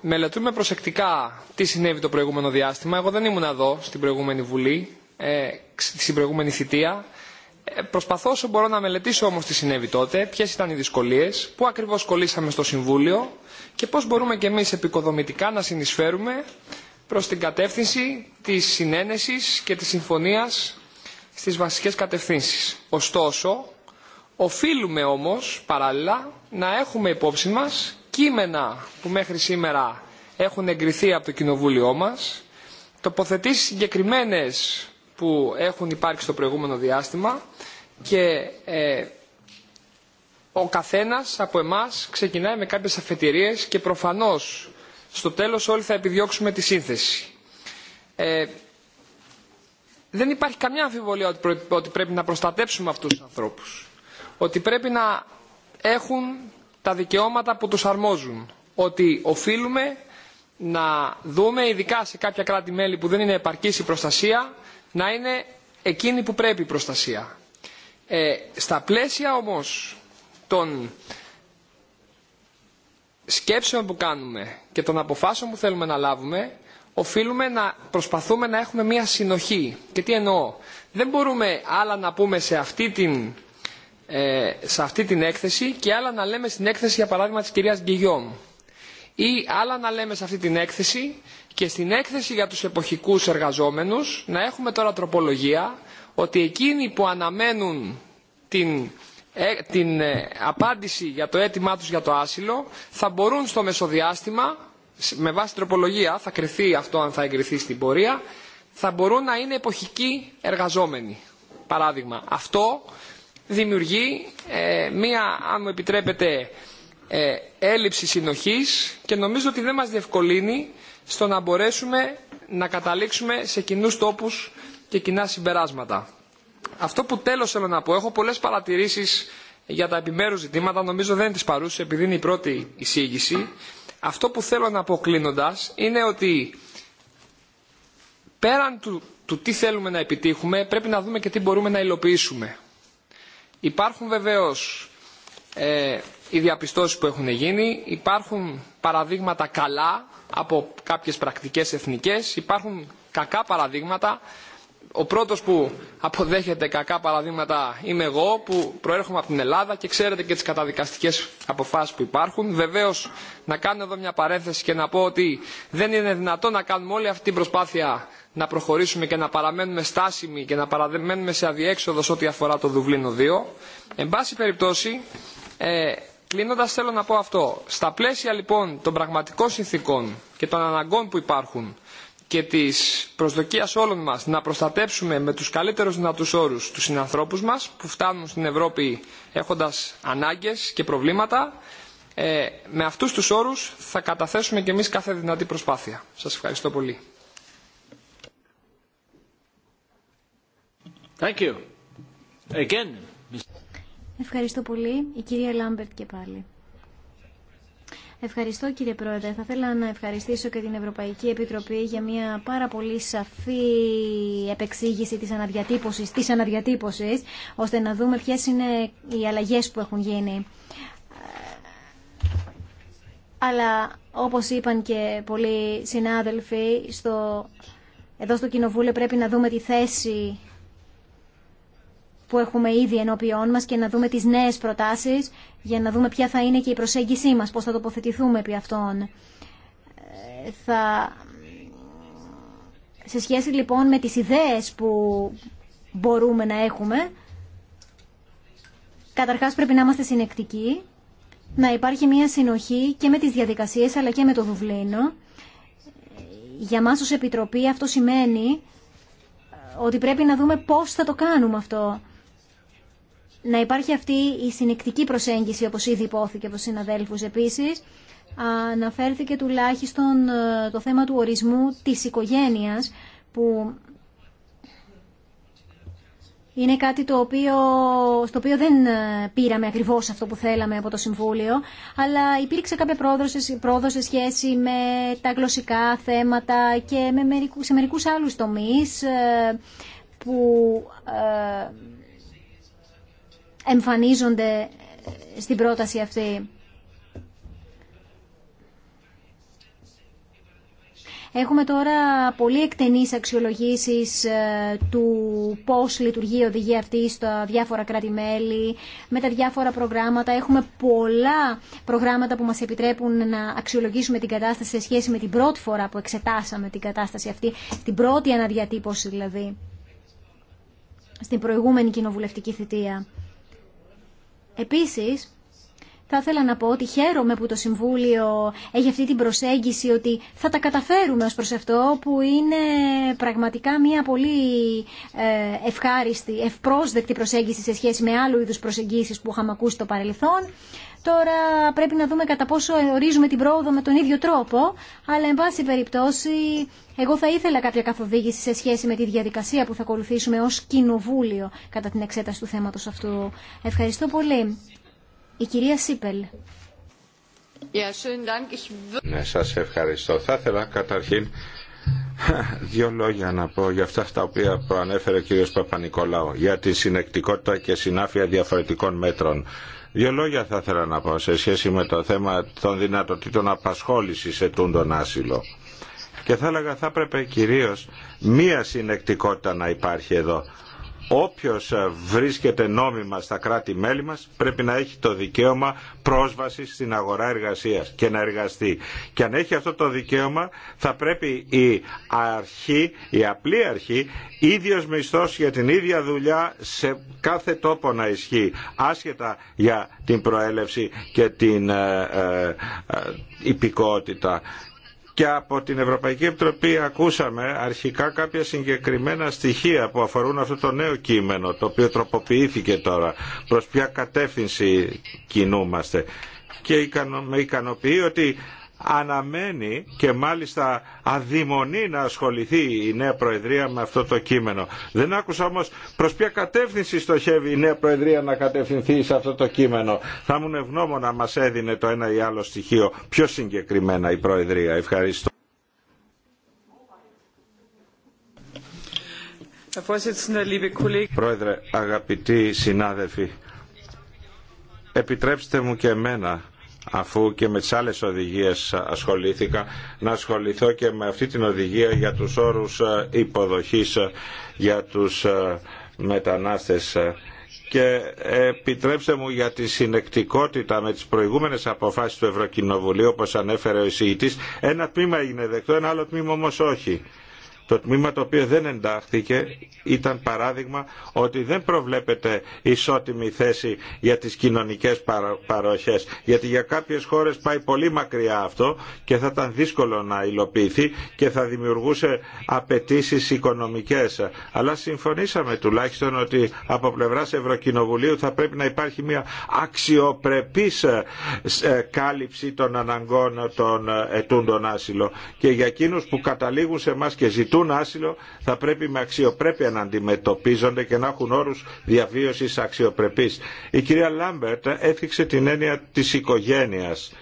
E: μελετούμε προσεκτικά τι συνέβη το προηγούμενο διάστημα. Εγώ δεν ήμουν εδώ στην προηγούμενη Βουλή, ε, στην προηγούμενη θητεία. Ε, προσπαθώ όσο μπορώ να μελετήσω όμως τι συνέβη τότε, ποιε ήταν οι δυσκολίες, πού ακριβώς κολλήσαμε στο Συμβούλιο και πώς μπορούμε κι εμείς επικοδομητικά να συνεισφέρουμε προς την κατεύθυνση της συνένεσης και της συμφωνίας στις βασικές κατευθύνσεις. Ωστόσο, οφείλουμε όμως παράλληλα να έχουμε υπόψη μας κείμενα που μέχρι σήμερα έχουν εγκριθεί από το Κοινοβούλιο μας, τοποθετήσεις συγκεκριμένες που έχουν υπάρξει στο προηγούμενο διάστημα και ε, ο καθένας από εμάς ξεκινάει με κάποιες αφετηρίες και προφανώς στο τέλος όλοι θα επιδιώξουμε τη σύνθεση. Ε, δεν υπάρχει καμιά αμφιβολία ότι πρέπει να προστατέψουμε αυτούς τους ανθρώπους. Ότι πρέπει να έχουν τα δικαιώματα που τους αρμόζουν. Ότι οφείλουμε να δούμε, ειδικά σε κάποια κράτη-μέλη που δεν είναι επαρκής η προστασία, να είναι εκείνη που πρέπει η προστασία. Ε, στα πλαίσια όμως των σκέψεων που κάνουμε και των αποφάσεων που θέλουμε να λάβουμε, οφείλουμε να προσπαθούμε να έχουμε μία συνοχή. Και τι εννοώ. Δεν μπορούμε άλλα να πούμε σε αυτή την ε, σε αυτή την έκθεση και άλλα να λέμε στην έκθεση για παράδειγμα της κυρίας Γκυγιόμ ή άλλα να λέμε σε αυτή την έκθεση και στην έκθεση για τους εποχικούς εργαζόμενους να έχουμε τώρα τροπολογία ότι εκείνοι που αναμένουν την, ε, την ε, απάντηση για το αίτημά τους για το άσυλο θα μπορούν στο μεσοδιάστημα με βάση τροπολογία θα κρυθεί αυτό αν θα εγκριθεί στην πορεία θα μπορούν να είναι εποχικοί εργαζόμενοι. Παράδειγμα, αυτό δημιουργεί ε, μία, αν μου επιτρέπετε, ε, έλλειψη συνοχής και νομίζω ότι δεν μας διευκολύνει στο να μπορέσουμε να καταλήξουμε σε κοινούς τόπους και κοινά συμπεράσματα. Αυτό που τέλος θέλω να πω, έχω πολλές παρατηρήσεις για τα επιμέρους ζητήματα, νομίζω δεν είναι τις παρούσε επειδή είναι η πρώτη εισήγηση. Αυτό που θέλω να πω κλείνοντας είναι ότι πέραν του, του τι θέλουμε να επιτύχουμε πρέπει να δούμε και τι μπορούμε να υλοποιήσουμε. Υπάρχουν βεβαίως ε, οι διαπιστώσεις που έχουν γίνει, υπάρχουν παραδείγματα καλά από κάποιες πρακτικές εθνικές, υπάρχουν κακά παραδείγματα ο πρώτος που αποδέχεται κακά παραδείγματα είμαι εγώ που προέρχομαι από την Ελλάδα και ξέρετε και τις καταδικαστικές αποφάσεις που υπάρχουν. Βεβαίως να κάνω εδώ μια παρένθεση και να πω ότι δεν είναι δυνατό να κάνουμε όλη αυτή την προσπάθεια να προχωρήσουμε και να παραμένουμε στάσιμοι και να παραμένουμε σε αδιέξοδο ό,τι αφορά το Δουβλίνο 2. Εν πάση περιπτώσει, ε, Κλείνοντα, θέλω να πω αυτό. Στα πλαίσια λοιπόν των πραγματικών συνθήκων και των αναγκών που υπάρχουν και της προσδοκίας όλων μας να προστατέψουμε με τους καλύτερους δυνατούς όρους τους συνανθρώπους μας που φτάνουν στην Ευρώπη έχοντας ανάγκες και προβλήματα, ε, με αυτούς τους όρους θα καταθέσουμε και εμείς κάθε δυνατή προσπάθεια. Σας ευχαριστώ πολύ. Thank you. Again.
A: Ευχαριστώ πολύ. Η κυρία Λάμπερτ και πάλι. Ευχαριστώ κύριε Πρόεδρε. Θα ήθελα να ευχαριστήσω και την Ευρωπαϊκή Επιτροπή για μια πάρα πολύ σαφή επεξήγηση της αναδιατύπωσης, της αναδιατύπωσης ώστε να δούμε ποιες είναι οι αλλαγές που έχουν γίνει. Αλλά όπως είπαν και πολλοί συνάδελφοι, στο... εδώ στο Κοινοβούλιο πρέπει να δούμε τη θέση που έχουμε ήδη ενώπιόν μας και να δούμε τις νέες προτάσεις για να δούμε ποια θα είναι και η προσέγγισή μας, πώς θα τοποθετηθούμε επί αυτών. Ε, θα... Σε σχέση λοιπόν με τις ιδέες που μπορούμε να έχουμε, καταρχάς πρέπει να είμαστε συνεκτικοί, να υπάρχει μια συνοχή και με τις διαδικασίες αλλά και με το Δουβλίνο. Για μας ως Επιτροπή αυτό σημαίνει ότι πρέπει να δούμε πώς θα το κάνουμε αυτό να υπάρχει αυτή η συνεκτική προσέγγιση, όπως ήδη υπόθηκε από συναδέλφους επίσης, αναφέρθηκε τουλάχιστον ε, το θέμα του ορισμού της οικογένειας, που είναι κάτι το οποίο, στο οποίο δεν ε, πήραμε ακριβώς αυτό που θέλαμε από το Συμβούλιο, αλλά υπήρξε κάποια πρόοδο σε σχέση με τα γλωσσικά θέματα και με σε μερικούς άλλους τομείς ε, που εμφανίζονται στην πρόταση αυτή. Έχουμε τώρα πολύ εκτενείς αξιολογήσεις ε, του πώς λειτουργεί η οδηγία αυτή στα διάφορα κράτη-μέλη, με τα διάφορα προγράμματα. Έχουμε πολλά προγράμματα που μας επιτρέπουν να αξιολογήσουμε την κατάσταση σε σχέση με την πρώτη φορά που εξετάσαμε την κατάσταση αυτή, την πρώτη αναδιατύπωση δηλαδή, στην προηγούμενη κοινοβουλευτική θητεία. Επίσης, θα ήθελα να πω ότι χαίρομαι που το Συμβούλιο έχει αυτή την προσέγγιση ότι θα τα καταφέρουμε ως προς αυτό που είναι πραγματικά μια πολύ ε, ευχάριστη, ευπρόσδεκτη προσέγγιση σε σχέση με άλλου είδους προσεγγίσεις που είχαμε ακούσει στο παρελθόν. Τώρα πρέπει να δούμε κατά πόσο ορίζουμε την πρόοδο με τον ίδιο τρόπο, αλλά εν πάση περιπτώσει εγώ θα ήθελα κάποια καθοδήγηση σε σχέση με τη διαδικασία που θα ακολουθήσουμε ως κοινοβούλιο κατά την εξέταση του θέματος αυτού. Ευχαριστώ πολύ. Η κυρία Σίπελ. Ναι,
B: σας ευχαριστώ. Θα ήθελα καταρχήν Δύο λόγια να πω για αυτά τα οποία προανέφερε ο κ. Παπα-Νικολάου για τη συνεκτικότητα και συνάφεια διαφορετικών μέτρων. Δύο λόγια θα ήθελα να πω σε σχέση με το θέμα των δυνατοτήτων σε τον άσυλο. Και θα έλεγα θα έπρεπε κυρίως μία συνεκτικότητα να υπάρχει εδώ όποιος ε, βρίσκεται νόμιμα στα κράτη-μέλη μας πρέπει να έχει το δικαίωμα πρόσβασης στην αγορά εργασίας και να εργαστεί. Και αν έχει αυτό το δικαίωμα θα πρέπει η αρχή, η απλή αρχή, ίδιος μισθός για την ίδια δουλειά σε κάθε τόπο να ισχύει, άσχετα για την προέλευση και την ε, ε, ε και από την Ευρωπαϊκή Επιτροπή ακούσαμε αρχικά κάποια συγκεκριμένα στοιχεία που αφορούν αυτό το νέο κείμενο το οποίο τροποποιήθηκε τώρα προς ποια κατεύθυνση κινούμαστε και με ικανοποιεί ότι αναμένει και μάλιστα αδειμονεί να ασχοληθεί η νέα Προεδρία με αυτό το κείμενο. Δεν άκουσα όμως προς ποια κατεύθυνση στοχεύει η νέα Προεδρία να κατευθυνθεί σε αυτό το κείμενο. Θα ήμουν ευγνώμων να μας έδινε το ένα ή άλλο στοιχείο πιο συγκεκριμένα η Προεδρία. Ευχαριστώ. Πρόεδρε, αγαπητοί συνάδελφοι, επιτρέψτε μου και εμένα αφού και με τις άλλες οδηγίες ασχολήθηκα, να ασχοληθώ και με αυτή την οδηγία για τους όρους ε, υποδοχής ε, για τους ε, μετανάστες και επιτρέψτε μου για τη συνεκτικότητα με τις προηγούμενες αποφάσεις του Ευρωκοινοβουλίου όπως ανέφερε ο εισηγητής ένα τμήμα έγινε δεκτό, ένα άλλο τμήμα όμως όχι το τμήμα το οποίο δεν εντάχθηκε ήταν παράδειγμα ότι δεν προβλέπεται ισότιμη θέση για τις κοινωνικές παροχές. Γιατί για κάποιες χώρες πάει πολύ μακριά αυτό και θα ήταν δύσκολο να υλοποιηθεί και θα δημιουργούσε απαιτήσει οικονομικές. Αλλά συμφωνήσαμε τουλάχιστον ότι από πλευράς Ευρωκοινοβουλίου θα πρέπει να υπάρχει μια αξιοπρεπής ε, ε, κάλυψη των αναγκών των ε, ετούντων άσυλο. Και για εκείνους που καταλήγουν σε εμά και ζητούν ζητούν άσυλο θα πρέπει με αξιοπρέπεια να αντιμετωπίζονται και να έχουν όρους διαβίωσης αξιοπρεπής. Η κυρία Λάμπερτ έθιξε την έννοια της οικογένειας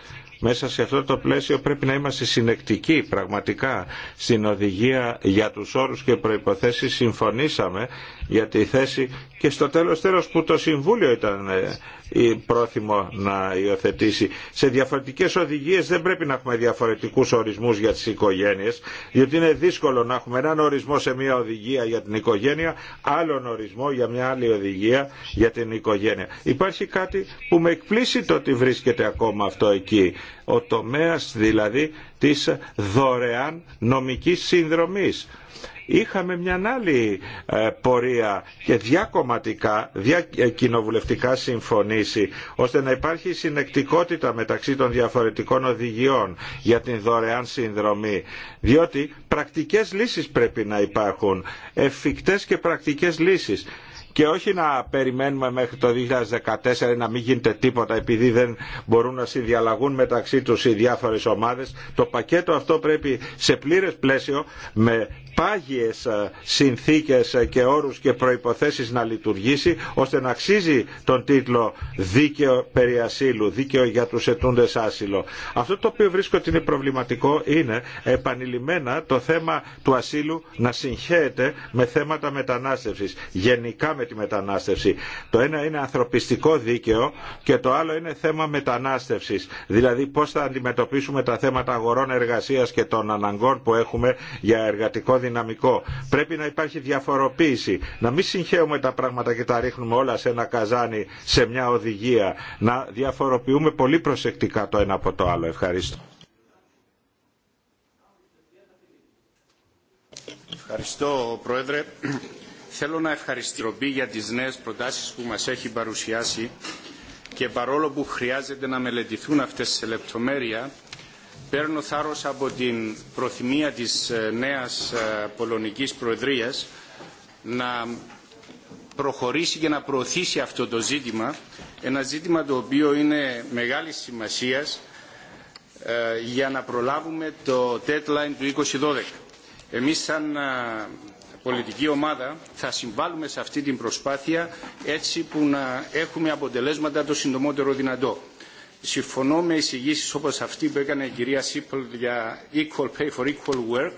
B: μέσα σε αυτό το πλαίσιο πρέπει να είμαστε συνεκτικοί πραγματικά στην οδηγία για τους όρους και προϋποθέσεις συμφωνήσαμε για τη θέση και στο τέλος τέλος που το Συμβούλιο ήταν ε, πρόθυμο να υιοθετήσει. Σε διαφορετικές οδηγίες δεν πρέπει να έχουμε διαφορετικούς ορισμούς για τις οικογένειες, διότι είναι δύσκολο να έχουμε έναν ορισμό σε μια οδηγία για την οικογένεια, άλλον ορισμό για μια άλλη οδηγία για την οικογένεια. Υπάρχει κάτι που με εκπλήσει το ότι βρίσκεται ακόμα αυτό εκεί ο τομέας δηλαδή της δωρεάν νομικής συνδρομής. Είχαμε μια άλλη ε, πορεία και διακομματικά, διακοινοβουλευτικά ε, συμφωνήσει ώστε να υπάρχει συνεκτικότητα μεταξύ των διαφορετικών οδηγιών για την δωρεάν συνδρομή. Διότι πρακτικές λύσεις πρέπει να υπάρχουν, εφικτές και πρακτικές λύσεις και όχι να περιμένουμε μέχρι το 2014 να μην γίνεται τίποτα επειδή δεν μπορούν να συνδιαλλαγούν μεταξύ τους οι διάφορες ομάδες. Το πακέτο αυτό πρέπει σε πλήρες πλαίσιο με πάγιες ε, συνθήκες ε, και όρους και προϋποθέσεις να λειτουργήσει ώστε να αξίζει τον τίτλο δίκαιο περί ασύλου, δίκαιο για τους ετούντες άσυλο. Αυτό το οποίο βρίσκω ότι είναι προβληματικό είναι επανειλημμένα το θέμα του ασύλου να συγχέεται με θέματα μετανάστευσης, γενικά με τη μετανάστευση. Το ένα είναι ανθρωπιστικό δίκαιο και το άλλο είναι θέμα μετανάστευσης, δηλαδή πώς θα αντιμετωπίσουμε τα θέματα αγορών εργασίας και των αναγκών που έχουμε για εργατικό δυναμικό. Πρέπει να υπάρχει διαφοροποίηση. Να μην συγχαίουμε τα πράγματα και τα ρίχνουμε όλα σε ένα καζάνι, σε μια οδηγία. Να διαφοροποιούμε πολύ προσεκτικά το ένα από το άλλο. Ευχαριστώ.
C: Ευχαριστώ, Πρόεδρε. Θέλω να ευχαριστήσω για τις νέες προτάσεις που μας έχει παρουσιάσει και παρόλο που χρειάζεται να μελετηθούν αυτές σε λεπτομέρεια, παίρνω θάρρος από την προθυμία της ε, νέας ε, πολωνικής προεδρίας να προχωρήσει και να προωθήσει αυτό το ζήτημα, ένα ζήτημα το οποίο είναι μεγάλης σημασίας ε, για να προλάβουμε το deadline του 2012. Εμείς σαν πολιτική ομάδα θα συμβάλλουμε σε αυτή την προσπάθεια έτσι που να έχουμε αποτελέσματα το συντομότερο δυνατό συμφωνώ με εισηγήσεις όπως αυτή που έκανε η κυρία Σίπολ για equal pay for equal work.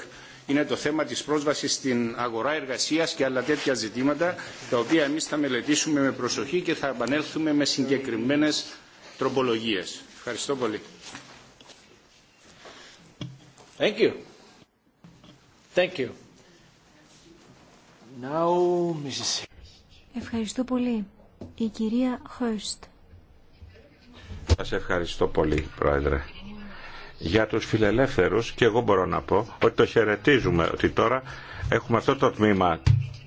C: Είναι το θέμα της πρόσβασης στην αγορά εργασίας και άλλα τέτοια ζητήματα, τα οποία εμείς θα μελετήσουμε με προσοχή και θα επανέλθουμε με συγκεκριμένες τροπολογίες. Ευχαριστώ πολύ. Thank you. Thank you. Now, Mrs.
A: Ευχαριστώ πολύ. Η κυρία Χέρστ.
B: Σας ευχαριστώ πολύ, Πρόεδρε. Για τους φιλελεύθερους, και εγώ μπορώ να πω, ότι το χαιρετίζουμε ότι τώρα έχουμε αυτό το τμήμα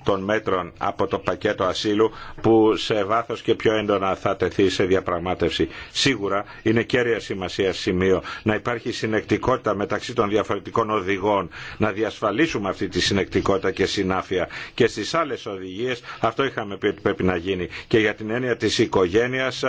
B: των μέτρων από το πακέτο ασύλου που σε βάθος και πιο έντονα θα τεθεί σε διαπραγμάτευση. Σίγουρα είναι κέρια σημασία σημείο να υπάρχει συνεκτικότητα μεταξύ των διαφορετικών οδηγών, να διασφαλίσουμε αυτή τη συνεκτικότητα και συνάφεια. Και στις άλλες οδηγίες αυτό είχαμε πει ότι πρέπει να γίνει. Και για την έννοια της οικογένειας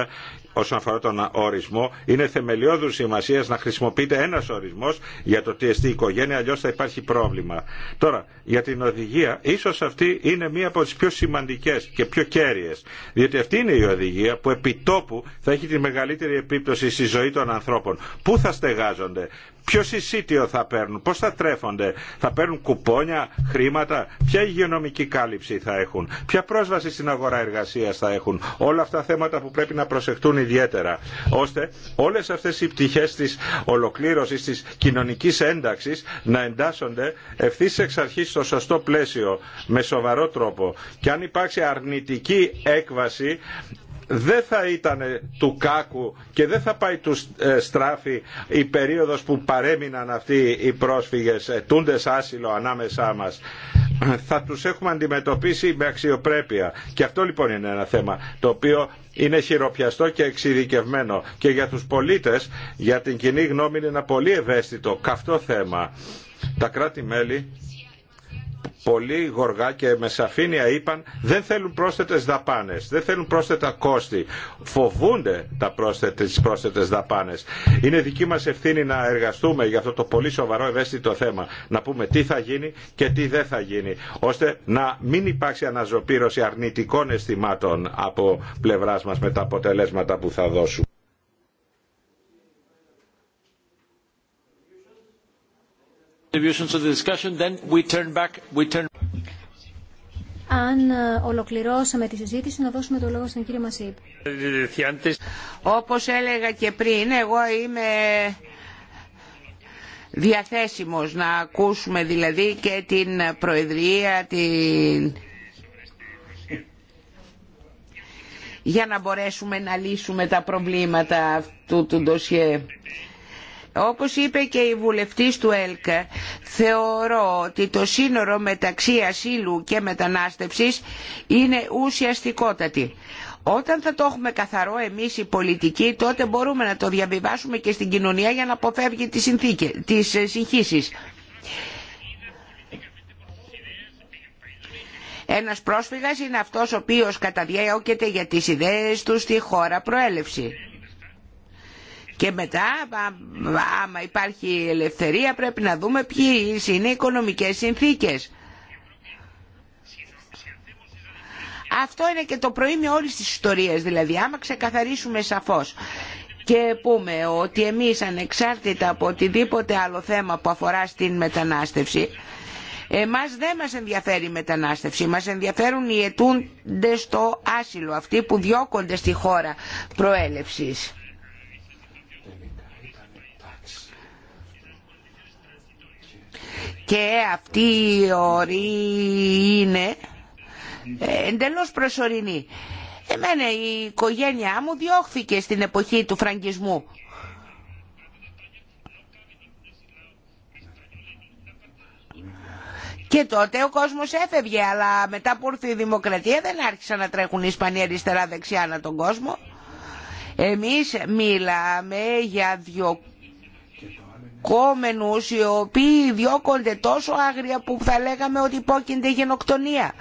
B: όσον αφορά τον ορισμό, είναι θεμελιώδου σημασία να χρησιμοποιείται ένα ορισμό για το τι εστί οικογένεια, αλλιώ θα υπάρχει πρόβλημα. Τώρα, για την οδηγία, ίσω αυτή είναι μία από τι πιο σημαντικέ και πιο κέρυε, διότι αυτή είναι η οδηγία που επιτόπου θα έχει τη μεγαλύτερη επίπτωση στη ζωή των ανθρώπων. Πού θα στεγάζονται, Ποιο συσίτιο θα παίρνουν, πώς θα τρέφονται, θα παίρνουν κουπόνια, χρήματα, ποια υγειονομική κάλυψη θα έχουν, ποια πρόσβαση στην αγορά εργασία θα έχουν. Όλα αυτά θέματα που πρέπει να προσεχτούν ιδιαίτερα, ώστε όλες αυτές οι πτυχέ της ολοκλήρωσης, της κοινωνικής ένταξη να εντάσσονται ευθύ εξ αρχή στο σωστό πλαίσιο, με σοβαρό τρόπο. Και αν υπάρξει αρνητική έκβαση, δεν θα ήταν του κάκου και δεν θα πάει του ε, στράφη η περίοδος που παρέμειναν αυτοί οι πρόσφυγες ε, τούντες άσυλο ανάμεσά μας. Θα τους έχουμε αντιμετωπίσει με αξιοπρέπεια. Και αυτό λοιπόν είναι ένα θέμα το οποίο είναι χειροπιαστό και εξειδικευμένο. Και για τους πολίτες, για την κοινή γνώμη είναι ένα πολύ ευαίσθητο, καυτό θέμα. Τα κράτη-μέλη πολύ γοργά και με σαφήνεια είπαν δεν θέλουν πρόσθετες δαπάνες, δεν θέλουν πρόσθετα κόστη. Φοβούνται τα πρόσθετες τις πρόσθετες δαπάνες. Είναι δική μας ευθύνη να εργαστούμε για αυτό το πολύ σοβαρό ευαίσθητο θέμα. Να πούμε τι θα γίνει και τι δεν θα γίνει. Ώστε να μην υπάρξει αναζωπήρωση αρνητικών αισθημάτων από πλευράς μας με τα αποτελέσματα που θα δώσουν.
A: Αν ε, ολοκληρώσαμε τη συζήτηση, να δώσουμε το λόγο στον κύριο Μασίπ.
D: Όπως έλεγα και πριν, εγώ είμαι διαθέσιμος να ακούσουμε δηλαδή και την Προεδρία την... για να μπορέσουμε να λύσουμε τα προβλήματα αυτού του ντοσιέ. Όπως είπε και η βουλευτής του ΕΛΚ, θεωρώ ότι το σύνορο μεταξύ ασύλου και μετανάστευσης είναι ουσιαστικότατη. Όταν θα το έχουμε καθαρό εμείς οι πολιτικοί, τότε μπορούμε να το διαβιβάσουμε και στην κοινωνία για να αποφεύγει τις, συνθήκες, της συγχύσεις. Ένας πρόσφυγας είναι αυτός ο οποίος καταδιώκεται για τις ιδέες του στη χώρα προέλευση και μετά, άμα υπάρχει ελευθερία, πρέπει να δούμε ποιες είναι οι οικονομικές συνθήκες. Αυτό είναι και το προήμιο όλης της ιστορίας, δηλαδή άμα ξεκαθαρίσουμε σαφώς και πούμε ότι εμείς ανεξάρτητα από οτιδήποτε άλλο θέμα που αφορά στην μετανάστευση, εμάς δεν μας ενδιαφέρει η μετανάστευση, μας ενδιαφέρουν οι ετούντε στο άσυλο, αυτοί που διώκονται στη χώρα προέλευσης. και αυτή η όρη είναι εντελώς προσωρινή. Εμένα η οικογένειά μου διώχθηκε στην εποχή του φραγκισμού. Και τότε ο κόσμος έφευγε, αλλά μετά που ήρθε η δημοκρατία δεν άρχισαν να τρέχουν οι Ισπανοί αριστερά-δεξιά ανά τον κόσμο. Εμείς μιλάμε για δύο κόμενους οι οποίοι διώκονται τόσο άγρια που θα λέγαμε ότι υπόκεινται γενοκτονία.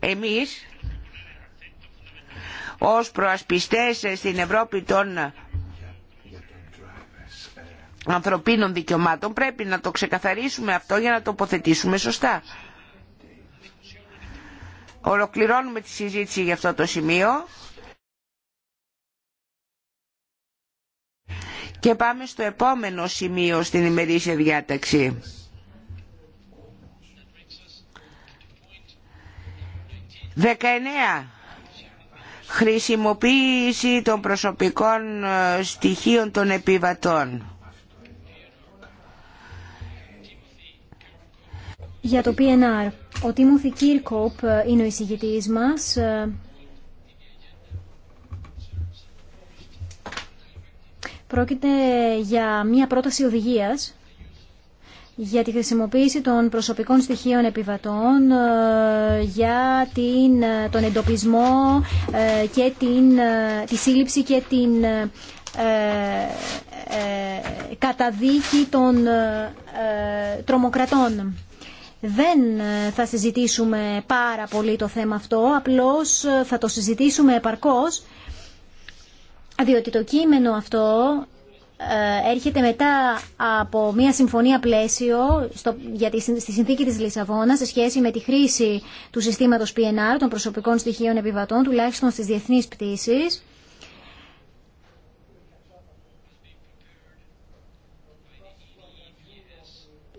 D: Εμείς ως προασπιστές στην Ευρώπη των ανθρωπίνων δικαιωμάτων πρέπει να το ξεκαθαρίσουμε αυτό για να τοποθετήσουμε σωστά. Ολοκληρώνουμε τη συζήτηση για αυτό το σημείο. Και πάμε στο επόμενο σημείο στην ημερήσια διάταξη. Δεκαεννέα. Χρησιμοποίηση των προσωπικών ε, στοιχείων των επιβατών.
A: Για το PNR, ο Τίμωθη Κίρκοπ ε, είναι ο εισηγητής μας. Ε, Πρόκειται για μια πρόταση οδηγίας για τη χρησιμοποίηση των προσωπικών στοιχείων επιβατών, ε, για την, ε, τον εντοπισμό ε, και την, τη σύλληψη και την καταδίκη των τρομοκρατών. Δεν θα συζητήσουμε πάρα πολύ το θέμα αυτό, απλώς θα το συζητήσουμε επαρκώς διότι το κείμενο αυτό ε, έρχεται μετά από μια συμφωνία πλαίσιο στο, για τη, στη συνθήκη της Λισαβόνας σε σχέση με τη χρήση του συστήματος PNR των προσωπικών στοιχείων επιβατών τουλάχιστον στις διεθνείς πτήσεις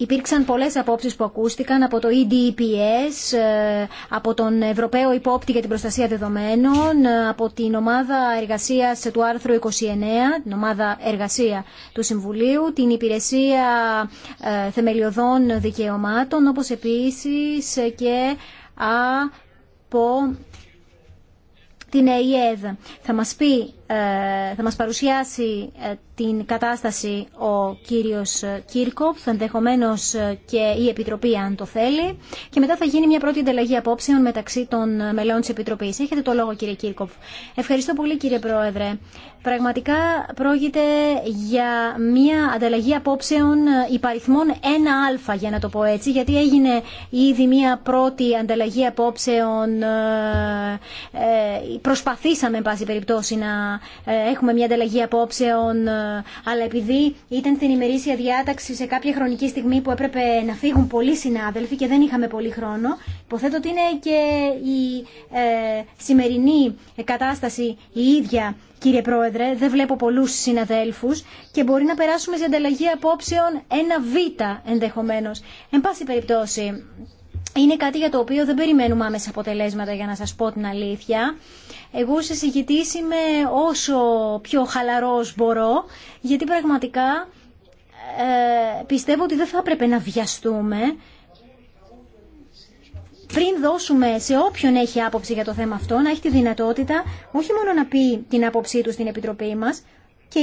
A: Υπήρξαν πολλές απόψεις που ακούστηκαν από το EDPS, ε, από τον Ευρωπαίο Υπόπτη για την Προστασία Δεδομένων, ε, από την ομάδα εργασίας του άρθρου 29, την ομάδα εργασία του Συμβουλίου, την Υπηρεσία ε, Θεμελιωδών Δικαιωμάτων, όπως επίσης και από την ΕΙΕΔ. Θα μας πει ε, θα μας παρουσιάσει ε, την κατάσταση ο κύριος ε, Κίρκοπ, ενδεχομένω και η Επιτροπή αν το θέλει και μετά θα γίνει μια πρώτη ανταλλαγή απόψεων μεταξύ των μελών της Επιτροπής. Έχετε το λόγο κύριε Κίρκοπ. Ευχαριστώ πολύ κύριε Πρόεδρε. Πραγματικά πρόκειται για μια ανταλλαγή απόψεων υπαριθμών 1α για να το πω έτσι γιατί έγινε ήδη μια πρώτη ανταλλαγή απόψεων προσπαθήσαμε εν πάση περιπτώσει να ε, έχουμε μια ανταλλαγή απόψεων, ε, αλλά επειδή ήταν στην ημερήσια διάταξη σε κάποια χρονική στιγμή που έπρεπε να φύγουν πολλοί συνάδελφοι και δεν είχαμε πολύ χρόνο, υποθέτω ότι είναι και η ε, σημερινή κατάσταση η ίδια. Κύριε Πρόεδρε, δεν βλέπω πολλούς συναδέλφους και μπορεί να περάσουμε σε ανταλλαγή απόψεων ένα β ενδεχομένως. Εν πάση περιπτώσει, είναι κάτι για το οποίο δεν περιμένουμε άμεσα αποτελέσματα για να σας πω την αλήθεια. Εγώ σε συγκητής είμαι όσο πιο χαλαρός μπορώ, γιατί πραγματικά ε, πιστεύω ότι δεν θα έπρεπε να βιαστούμε πριν δώσουμε σε όποιον έχει άποψη για το θέμα αυτό, να έχει τη δυνατότητα όχι μόνο να πει την άποψή του στην Επιτροπή μας, και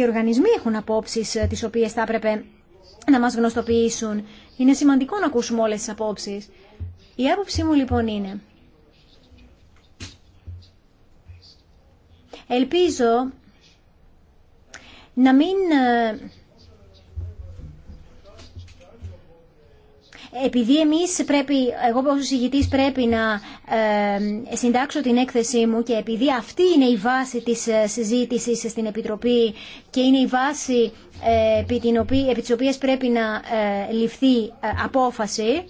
A: οι οργανισμοί έχουν απόψεις ε, τις οποίες θα έπρεπε να μας γνωστοποιήσουν. Είναι σημαντικό να ακούσουμε όλες τις απόψεις. Η άποψή μου λοιπόν είναι... Ελπίζω να μην ε, Επειδή εμείς πρέπει, εγώ ως συγητής πρέπει να ε, συντάξω την έκθεσή μου και επειδή αυτή είναι η βάση της ε, συζήτησης στην Επιτροπή και είναι η βάση ε, επί της οποίας πρέπει να ληφθεί απόφαση,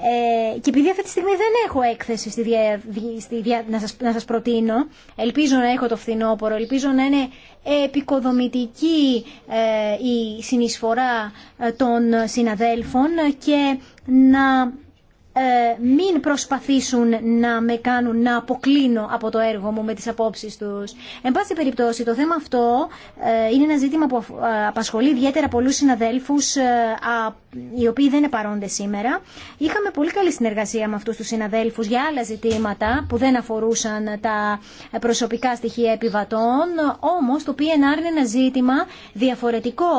A: ε, και επειδή αυτή τη στιγμή δεν έχω έκθεση στη δια, στη δια, να, σας, προτείνω, ελπίζω να έχω το φθινόπωρο, ελπίζω να είναι επικοδομητική ε, η συνεισφορά ε, των συναδέλφων και να ε, μην προσπαθήσουν να με κάνουν να αποκλίνω από το έργο μου με τις απόψεις τους. Εν πάση περιπτώσει, το θέμα αυτό ε, είναι ένα ζήτημα που ε, απασχολεί ιδιαίτερα πολλούς συναδέλφους οι οποίοι δεν είναι παρόντες σήμερα. Είχαμε πολύ καλή συνεργασία με αυτούς τους συναδέλφους για άλλα ζητήματα που δεν αφορούσαν τα προσωπικά στοιχεία επιβατών, όμως το PNR είναι ένα ζήτημα διαφορετικό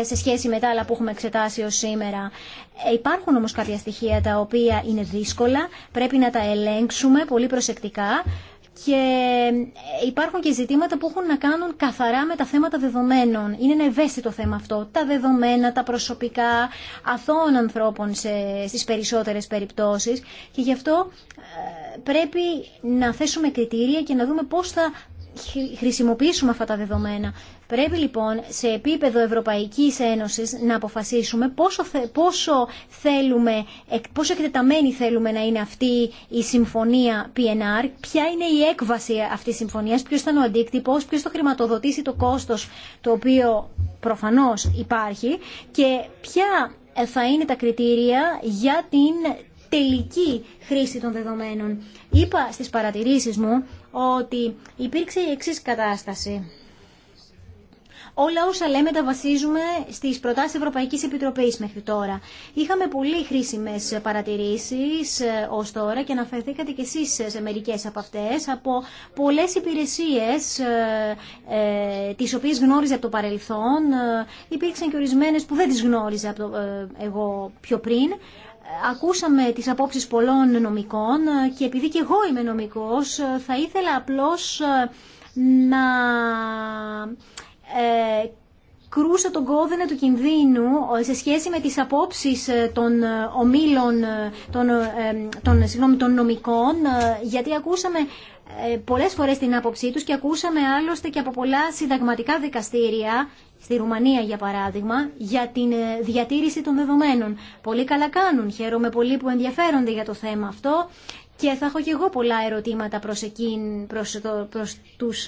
A: ε, σε σχέση με τα άλλα που έχουμε εξετάσει ως σήμερα. Ε, υπάρχουν όμως κάποια στοιχεία τα οποία είναι δύσκολα, πρέπει να τα ελέγξουμε πολύ προσεκτικά και ε, υπάρχουν και ζητήματα που έχουν να κάνουν καθαρά με τα θέματα δεδομένων. Είναι ένα ευαίσθητο θέμα αυτό. Τα δεδομένα, τα προσωπικά, αθώων ανθρώπων σε, στις περισσότερες περιπτώσεις και γι' αυτό πρέπει να θέσουμε κριτήρια και να δούμε πώς θα χρησιμοποιήσουμε αυτά τα δεδομένα. Πρέπει λοιπόν σε επίπεδο Ευρωπαϊκής Ένωσης να αποφασίσουμε πόσο, πόσο, θέλουμε, πόσο εκτεταμένη θέλουμε να είναι αυτή η συμφωνία PNR, ποια είναι η έκβαση αυτής της συμφωνίας, ποιος ήταν ο αντίκτυπος, ποιος το χρηματοδοτήσει το κόστος το οποίο προφανώς υπάρχει και ποια θα είναι τα κριτήρια για την τελική χρήση των δεδομένων. Είπα στις παρατηρήσεις μου ότι υπήρξε η εξής κατάσταση όλα όσα λέμε τα βασίζουμε στις προτάσεις Ευρωπαϊκής Επιτροπής μέχρι τώρα. Είχαμε πολύ χρήσιμες παρατηρήσεις ε, ως τώρα και αναφερθήκατε κι εσείς σε μερικέ από αυτές, από πολλές υπηρεσίες ε, ε τις οποίες γνώριζα από το παρελθόν, ε, υπήρξαν και ορισμένε που δεν τις γνώριζα από εγώ πιο πριν, ακούσαμε τις απόψεις πολλών νομικών και επειδή και εγώ είμαι νομικός θα ήθελα απλώς να ε, κρούσε τον κόδυνα του κινδύνου ε, σε σχέση με τις απόψεις ε, των ομίλων, των, των, νομικών, γιατί ακούσαμε πολλές φορές την άποψή τους και ακούσαμε άλλωστε και από πολλά συνταγματικά δικαστήρια, στη Ρουμανία για παράδειγμα, για την διατήρηση των δεδομένων. Πολύ καλά κάνουν, χαίρομαι πολύ που ενδιαφέρονται για το θέμα αυτό και θα έχω και εγώ πολλά ερωτήματα προς, εκείν, προς τους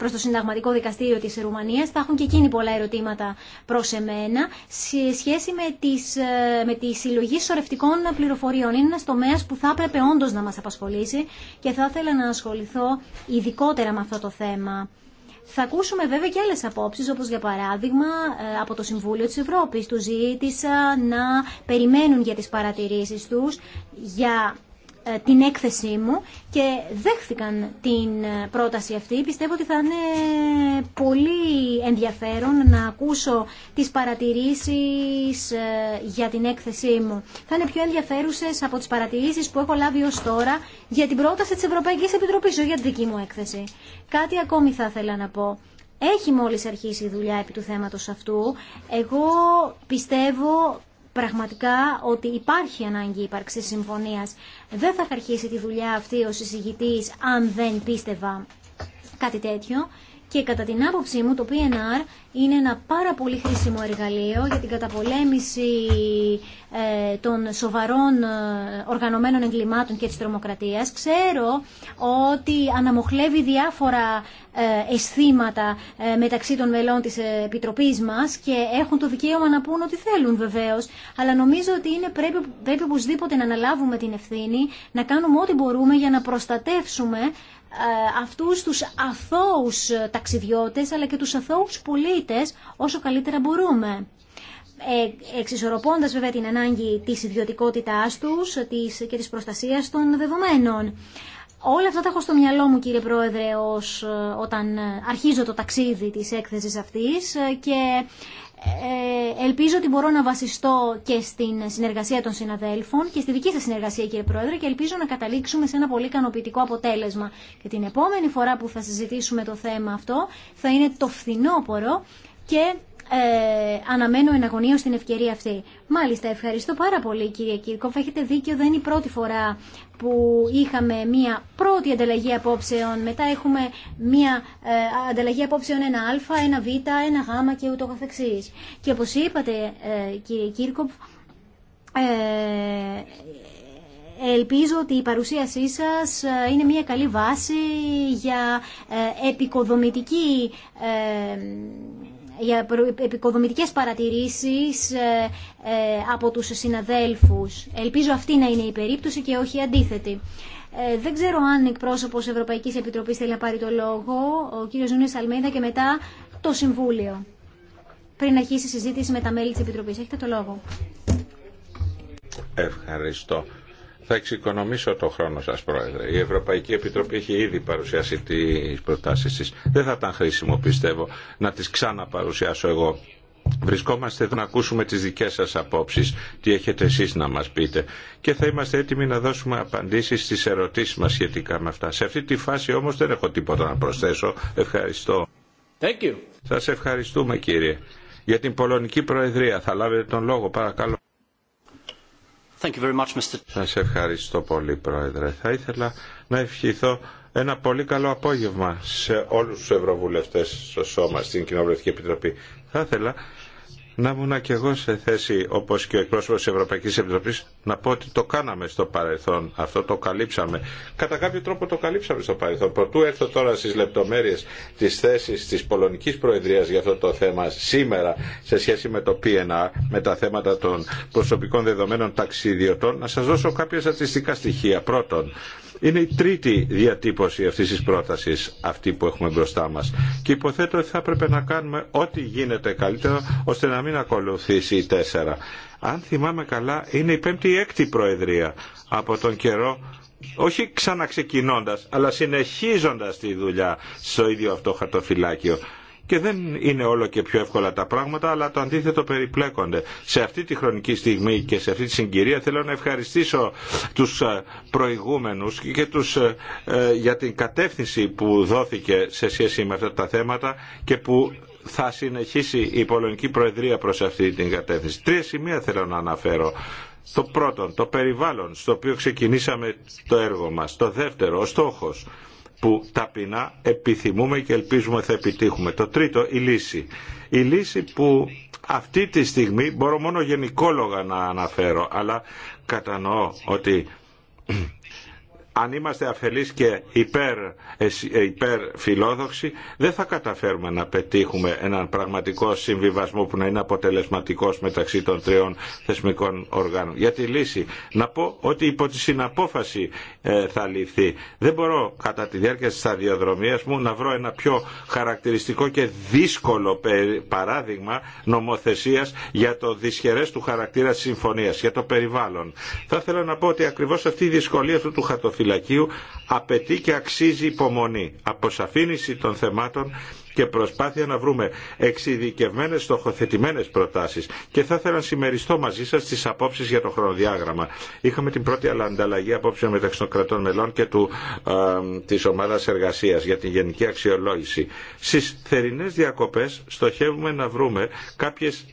A: προς το Συνταγματικό Δικαστήριο της Ρουμανία. Θα έχουν και εκείνοι πολλά ερωτήματα προ εμένα σε σχέση με, τις, ε, με τη συλλογή σορευτικών πληροφοριών. Είναι ένα τομέα που θα έπρεπε όντω να μας απασχολήσει και θα ήθελα να ασχοληθώ ειδικότερα με αυτό το θέμα. Θα ακούσουμε βέβαια και άλλες απόψεις, όπως για παράδειγμα ε, από το Συμβούλιο της Ευρώπης. Του ζήτησα να περιμένουν για τις παρατηρήσεις τους, για ε, την έκθεσή μου και δέχθηκαν την ε, πρόταση αυτή. Πιστεύω ότι θα είναι πολύ ενδιαφέρον να ακούσω τις παρατηρήσεις ε, για την έκθεσή μου. Θα είναι πιο ενδιαφέρουσες από τις παρατηρήσεις που έχω λάβει ως τώρα για την πρόταση της Ευρωπαϊκής Επιτροπής, όχι για την δική μου έκθεση. Κάτι ακόμη θα ήθελα να πω. Έχει μόλις αρχίσει η δουλειά επί του θέματος αυτού. Εγώ πιστεύω πραγματικά ότι υπάρχει ανάγκη ύπαρξη συμφωνίας. Δεν θα αρχίσει τη δουλειά αυτή ο συζητητή αν δεν πίστευα κάτι τέτοιο και κατά την άποψή μου το PNR είναι ένα πάρα πολύ χρήσιμο εργαλείο για την καταπολέμηση ε, των σοβαρών ε, οργανωμένων εγκλημάτων και της τρομοκρατίας. Ξέρω ότι αναμοχλεύει διάφορα ε, αισθήματα μεταξύ των μελών της Επιτροπής μας και έχουν το δικαίωμα να πούν ό,τι θέλουν βεβαίως, αλλά νομίζω ότι είναι, πρέπει, πρέπει οπωσδήποτε να αναλάβουμε την ευθύνη, να κάνουμε ό,τι μπορούμε για να προστατεύσουμε ε, αυτούς τους αθώους ε, ταξιδιώτες αλλά και τους αθώους πολίτες όσο καλύτερα μπορούμε. Ε, εξισορροπώντας βέβαια την ανάγκη της ιδιωτικότητάς τους και της προστασίας των δεδομένων. Όλα αυτά τα έχω στο μυαλό μου κύριε Πρόεδρε όταν αρχίζω το ταξίδι της έκθεσης αυτής και ε, ελπίζω ότι μπορώ να βασιστώ και στην συνεργασία των συναδέλφων και στη δική σας συνεργασία κύριε Πρόεδρε και ελπίζω να καταλήξουμε σε ένα πολύ ικανοποιητικό αποτέλεσμα. Και την επόμενη φορά που θα συζητήσουμε το θέμα αυτό θα είναι το φθινόπωρο και ε, αναμένω εναγωνίω την ευκαιρία αυτή. Μάλιστα, ευχαριστώ πάρα πολύ κύριε Κύρκοφ. Έχετε δίκιο, δεν είναι η πρώτη φορά που είχαμε μία πρώτη ανταλλαγή απόψεων. Μετά έχουμε μία ε, ανταλλαγή απόψεων ένα α, ένα β, ένα γ και ούτω καθεξής. Και όπως είπατε ε, κύριε Κύρκοφ, ε, Ελπίζω ότι η παρουσίασή σας ε, είναι μια καλή βάση για ε, επικοδομητική για επικοδομητικές παρατηρήσεις ε, ε, από τους συναδέλφους. Ελπίζω αυτή να είναι η περίπτωση και όχι αντίθετη. Ε, δεν ξέρω αν εκπρόσωπο Ευρωπαϊκής Επιτροπής θέλει να πάρει το λόγο, ο κύριος Ζούνιος Αλμέιδα και μετά το Συμβούλιο. Πριν αρχίσει η συζήτηση με τα μέλη της Επιτροπής. Έχετε το λόγο.
B: Ευχαριστώ. Θα εξοικονομήσω το χρόνο σας, Πρόεδρε. Η Ευρωπαϊκή Επιτροπή έχει ήδη παρουσιάσει τις προτάσεις της. Δεν θα ήταν χρήσιμο, πιστεύω, να τις ξαναπαρουσιάσω εγώ. Βρισκόμαστε εδώ να ακούσουμε τις δικές σας απόψεις, τι έχετε εσείς να μας πείτε. Και θα είμαστε έτοιμοι να δώσουμε απαντήσεις στις ερωτήσεις μας σχετικά με αυτά. Σε αυτή τη φάση όμως δεν έχω τίποτα να προσθέσω. Ευχαριστώ. Thank you. Σας ευχαριστούμε κύριε. Για την Πολωνική Προεδρία θα λάβετε τον λόγο παρακαλώ. Thank Σας ευχαριστώ πολύ Πρόεδρε. Θα ήθελα να ευχηθώ ένα πολύ καλό απόγευμα σε όλους τους Ευρωβουλευτές στο Σώμα, στην Κοινοβουλευτική Επιτροπή. Θα ήθελα να ήμουν και εγώ σε θέση, όπως και ο εκπρόσωπος της Ευρωπαϊκής Επιτροπής, να πω ότι το κάναμε στο παρελθόν, αυτό το καλύψαμε. Κατά κάποιο τρόπο το καλύψαμε στο παρελθόν. Προτού έρθω τώρα στις λεπτομέρειες της θέσης της Πολωνικής Προεδρίας για αυτό το θέμα σήμερα σε σχέση με το PNR, με τα θέματα των προσωπικών δεδομένων ταξιδιωτών, να σας δώσω κάποια στατιστικά στοιχεία. Πρώτον, είναι η τρίτη διατύπωση αυτής της πρότασης, αυτή που έχουμε μπροστά μας. Και υποθέτω ότι θα έπρεπε να κάνουμε ό,τι γίνεται καλύτερο, ώστε να μην ακολουθήσει η τέσσερα αν θυμάμαι καλά, είναι η πέμπτη ή έκτη προεδρία από τον καιρό όχι ξαναξεκινώντας, αλλά συνεχίζοντας τη δουλειά στο ίδιο αυτό χαρτοφυλάκιο. Και δεν είναι όλο και πιο εύκολα τα πράγματα, αλλά το αντίθετο περιπλέκονται. Σε αυτή τη χρονική στιγμή και σε αυτή τη συγκυρία θέλω να ευχαριστήσω τους ε, προηγούμενους και τους ε, ε, για την κατεύθυνση που δόθηκε σε σχέση με αυτά τα θέματα και που θα συνεχίσει η Πολωνική Προεδρία προς αυτή την κατεύθυνση. Τρία σημεία θέλω να αναφέρω. Το πρώτο, το περιβάλλον στο οποίο ξεκινήσαμε το έργο μας. Το δεύτερο, ο στόχος που ταπεινά επιθυμούμε και ελπίζουμε θα επιτύχουμε. Το τρίτο, η λύση. Η λύση που αυτή τη στιγμή μπορώ μόνο γενικόλογα να αναφέρω, αλλά κατανοώ ότι αν είμαστε αφελείς και υπερ, ε, υπερ φιλόδοξοι, δεν θα καταφέρουμε να πετύχουμε έναν πραγματικό συμβιβασμό που να είναι αποτελεσματικός μεταξύ των τριών θεσμικών οργάνων. Για τη λύση, να πω ότι υπό τη συναπόφαση ε, θα ληφθεί. Δεν μπορώ κατά τη διάρκεια της σταδιοδρομίας μου να βρω ένα πιο χαρακτηριστικό και δύσκολο παράδειγμα νομοθεσίας για το δυσχερές του χαρακτήρα της συμφωνίας, για το περιβάλλον. Θα ήθελα να πω ότι ακριβώς αυτή η δυσκολία αυτού του φυλακίου απαιτεί και αξίζει υπομονή, αποσαφήνιση των θεμάτων και προσπάθεια να βρούμε εξειδικευμένε, στοχοθετημένε προτάσει. Και θα ήθελα να συμμεριστώ μαζί σα τι απόψει για το χρονοδιάγραμμα. Είχαμε την πρώτη ανταλλαγή απόψεων μεταξύ των κρατών μελών και ε, τη ομάδα εργασία για την γενική αξιολόγηση. Στι θερινέ διακοπέ στοχεύουμε να βρούμε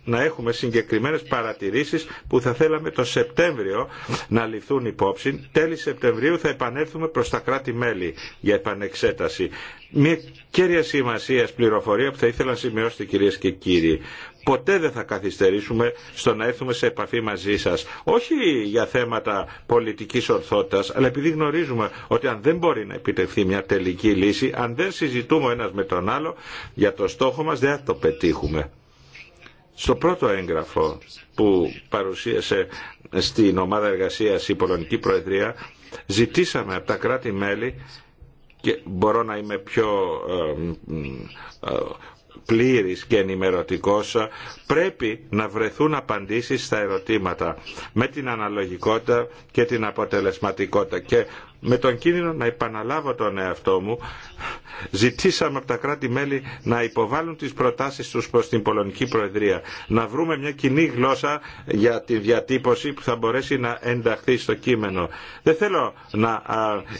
B: να έχουμε συγκεκριμένε παρατηρήσει που θα θέλαμε το Σεπτέμβριο να ληφθούν υπόψη. Τέλη Σεπτεμβρίου θα επανέλθουμε προ τα κράτη-μέλη για επανεξέταση. Μια κέρια σημασία πληροφορία που θα ήθελα να σημειώσετε κυρίε και κύριοι. Ποτέ δεν θα καθυστερήσουμε στο να έρθουμε σε επαφή μαζί σα. Όχι για θέματα πολιτική ορθότητα, αλλά επειδή γνωρίζουμε ότι αν δεν μπορεί να επιτευχθεί μια τελική λύση, αν δεν συζητούμε ο ένα με τον άλλο για το στόχο μα, δεν θα το πετύχουμε. Στο πρώτο έγγραφο που παρουσίασε στην ομάδα εργασίας η Πολωνική Προεδρία, ζητήσαμε από τα κράτη-μέλη και μπορώ να είμαι πιο ε, πλήρης και ενημερωτικός πρέπει να βρεθούν απαντήσεις στα ερωτήματα με την αναλογικότητα και την αποτελεσματικότητα και με τον κίνδυνο να επαναλάβω τον εαυτό μου ζητήσαμε από τα κράτη-μέλη να υποβάλουν τις προτάσεις τους προς την Πολωνική Προεδρία. Να βρούμε μια κοινή γλώσσα για τη διατύπωση που θα μπορέσει να ενταχθεί στο κείμενο. Δεν θέλω να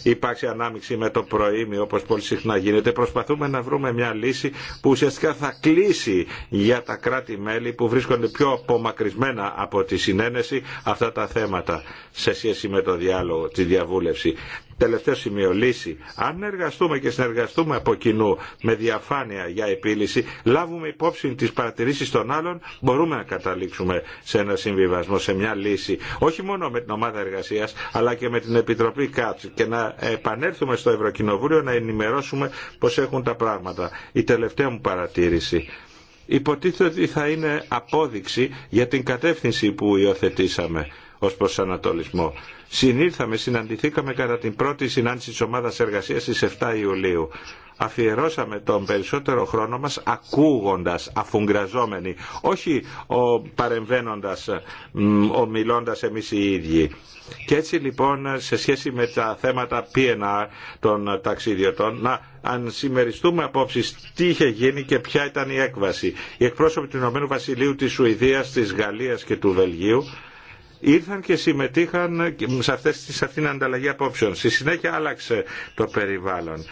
B: υπάρξει ανάμειξη με το προήμιο όπως πολύ συχνά γίνεται. Προσπαθούμε να βρούμε μια λύση που ουσιαστικά θα κλείσει για τα κράτη-μέλη που βρίσκονται πιο απομακρυσμένα από τη συνένεση αυτά τα θέματα σε σχέση με το διάλογο, τη διαβούλευση τελευταίο σημείο, λύση. Αν εργαστούμε και συνεργαστούμε από κοινού με διαφάνεια για επίλυση, λάβουμε υπόψη τις παρατηρήσεις των άλλων, μπορούμε να καταλήξουμε σε ένα συμβιβασμό, σε μια λύση. Όχι μόνο με την ομάδα εργασίας, αλλά και με την Επιτροπή ΚΑΤΣ και να επανέλθουμε στο Ευρωκοινοβούλιο να ενημερώσουμε πώς έχουν τα πράγματα. Η τελευταία μου παρατήρηση υποτίθεται ότι θα είναι απόδειξη για την κατεύθυνση που υιοθετήσαμε ως προσανατολισμό. Συνήλθαμε, συναντηθήκαμε κατά την πρώτη συνάντηση της ομάδας εργασίας στις 7 Ιουλίου. Αφιερώσαμε τον περισσότερο χρόνο μας ακούγοντας, αφουγκραζόμενοι, όχι ο, παρεμβαίνοντας, ομιλώντας εμείς οι ίδιοι. Και έτσι λοιπόν σε σχέση με τα θέματα PNR των ταξιδιωτών να αν συμμεριστούμε απόψει τι είχε γίνει και ποια ήταν η έκβαση. Οι εκπρόσωποι του Ηνωμένου Βασιλείου, της Σουηδίας, της Γαλλίας και του Βελγίου ήρθαν και συμμετείχαν σε, αυτές, σε αυτήν την ανταλλαγή απόψεων. Στη συνέχεια άλλαξε το περιβάλλον.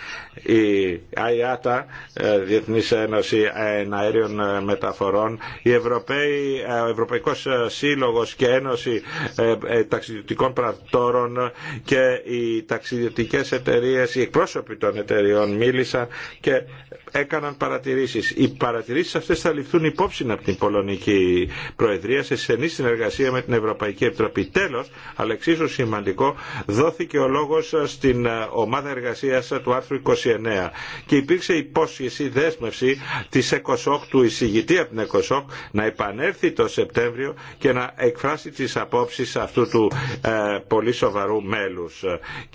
B: Η ΑΙΑΤΑ, ε, Διεθνή Ένωση Αέριων Μεταφορών, η ε, ο Ευρωπαϊκός Σύλλογος και Ένωση ε, Ταξιδιωτικών Πρακτόρων και οι ταξιδιωτικέ εταιρείε, οι εκπρόσωποι των εταιρεών μίλησαν και έκαναν παρατηρήσει. Οι παρατηρήσει αυτέ θα ληφθούν υπόψη από την Πολωνική Προεδρία σε στενή συνεργασία με την Ευρωπαϊκή Επιτροπή. Τέλο, αλλά εξίσου σημαντικό, δόθηκε ο λόγο στην ομάδα εργασία του άρθρου 29 και υπήρξε υπόσχεση δέσμευση τη ΕΚΟΣΟΚ, του εισηγητή από την ΕΚΟΣΟΚ, να επανέλθει το Σεπτέμβριο και να εκφράσει τι απόψει αυτού του ε, πολύ σοβαρού μέλου.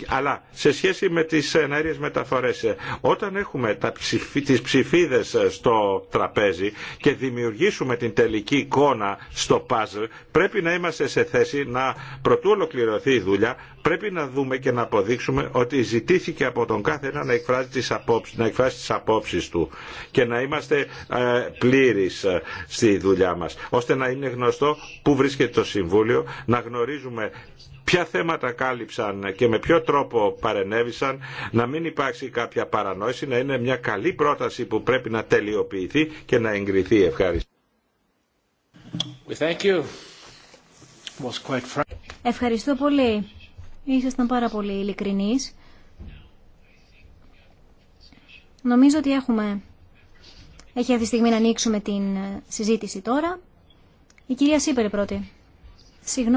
B: Αλλά σε σχέση με τι ενέργειε μεταφορέ, ε, όταν έχουμε τα ψηφί, τις ψηφίδες ε, στο τραπέζι και δημιουργήσουμε την τελική εικόνα στο παζλ, πρέπει να είμαστε σε θέση να προτού ολοκληρωθεί η δουλειά, πρέπει να δούμε και να αποδείξουμε ότι ζητήθηκε από τον κάθε ένα να εκφράσει τις να εκφράσει τις απόψεις του και να είμαστε ε, πλήρεις ε, στη δουλειά μας, ώστε να είναι γνωστό πού βρίσκεται το Συμβούλιο, να γνωρίζουμε ποια θέματα κάλυψαν και με ποιο τρόπο παρενέβησαν, να μην υπάρξει κάποια παρανόηση, να είναι μια καλή πρόταση που πρέπει να τελειοποιηθεί και να εγκριθεί. Ευχαριστώ.
A: Ευχαριστώ πολύ. Ήσασταν πάρα πολύ ειλικρινείς. Νομίζω ότι έχουμε... Έχει αυτή τη στιγμή να ανοίξουμε την ε, συζήτηση τώρα. Η κυρία Σίπερ πρώτη.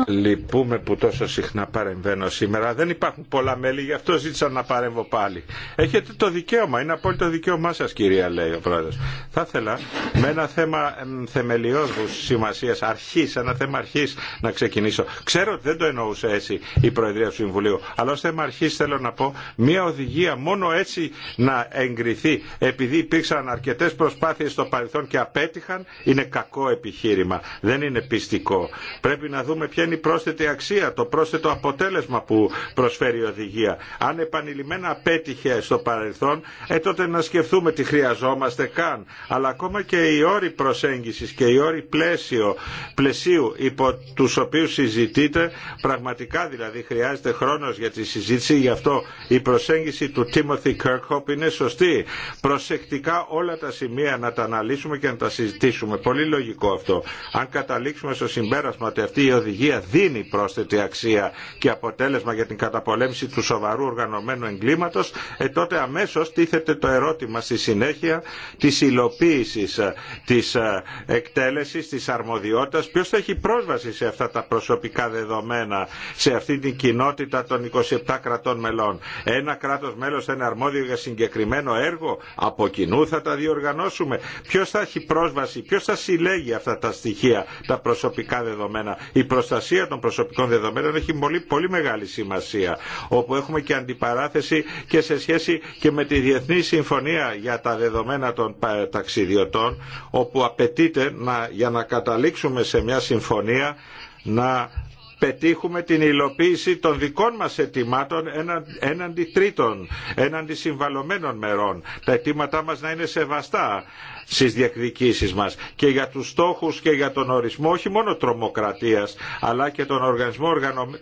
B: Λυπούμε που τόσο συχνά παρεμβαίνω σήμερα. Δεν υπάρχουν πολλά μέλη, γι' αυτό ζήτησα να παρέμβω πάλι. Έχετε το δικαίωμα, είναι απόλυτο δικαίωμά σα, κυρία, λέει ο πρόεδρο. Θα ήθελα με ένα θέμα θεμελιώδου σημασία, αρχή, ένα θέμα αρχή να ξεκινήσω. Ξέρω ότι δεν το εννοούσε έτσι η Προεδρία του Συμβουλίου, αλλά ω θέμα αρχή θέλω να πω μια οδηγία μόνο έτσι να εγκριθεί, επειδή υπήρξαν αρκετέ προσπάθειε στο παρελθόν και απέτυχαν, είναι κακό επιχείρημα. Δεν είναι πιστικό. Πρέπει να δούμε δούμε ποια είναι η πρόσθετη αξία, το πρόσθετο αποτέλεσμα που προσφέρει η οδηγία. Αν επανειλημμένα απέτυχε στο παρελθόν, ε, τότε να σκεφτούμε τι χρειαζόμαστε καν. Αλλά ακόμα και οι όροι προσέγγισης και οι όροι πλαίσιο, πλαισίου υπό τους οποίους συζητείτε, πραγματικά δηλαδή χρειάζεται χρόνος για τη συζήτηση, γι' αυτό η προσέγγιση του Timothy Kirkhope είναι σωστή. Προσεκτικά όλα τα σημεία να τα αναλύσουμε και να τα συζητήσουμε. Πολύ λογικό αυτό. Αν καταλήξουμε στο συμπέρασμα αυτή η οδηγία δίνει πρόσθετη αξία και αποτέλεσμα για την καταπολέμηση του σοβαρού οργανωμένου εγκλήματος, ε, τότε αμέσως τίθεται το ερώτημα στη συνέχεια της υλοποίησης ε, της ε, εκτέλεσης, της αρμοδιότητας. Ποιος θα έχει πρόσβαση σε αυτά τα προσωπικά δεδομένα, σε αυτή την κοινότητα των 27 κρατών μελών. Ένα κράτος μέλος θα είναι αρμόδιο για συγκεκριμένο έργο, από κοινού θα τα διοργανώσουμε. Ποιος θα έχει πρόσβαση, ποιος θα συλλέγει αυτά τα στοιχεία, τα προσωπικά δεδομένα. Η προστασία των προσωπικών δεδομένων έχει πολύ, πολύ μεγάλη σημασία, όπου έχουμε και αντιπαράθεση και σε σχέση και με τη Διεθνή Συμφωνία για τα δεδομένα των ταξιδιωτών, όπου απαιτείται να, για να καταλήξουμε σε μια συμφωνία να πετύχουμε την υλοποίηση των δικών μας αιτημάτων έναντι τρίτων, έναντι συμβαλωμένων μερών. Τα αιτήματά μας να είναι σεβαστά, στις διεκδικήσεις μας και για τους στόχους και για τον ορισμό όχι μόνο τρομοκρατίας αλλά και τον, οργανισμό,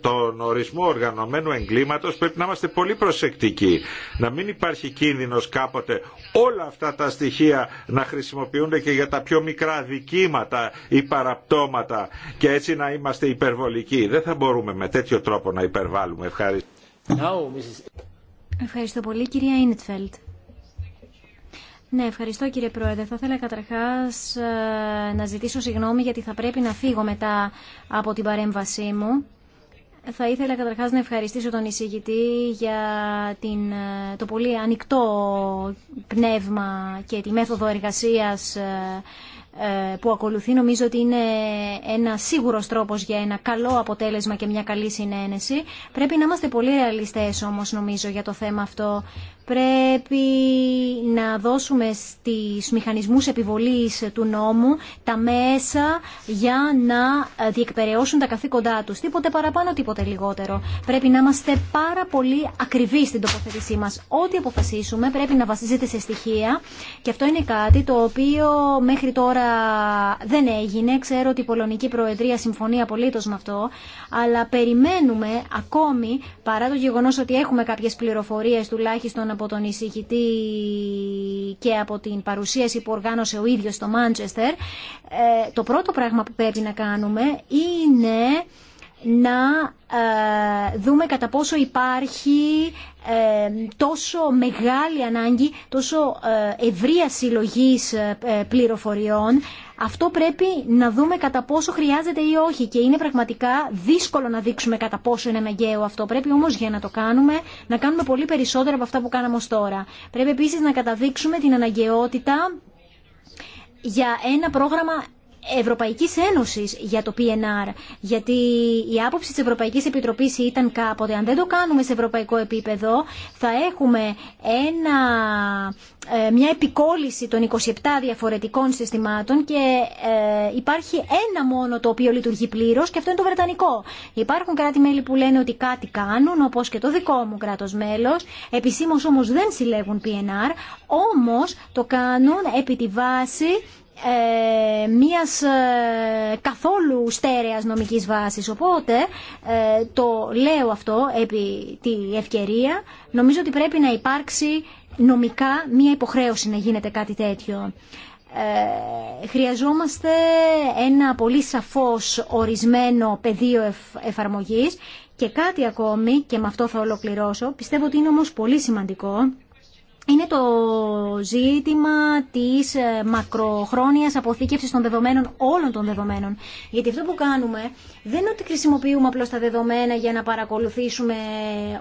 B: τον ορισμό οργανωμένου εγκλήματος πρέπει να είμαστε πολύ προσεκτικοί να μην υπάρχει κίνδυνος κάποτε όλα αυτά τα στοιχεία να χρησιμοποιούνται και για τα πιο μικρά δικήματα ή παραπτώματα και έτσι να είμαστε υπερβολικοί. Δεν θα μπορούμε με τέτοιο τρόπο να υπερβάλλουμε. Ευχαριστώ.
A: Ευχαριστώ πολύ κυρία Ίνιτφελτ. Ναι, ευχαριστώ κύριε Πρόεδρε. Θα ήθελα καταρχάς ε, να ζητήσω συγγνώμη γιατί θα πρέπει να φύγω μετά από την παρέμβασή μου. Θα ήθελα καταρχάς να ευχαριστήσω τον εισηγητή για την, ε, το πολύ ανοιχτό πνεύμα και τη μέθοδο εργασίας ε, που ακολουθεί. Νομίζω ότι είναι ένα σίγουρος τρόπος για ένα καλό αποτέλεσμα και μια καλή συνένεση. Πρέπει να είμαστε πολύ ρεαλιστές όμως νομίζω για το θέμα αυτό πρέπει να δώσουμε στις μηχανισμούς επιβολής του νόμου τα μέσα για να διεκπαιρεώσουν τα καθήκοντά τους. Τίποτε παραπάνω, τίποτε λιγότερο. Πρέπει να είμαστε πάρα πολύ ακριβείς στην τοποθέτησή μας. Ό,τι αποφασίσουμε πρέπει να βασίζεται σε στοιχεία και αυτό είναι κάτι το οποίο μέχρι τώρα δεν έγινε. Ξέρω ότι η Πολωνική Προεδρία συμφωνεί απολύτω με αυτό, αλλά περιμένουμε ακόμη, παρά το γεγονός ότι έχουμε κάποιες πληροφορίες τουλάχιστον από τον εισηγητή και από την παρουσίαση που οργάνωσε ο ίδιος στο Μάντσεστερ, το πρώτο πράγμα που πρέπει να κάνουμε είναι να ε, δούμε κατά πόσο υπάρχει ε, τόσο μεγάλη ανάγκη, τόσο ε, ευρεία συλλογής πληροφοριών. Αυτό πρέπει να δούμε κατά πόσο χρειάζεται ή όχι και είναι πραγματικά δύσκολο να δείξουμε κατά πόσο είναι αναγκαίο αυτό. Πρέπει όμως για να το κάνουμε να κάνουμε πολύ περισσότερα από αυτά που κάναμε ως τώρα. Πρέπει επίσης να καταδείξουμε την αναγκαιότητα για ένα πρόγραμμα Ευρωπαϊκής Ένωσης για το PNR, γιατί η άποψη της Ευρωπαϊκής Επιτροπής ήταν κάποτε, αν δεν το κάνουμε σε ευρωπαϊκό επίπεδο, θα έχουμε ένα, ε, μια επικόλυση των 27 διαφορετικών συστημάτων και ε, υπάρχει ένα μόνο το οποίο λειτουργεί πλήρως και αυτό είναι το Βρετανικό. Υπάρχουν κράτη-μέλη που λένε ότι κάτι κάνουν, όπως και το δικό μου κράτος μέλος, επισήμως όμως δεν συλλέγουν PNR, όμως το κάνουν επί τη βάση ε, μίας ε, καθόλου στέρεας νομικής βάσης. Οπότε ε, το λέω αυτό επί τη ευκαιρία. Νομίζω ότι πρέπει να υπάρξει νομικά μία υποχρέωση να γίνεται κάτι τέτοιο. Ε, χρειαζόμαστε ένα πολύ σαφώς ορισμένο πεδίο εφ, εφαρμογής και κάτι ακόμη, και με αυτό θα ολοκληρώσω, πιστεύω ότι είναι όμως πολύ σημαντικό είναι το ζήτημα της ε, μακροχρόνιας αποθήκευσης των δεδομένων, όλων των δεδομένων. Γιατί αυτό που κάνουμε δεν είναι ότι χρησιμοποιούμε απλώς τα δεδομένα για να παρακολουθήσουμε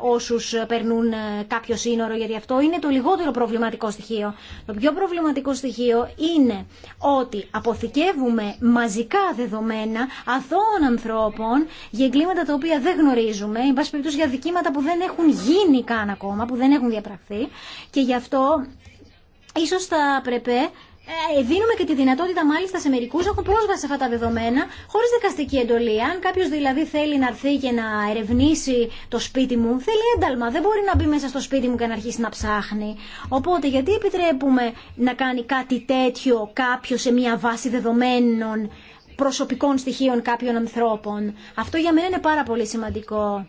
A: όσους περνούν ε, κάποιο σύνορο, γιατί αυτό είναι το λιγότερο προβληματικό στοιχείο. Το πιο προβληματικό στοιχείο είναι ότι αποθηκεύουμε μαζικά δεδομένα αθώων ανθρώπων για εγκλήματα τα οποία δεν γνωρίζουμε, εν πάση περιπτώσει για δικήματα που δεν έχουν γίνει καν ακόμα, που δεν έχουν διαπραχθεί και Γι' αυτό ίσως θα πρέπει, ε, δίνουμε και τη δυνατότητα μάλιστα σε μερικού έχουν πρόσβαση σε αυτά τα δεδομένα χωρί δικαστική εντολή. Αν κάποιο δηλαδή θέλει να έρθει και να ερευνήσει το σπίτι μου, θέλει ένταλμα. Δεν μπορεί να μπει μέσα στο σπίτι μου και να αρχίσει να ψάχνει. Οπότε, γιατί επιτρέπουμε να κάνει κάτι τέτοιο κάποιο σε μια βάση δεδομένων προσωπικών στοιχείων κάποιων ανθρώπων. Αυτό για μένα είναι πάρα πολύ σημαντικό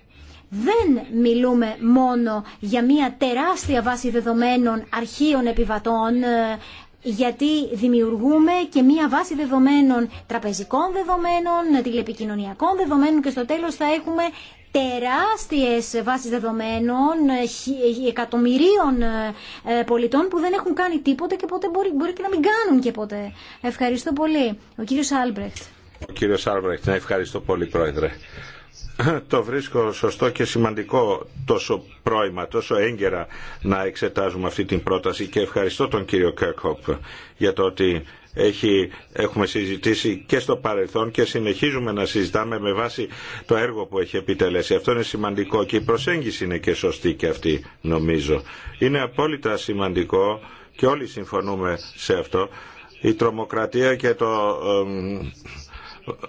A: δεν μιλούμε μόνο για μια τεράστια βάση δεδομένων αρχείων επιβατών, ε, γιατί δημιουργούμε και μία βάση δεδομένων, τραπεζικών δεδομένων, τηλεπικοινωνιακών δεδομένων και στο τέλος θα έχουμε τεράστιες βάσεις δεδομένων ε, ε, εκατομμυρίων πολιτών που δεν έχουν κάνει τίποτα και ποτέ μπορεί, μπορεί και να μην κάνουν και ποτέ. Ευχαριστώ πολύ. Ο κύριος Άλμπρεχτ.
B: Ο κύριος Άλμπρεχτ, ευχαριστώ πολύ πρόεδρε. το βρίσκω σωστό και σημαντικό τόσο πρόημα, τόσο έγκαιρα να εξετάζουμε αυτή την πρόταση και ευχαριστώ τον κύριο Κέρκοπ για το ότι έχει, έχουμε συζητήσει και στο παρελθόν και συνεχίζουμε να συζητάμε με βάση το έργο που έχει επιτελέσει. Αυτό είναι σημαντικό και η προσέγγιση είναι και σωστή και αυτή νομίζω. Είναι απόλυτα σημαντικό και όλοι συμφωνούμε σε αυτό η τρομοκρατία και το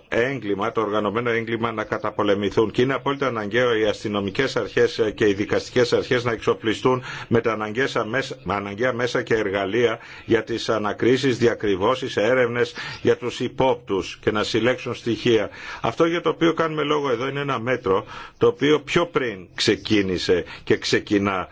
B: έγκλημα, το οργανωμένο έγκλημα να καταπολεμηθούν. Και είναι απόλυτα αναγκαίο οι αστυνομικέ αρχέ και οι δικαστικέ αρχέ να εξοπλιστούν με τα αναγκαία μέσα και εργαλεία για τι ανακρίσει, διακριβώσει, έρευνε για του υπόπτου και να συλλέξουν στοιχεία. Αυτό για το οποίο κάνουμε λόγο εδώ είναι ένα μέτρο το οποίο πιο πριν ξεκίνησε και ξεκινά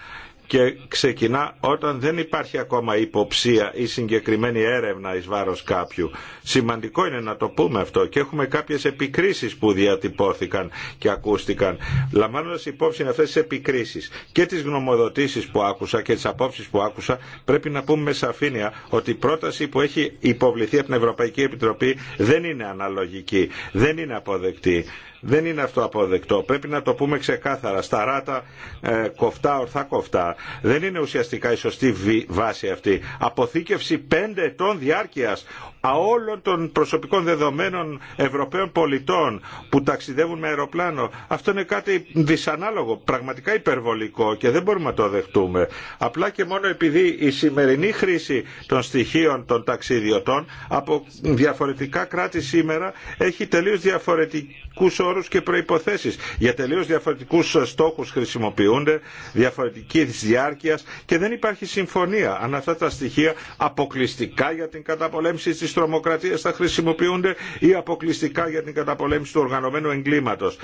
B: και ξεκινά όταν δεν υπάρχει ακόμα υποψία ή συγκεκριμένη έρευνα εις βάρος κάποιου. Σημαντικό είναι να το πούμε αυτό και έχουμε κάποιες επικρίσεις που διατυπώθηκαν και ακούστηκαν. Λαμβάνοντας υπόψη αυτές τις επικρίσεις και τις γνωμοδοτήσεις που άκουσα και τις απόψεις που άκουσα πρέπει να πούμε με σαφήνεια ότι η πρόταση που έχει υποβληθεί από την Ευρωπαϊκή Επιτροπή δεν είναι αναλογική, δεν είναι αποδεκτή δεν είναι αυτό αποδεκτό. Πρέπει να το πούμε ξεκάθαρα. Σταράτα, ε, κοφτά, ορθά κοφτά. Δεν είναι ουσιαστικά η σωστή βάση αυτή. Αποθήκευση πέντε ετών διάρκειας όλων των προσωπικών δεδομένων Ευρωπαίων πολιτών που ταξιδεύουν με αεροπλάνο. Αυτό είναι κάτι δυσανάλογο, πραγματικά υπερβολικό και δεν μπορούμε να το δεχτούμε. Απλά και μόνο επειδή η σημερινή χρήση των στοιχείων των ταξιδιωτών από διαφορετικά κράτη σήμερα έχει τελείως διαφορετικούς όρους και προϋποθέσεις. Για τελείως διαφορετικούς στόχους χρησιμοποιούνται, διαφορετική διάρκειας και δεν υπάρχει συμφωνία αν αυτά τα στοιχεία αποκλειστικά για την καταπολέμηση τρομοκρατίες θα χρησιμοποιούνται ή αποκλειστικά για την καταπολέμηση του οργανωμένου εγκλήματος.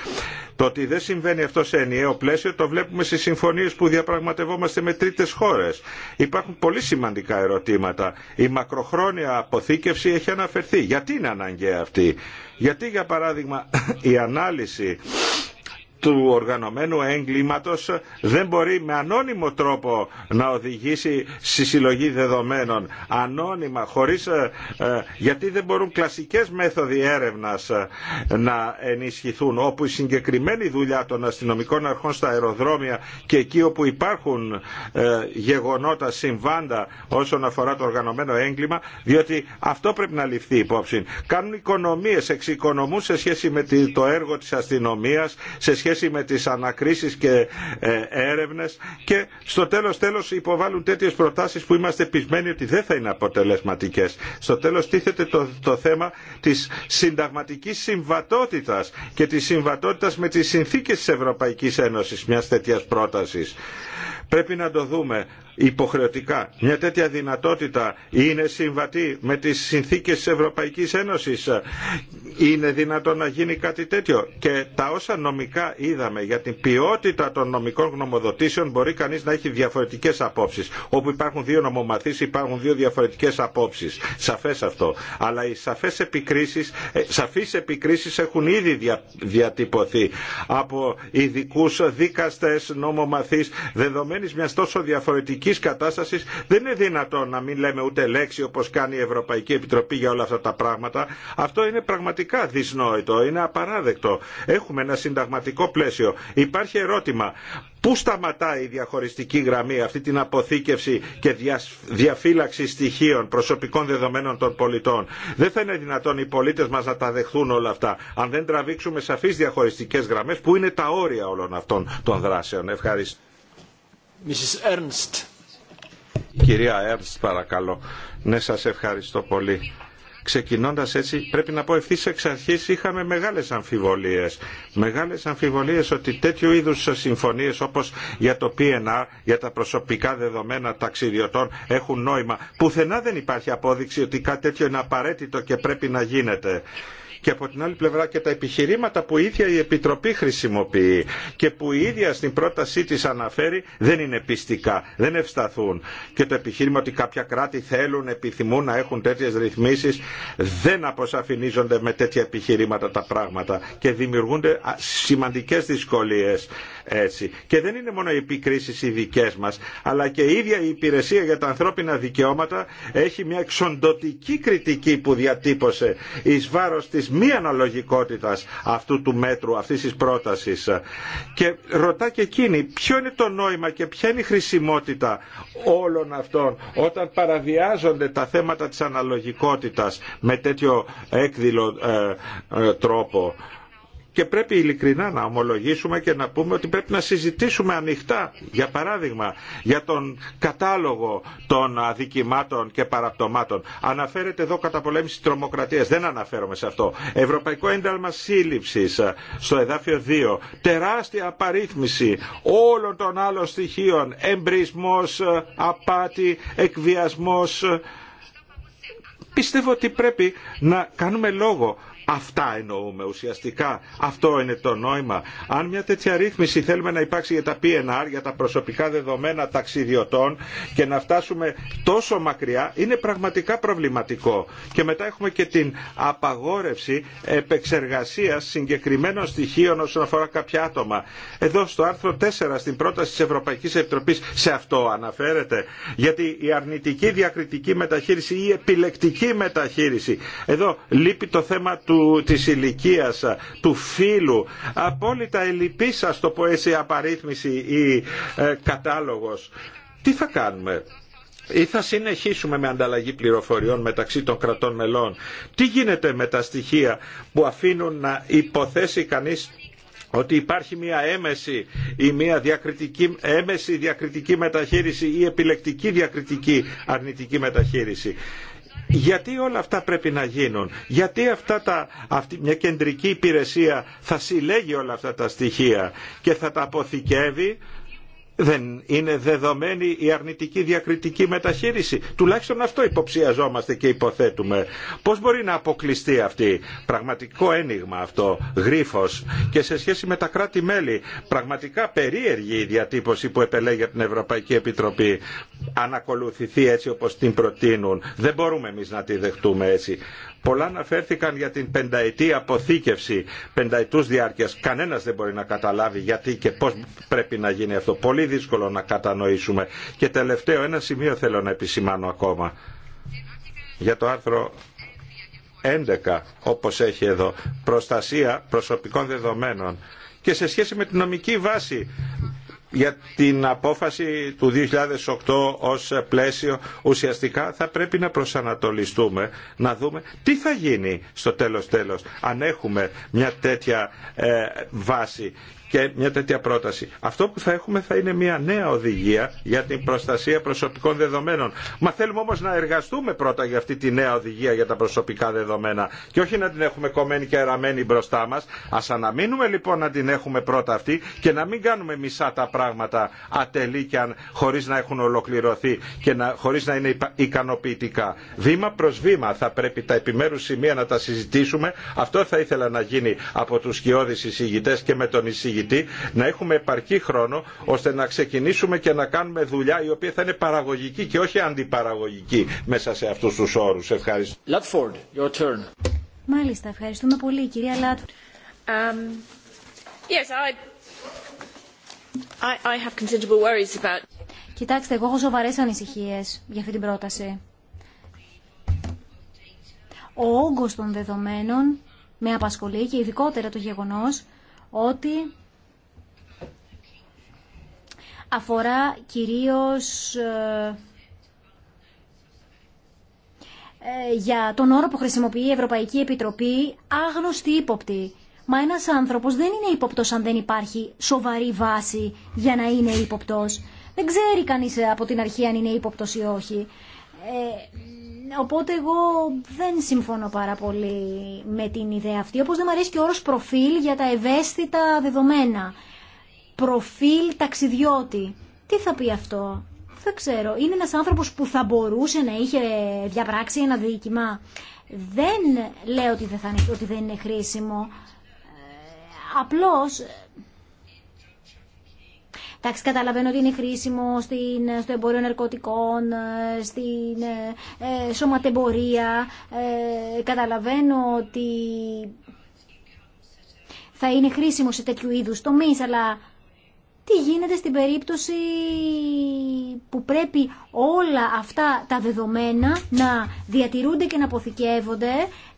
B: Το ότι δεν συμβαίνει αυτό σε ενιαίο πλαίσιο το βλέπουμε στις συμφωνίες που διαπραγματευόμαστε με τρίτες χώρες. Υπάρχουν πολύ σημαντικά ερωτήματα. Η μακροχρόνια αποθήκευση έχει αναφερθεί. Γιατί είναι αναγκαία αυτή. Γιατί για παράδειγμα η ανάλυση του οργανωμένου έγκληματος δεν μπορεί με ανώνυμο τρόπο να οδηγήσει στη συλλογή δεδομένων ανώνυμα χωρίς ε, ε, γιατί δεν μπορούν κλασικές μέθοδοι έρευνας ε, να ενισχυθούν όπου η συγκεκριμένη δουλειά των αστυνομικών αρχών στα αεροδρόμια και εκεί όπου υπάρχουν γεγονότα συμβάντα όσον αφορά το οργανωμένο έγκλημα διότι αυτό πρέπει να ληφθεί υπόψη. Κάνουν οικονομίες, εξοικονομούν σε σχέση με το έργο της αστυνομίας, σε σχέση με τις ανακρίσεις και ε, έρευνες και στο τέλος τέλος υποβάλλουν τέτοιες προτάσεις που είμαστε πεισμένοι ότι δεν θα είναι αποτελεσματικές. Στο τέλος τίθεται το, το θέμα της συνταγματικής συμβατότητας και της συμβατότητας με τις συνθήκες της Ευρωπαϊκής Ένωσης μιας τέτοια πρότασης. Πρέπει να το δούμε υποχρεωτικά. Μια τέτοια δυνατότητα είναι συμβατή με τις συνθήκες της Ευρωπαϊκής Ένωσης. Είναι δυνατό να γίνει κάτι τέτοιο. Και τα όσα νομικά είδαμε για την ποιότητα των νομικών γνωμοδοτήσεων μπορεί κανείς να έχει διαφορετικές απόψεις. Όπου υπάρχουν δύο νομομαθείς υπάρχουν δύο διαφορετικές απόψεις. Σαφές αυτό. Αλλά οι σαφές επικρίσεις, ε, σαφείς επικρίσεις έχουν ήδη διατυπωθεί από ειδικού δίκαστες, νομομαθείς. Δεδομένης μιας τόσο διαφορετικής κατάστασης δεν είναι δυνατόν να μην λέμε ούτε λέξη όπως κάνει η Ευρωπαϊκή Επιτροπή για όλα αυτά τα πράγματα. Αυτό είναι πραγματικά δυσνόητο, είναι απαράδεκτο. Έχουμε ένα συνταγματικό πλαίσιο. Υπάρχει ερώτημα. Πού σταματάει η διαχωριστική γραμμή αυτή την αποθήκευση και διαφύλαξη στοιχείων προσωπικών δεδομένων των πολιτών. Δεν θα είναι δυνατόν οι πολίτε μα να τα δεχθούν όλα αυτά αν δεν τραβήξουμε σαφεί διαχωριστικέ γραμμέ που είναι τα όρια όλων αυτών των δράσεων. Ευχαριστώ. Mrs. Ernst. Κυρία Ernst, παρακαλώ. Ναι, σας ευχαριστώ πολύ. Ξεκινώντας έτσι, πρέπει να πω ευθύ εξ αρχή είχαμε μεγάλες αμφιβολίες. Μεγάλες αμφιβολίες ότι τέτοιου είδους συμφωνίες όπως για το PNR, για τα προσωπικά δεδομένα ταξιδιωτών έχουν νόημα. Πουθενά δεν υπάρχει απόδειξη ότι κάτι τέτοιο είναι απαραίτητο και πρέπει να γίνεται και από την άλλη πλευρά και τα επιχειρήματα που η ίδια η Επιτροπή χρησιμοποιεί και που η ίδια στην πρότασή της αναφέρει δεν είναι πιστικά, δεν ευσταθούν. Και το επιχείρημα ότι κάποια κράτη θέλουν, επιθυμούν να έχουν τέτοιες ρυθμίσεις δεν αποσαφηνίζονται με τέτοια επιχειρήματα τα πράγματα και δημιουργούνται σημαντικές δυσκολίες έτσι. Και δεν είναι μόνο οι επικρίσει οι δικέ μα, αλλά και η ίδια η Υπηρεσία για τα Ανθρώπινα Δικαιώματα έχει μια εξοντοτική κριτική που διατύπωσε ει βάρο τη μη αναλογικότητα αυτού του μέτρου, αυτή τη πρόταση. Και ρωτά και εκείνη ποιο είναι το νόημα και ποια είναι η χρησιμότητα όλων αυτών όταν παραβιάζονται τα θέματα της αναλογικότητας με τέτοιο έκδηλο ε, ε, τρόπο και πρέπει ειλικρινά να ομολογήσουμε και να πούμε ότι πρέπει να συζητήσουμε ανοιχτά, για παράδειγμα, για τον κατάλογο των αδικημάτων και παραπτωμάτων. Αναφέρεται εδώ καταπολέμηση τρομοκρατίας. Δεν αναφέρομαι σε αυτό. Ευρωπαϊκό ένταλμα σύλληψη ε, στο εδάφιο 2. Τεράστια απαρίθμηση όλων των άλλων στοιχείων. Εμπρισμό, ε, απάτη, εκβιασμό. πιστεύω ότι πρέπει να κάνουμε λόγο Αυτά εννοούμε ουσιαστικά. Αυτό είναι το νόημα. Αν μια τέτοια ρύθμιση θέλουμε να υπάρξει για τα PNR, για τα προσωπικά δεδομένα ταξιδιωτών και να φτάσουμε τόσο μακριά, είναι πραγματικά προβληματικό. Και μετά έχουμε και την απαγόρευση επεξεργασία συγκεκριμένων στοιχείων όσον αφορά κάποια άτομα. Εδώ στο άρθρο 4 στην πρόταση τη Ευρωπαϊκή Επιτροπής σε αυτό αναφέρεται. Γιατί η αρνητική διακριτική μεταχείριση ή η επιλεκτική μεταχείριση. Εδώ λείπει το θέμα του του, της ηλικία, του φίλου, Απόλυτα ελλειπής, ας το πω έτσι, απαρίθμηση ή ε, κατάλογος. Τι θα κάνουμε ή θα συνεχίσουμε με ανταλλαγή πληροφοριών μεταξύ των κρατών μελών. Τι γίνεται με τα στοιχεία που αφήνουν να υποθέσει κανείς ότι υπάρχει μια έμεση ή μια διακριτική, έμεση διακριτική μεταχείριση ή επιλεκτική διακριτική αρνητική μεταχείριση. Γιατί όλα αυτά πρέπει να γίνουν. Γιατί αυτά τα, αυτή, μια κεντρική υπηρεσία θα συλλέγει όλα αυτά τα στοιχεία και θα τα αποθηκεύει δεν είναι δεδομένη η αρνητική διακριτική μεταχείριση. Τουλάχιστον αυτό υποψιαζόμαστε και υποθέτουμε. Πώς μπορεί να αποκλειστεί αυτή. Πραγματικό ένιγμα αυτό. Γρίφος. Και σε σχέση με τα κράτη-μέλη. Πραγματικά περίεργη η διατύπωση που επελέγει από την Ευρωπαϊκή Επιτροπή. Αν ακολουθηθεί έτσι όπως την προτείνουν. Δεν μπορούμε εμείς να τη δεχτούμε έτσι. Πολλά αναφέρθηκαν για την πενταετή αποθήκευση πενταετούς διάρκειας. Κανένας δεν μπορεί να καταλάβει γιατί και πώς πρέπει να γίνει αυτό. Πολύ δύσκολο να κατανοήσουμε. Και τελευταίο ένα σημείο θέλω να επισημάνω ακόμα. Για το άρθρο 11 όπως έχει εδώ προστασία προσωπικών δεδομένων και σε σχέση με την νομική βάση για την απόφαση του 2008 ως πλαίσιο ουσιαστικά θα πρέπει να προσανατολιστούμε να δούμε τι θα γίνει στο τέλος τέλος αν έχουμε μια τέτοια ε, βάση και μια τέτοια πρόταση. Αυτό που θα έχουμε θα είναι μια νέα οδηγία για την προστασία προσωπικών δεδομένων. Μα θέλουμε όμω να εργαστούμε πρώτα για αυτή τη νέα οδηγία για τα προσωπικά δεδομένα και όχι να την έχουμε κομμένη και αεραμένη μπροστά μα. Α αναμείνουμε λοιπόν να την έχουμε πρώτα αυτή και να μην κάνουμε μισά τα πράγματα ατελή και αν, χωρίς να έχουν ολοκληρωθεί και να, χωρίς να είναι ικανοποιητικά. Βήμα προς βήμα θα πρέπει τα επιμέρους σημεία να τα συζητήσουμε. Αυτό θα ήθελα να γίνει από του σκιώδεις εισηγητές και με τον εισηγητή να έχουμε επαρκή χρόνο ώστε να ξεκινήσουμε και να κάνουμε δουλειά η οποία θα είναι παραγωγική και όχι αντιπαραγωγική μέσα σε αυτούς τους όρους. Ευχαριστώ. Λατφόρντ, your turn.
A: Μάλιστα, ευχαριστούμε πολύ κυρία Λάτφορντ. Um, yes, I... I, I have considerable worries about... Κοιτάξτε, εγώ έχω σοβαρές ανησυχίες για αυτή την πρόταση. Ο όγκος των δεδομένων με απασχολεί και ειδικότερα το γεγονός ότι αφορά κυρίως ε, ε, για τον όρο που χρησιμοποιεί η Ευρωπαϊκή Επιτροπή άγνωστη ύποπτη. Μα ένας άνθρωπος δεν είναι ύποπτος αν δεν υπάρχει σοβαρή βάση για να είναι ύποπτος. Δεν ξέρει κανείς ε, από την αρχή αν είναι ύποπτος ή όχι. οπότε εγώ δεν συμφωνώ πάρα πολύ με την ιδέα αυτή. Όπως δεν μου αρέσει και ο όρος προφίλ για τα ευαίσθητα δεδομένα προφίλ ταξιδιώτη. Τι θα πει αυτό. Δεν ξέρω. Είναι ένας άνθρωπος που θα μπορούσε να είχε διαπράξει ένα δίκημα. Δεν λέω ότι δεν, θα είναι, ότι δεν είναι χρήσιμο. Ε, απλώς... Ε, εντάξει, καταλαβαίνω ότι είναι χρήσιμο στην, στο εμπόριο ναρκωτικών, ε, στην ε, σωματεμπορία. καταλαβαίνω ότι θα είναι χρήσιμο σε τέτοιου είδους τομείς, αλλά τι γίνεται στην περίπτωση που πρέπει όλα αυτά τα δεδομένα να διατηρούνται και να αποθηκεύονται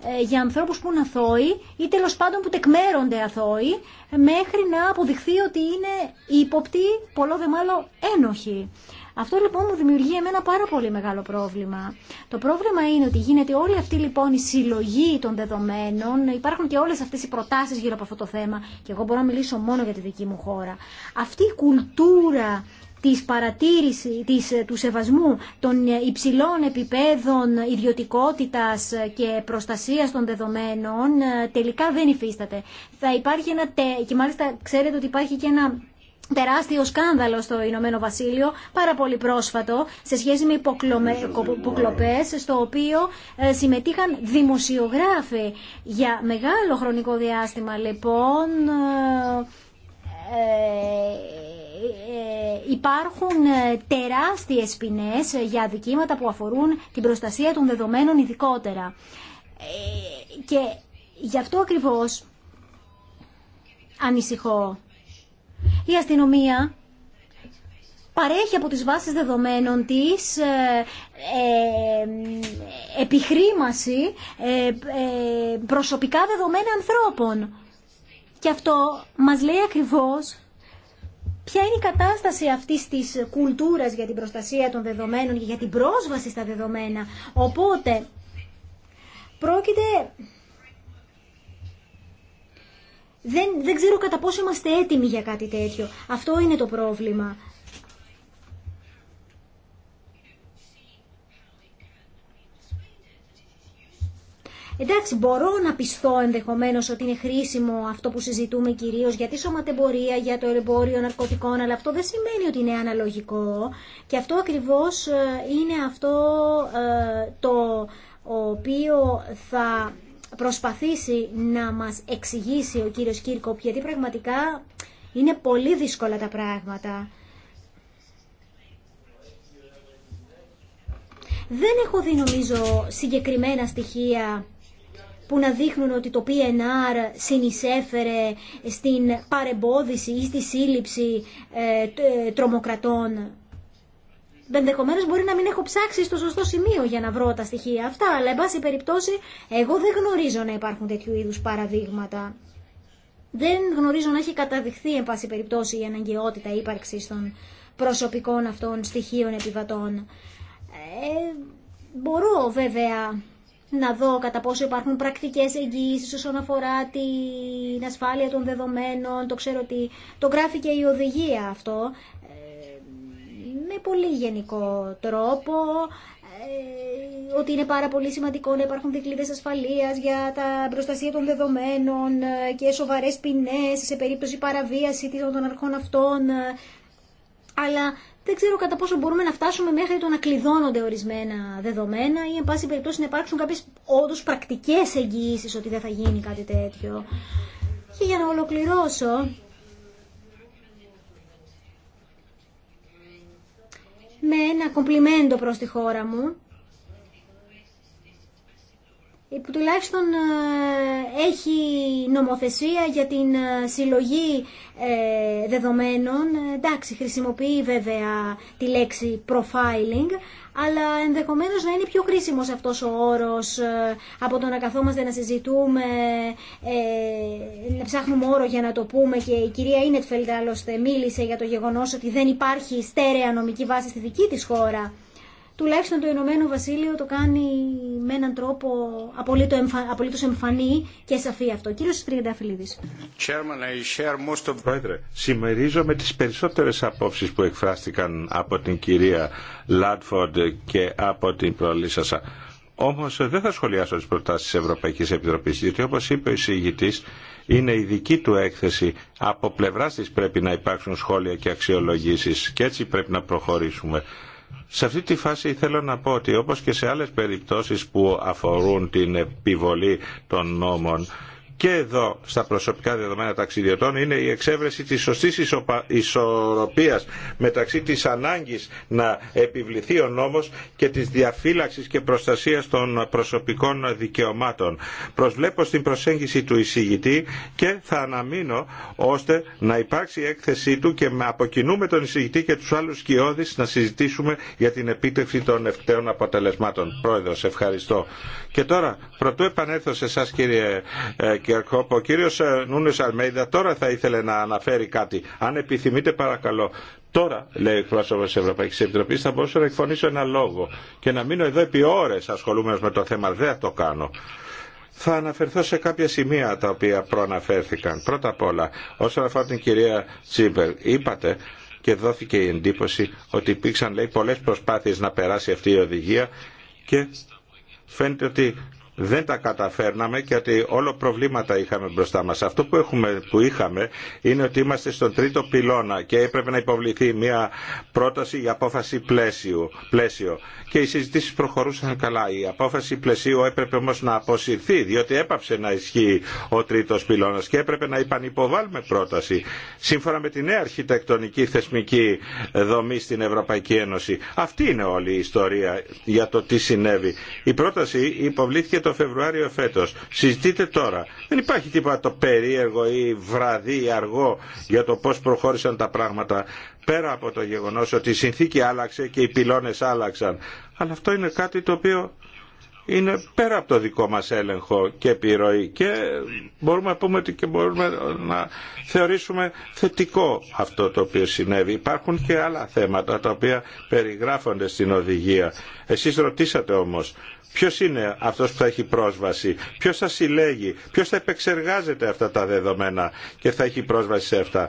A: ε, για ανθρώπους που είναι αθώοι ή τέλο πάντων που τεκμέρονται αθώοι μέχρι να αποδειχθεί ότι είναι ύποπτοι, πολλό δε μάλλον ένοχοι. Αυτό λοιπόν μου δημιουργεί εμένα πάρα πολύ μεγάλο πρόβλημα. Το πρόβλημα είναι ότι γίνεται όλη αυτή λοιπόν η συλλογή των δεδομένων, υπάρχουν και όλε αυτέ οι προτάσει γύρω από αυτό το θέμα, και εγώ μπορώ να μιλήσω μόνο για τη δική μου χώρα. Αυτή η κουλτούρα της παρατήρηση, της, ε, του σεβασμού των ε, υψηλών επιπέδων ιδιωτικότητας και προστασίας των δεδομένων ε, τελικά δεν υφίσταται. Θα υπάρχει ένα, και μάλιστα ξέρετε ότι υπάρχει και ένα τεράστιο σκάνδαλο στο Ηνωμένο Βασίλειο, πάρα πολύ πρόσφατο, σε σχέση με υποκλοπές, στο οποίο ε, συμμετείχαν δημοσιογράφοι για μεγάλο χρονικό διάστημα. Λοιπόν, ε, ε, υπάρχουν τεράστιες ποινές για αδικήματα που αφορούν την προστασία των δεδομένων ειδικότερα. Και γι' αυτό ακριβώς ανησυχώ. Η αστυνομία παρέχει από τις βάσεις δεδομένων της ε, ε επιχρήμαση ε, ε, προσωπικά δεδομένα ανθρώπων. Και αυτό μας λέει ακριβώς ποια είναι η κατάσταση αυτής της κουλτούρας για την προστασία των δεδομένων και για την πρόσβαση στα δεδομένα. Οπότε, πρόκειται δεν, δεν ξέρω κατά πόσο είμαστε έτοιμοι για κάτι τέτοιο. Αυτό είναι το πρόβλημα. Εντάξει, μπορώ να πιστώ ενδεχομένως ότι είναι χρήσιμο αυτό που συζητούμε κυρίως για τη σωματεμπορία, για το εμπόριο ναρκωτικών, αλλά αυτό δεν σημαίνει ότι είναι αναλογικό. Και αυτό ακριβώς ε, είναι αυτό ε, το οποίο θα προσπαθήσει να μας εξηγήσει ο κύριος Κύρκοπ, γιατί πραγματικά είναι πολύ δύσκολα τα πράγματα. Δεν έχω δει νομίζω συγκεκριμένα στοιχεία που να δείχνουν ότι το PNR συνεισέφερε στην παρεμπόδιση ή στη σύλληψη ε, ε, τρομοκρατών ενδεχομένω μπορεί να μην έχω ψάξει στο σωστό σημείο για να βρω τα στοιχεία αυτά, αλλά εν πάση περιπτώσει εγώ δεν γνωρίζω να υπάρχουν τέτοιου είδου παραδείγματα. Δεν γνωρίζω να έχει καταδειχθεί εν πάση περιπτώσει η αναγκαιότητα ύπαρξη των προσωπικών αυτών στοιχείων επιβατών. Ε, μπορώ βέβαια να δω κατά πόσο υπάρχουν πρακτικές εγγύησεις όσον αφορά την ασφάλεια των δεδομένων, το ξέρω ότι το γράφει και η οδηγία αυτό με πολύ γενικό τρόπο ε, ότι είναι πάρα πολύ σημαντικό να υπάρχουν δικλείδες ασφαλείας για τα προστασία των δεδομένων ε, και σοβαρές ποινές σε περίπτωση παραβίαση των αρχών αυτών. Αλλά δεν ξέρω κατά πόσο μπορούμε να φτάσουμε μέχρι το να κλειδώνονται ορισμένα δεδομένα ή, εν πάση περιπτώσει, να υπάρξουν κάποιες όντω πρακτικές εγγυήσεις ότι δεν θα γίνει κάτι τέτοιο. Και για να ολοκληρώσω, με ένα κομπλιμέντο προς τη χώρα μου που τουλάχιστον ε, έχει νομοθεσία για την ε, συλλογή ε, δεδομένων. Εντάξει, χρησιμοποιεί βέβαια τη λέξη profiling, αλλά ενδεχομένως να είναι πιο κρίσιμος αυτός ο όρος ε, από το να καθόμαστε να συζητούμε, ε, να ψάχνουμε όρο για να το πούμε και η κυρία Ίνετφελντ άλλωστε μίλησε για το γεγονός ότι δεν υπάρχει στέρεα νομική βάση στη δική τη χώρα τουλάχιστον το Ηνωμένο Βασίλειο το κάνει με έναν τρόπο απολύτω εμφα... απολύτως εμφανή και σαφή αυτό. Κύριος Τριανταφυλλίδης.
B: Πρόεδρε, συμμερίζομαι τι περισσότερε απόψει που εκφράστηκαν από την κυρία Λάντφορντ και από την προλήσασα. Όμω δεν θα σχολιάσω τι προτάσει τη Ευρωπαϊκής Επιτροπής, γιατί όπω είπε ο εισηγητή, είναι η δική του έκθεση. Από πλευρά τη πρέπει να υπάρξουν σχόλια και αξιολογήσει, και έτσι πρέπει να προχωρήσουμε. Σε αυτή τη φάση θέλω να πω ότι όπως και σε άλλες περιπτώσεις που αφορούν την επιβολή των νόμων και εδώ στα προσωπικά δεδομένα ταξιδιωτών είναι η εξέβρεση της σωστής ισορροπίας μεταξύ της ανάγκης να επιβληθεί ο νόμος και της διαφύλαξης και προστασίας των προσωπικών δικαιωμάτων. Προσβλέπω στην προσέγγιση του εισηγητή και θα αναμείνω ώστε να υπάρξει έκθεσή του και με αποκοινούμε τον εισηγητή και τους άλλους σκιώδεις να συζητήσουμε για την επίτευξη των ευκταίων αποτελεσμάτων. Πρόεδρος, ευχαριστώ. Και τώρα, πρωτού επανέλθω σε κύριε ε, Κέρκοπ. Ο κύριος ε, Νούνες Αλμέιδα τώρα θα ήθελε να αναφέρει κάτι. Αν επιθυμείτε παρακαλώ. Τώρα, λέει ο εκπρόσωπο τη Ευρωπαϊκή Επιτροπή, θα μπορούσα να εκφωνήσω ένα λόγο και να μείνω εδώ επί ώρε ασχολούμενο με το θέμα. Δεν το κάνω. Θα αναφερθώ σε κάποια σημεία τα οποία προαναφέρθηκαν. Πρώτα απ' όλα, όσον αφορά την κυρία Τσίμπερ, είπατε και δόθηκε η εντύπωση ότι υπήρξαν λέει, πολλές προσπάθειες να περάσει αυτή η οδηγία και φαίνεται ότι δεν τα καταφέρναμε και ότι όλο προβλήματα είχαμε μπροστά μας. Αυτό που, έχουμε, που είχαμε είναι ότι είμαστε στον τρίτο πυλώνα και έπρεπε να υποβληθεί μια πρόταση για απόφαση πλαίσιο. πλαίσιο. Και οι συζητήσεις προχωρούσαν καλά. Η απόφαση πλαισίου έπρεπε όμως να αποσυρθεί διότι έπαψε να ισχύει ο τρίτος πυλώνας και έπρεπε να υπανυποβάλουμε πρόταση σύμφωνα με τη νέα αρχιτεκτονική θεσμική δομή στην Ευρωπαϊκή Ένωση. Αυτή είναι όλη η ιστορία για το τι συνέβη. Η πρόταση υποβλήθηκε το το Φεβρουάριο Φέτο. Συζητείτε τώρα. Δεν υπάρχει τίποτα το περίεργο ή βραδύ ή αργό για το πώς προχώρησαν τα πράγματα πέρα από το γεγονός ότι η συνθήκη άλλαξε και οι πυλώνε άλλαξαν. Αλλά αυτό είναι κάτι το οποίο είναι πέρα από το δικό μας έλεγχο και επιρροή και μπορούμε να πούμε ότι και μπορούμε να θεωρήσουμε θετικό αυτό το οποίο συνέβη. Υπάρχουν και άλλα θέματα τα οποία περιγράφονται στην οδηγία. Εσείς ρωτήσατε όμως ποιος είναι αυτός που θα έχει πρόσβαση, ποιος θα συλλέγει, ποιος θα επεξεργάζεται αυτά τα δεδομένα και θα έχει πρόσβαση σε αυτά.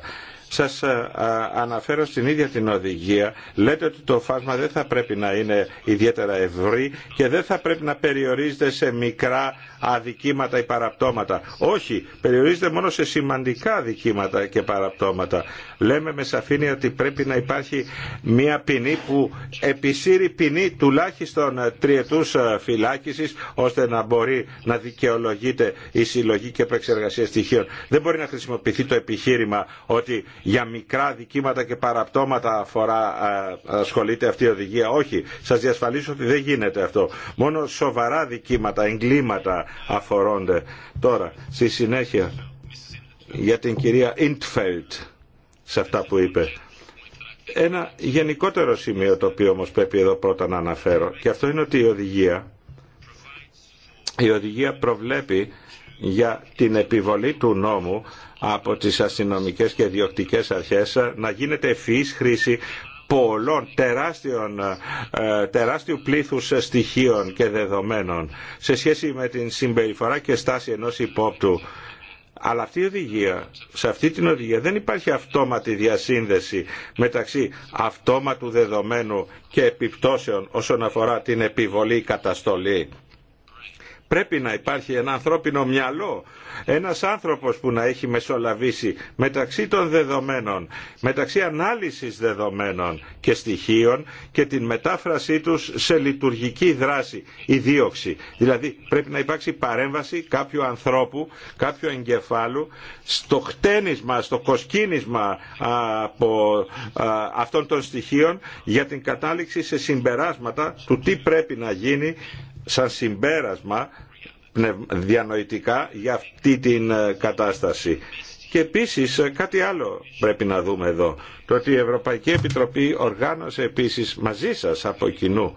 B: Σας ε, αναφέρω στην ίδια την οδηγία. Λέτε ότι το φάσμα δεν θα πρέπει να είναι ιδιαίτερα ευρύ και δεν θα πρέπει να περιορίζεται σε μικρά αδικήματα ή παραπτώματα. Όχι, περιορίζεται μόνο σε σημαντικά αδικήματα και παραπτώματα. Λέμε με σαφήνεια ότι πρέπει να υπάρχει μια ποινή που επισύρει ποινή τουλάχιστον τριετούς ε, φυλάκισης ώστε να μπορεί να δικαιολογείται η συλλογή και επεξεργασία στοιχείων. Δεν μπορεί να χρησιμοποιηθεί το επιχείρημα ότι για μικρά δικήματα και παραπτώματα αφορά, ασχολείται αυτή η οδηγία. Όχι, σας διασφαλίσω ότι δεν γίνεται αυτό. Μόνο σοβαρά δικήματα, εγκλήματα αφορώνται. Τώρα, στη συνέχεια, για την κυρία Ιντφέλτ, σε αυτά που είπε. Ένα γενικότερο σημείο το οποίο όμως πρέπει εδώ πρώτα να αναφέρω και αυτό είναι ότι η οδηγία, η οδηγία προβλέπει για την επιβολή του νόμου από τις αστυνομικές και διοκτικές αρχές να γίνεται ευφυής χρήση πολλών τεράστιων, ε, τεράστιου πλήθους στοιχείων και δεδομένων σε σχέση με την συμπεριφορά και στάση ενός υπόπτου. Αλλά αυτή η οδηγία, σε αυτή την οδηγία δεν υπάρχει αυτόματη διασύνδεση μεταξύ αυτόματου δεδομένου και επιπτώσεων όσον αφορά την επιβολή καταστολή. Πρέπει να υπάρχει ένα ανθρώπινο μυαλό, ένας άνθρωπος που να έχει μεσολαβήσει μεταξύ των δεδομένων, μεταξύ ανάλυσης δεδομένων και στοιχείων και την μετάφρασή τους σε λειτουργική δράση, η δίωξη. Δηλαδή πρέπει να υπάρξει παρέμβαση κάποιου ανθρώπου, κάποιου εγκεφάλου στο χτένισμα, στο κοσκίνισμα από αυτών των στοιχείων για την κατάληξη σε συμπεράσματα του τι πρέπει να γίνει σαν συμπέρασμα διανοητικά για αυτή την ε, κατάσταση. Και επίσης ε, κάτι άλλο πρέπει να δούμε εδώ. Το ότι η Ευρωπαϊκή Επιτροπή οργάνωσε επίσης μαζί σας από κοινού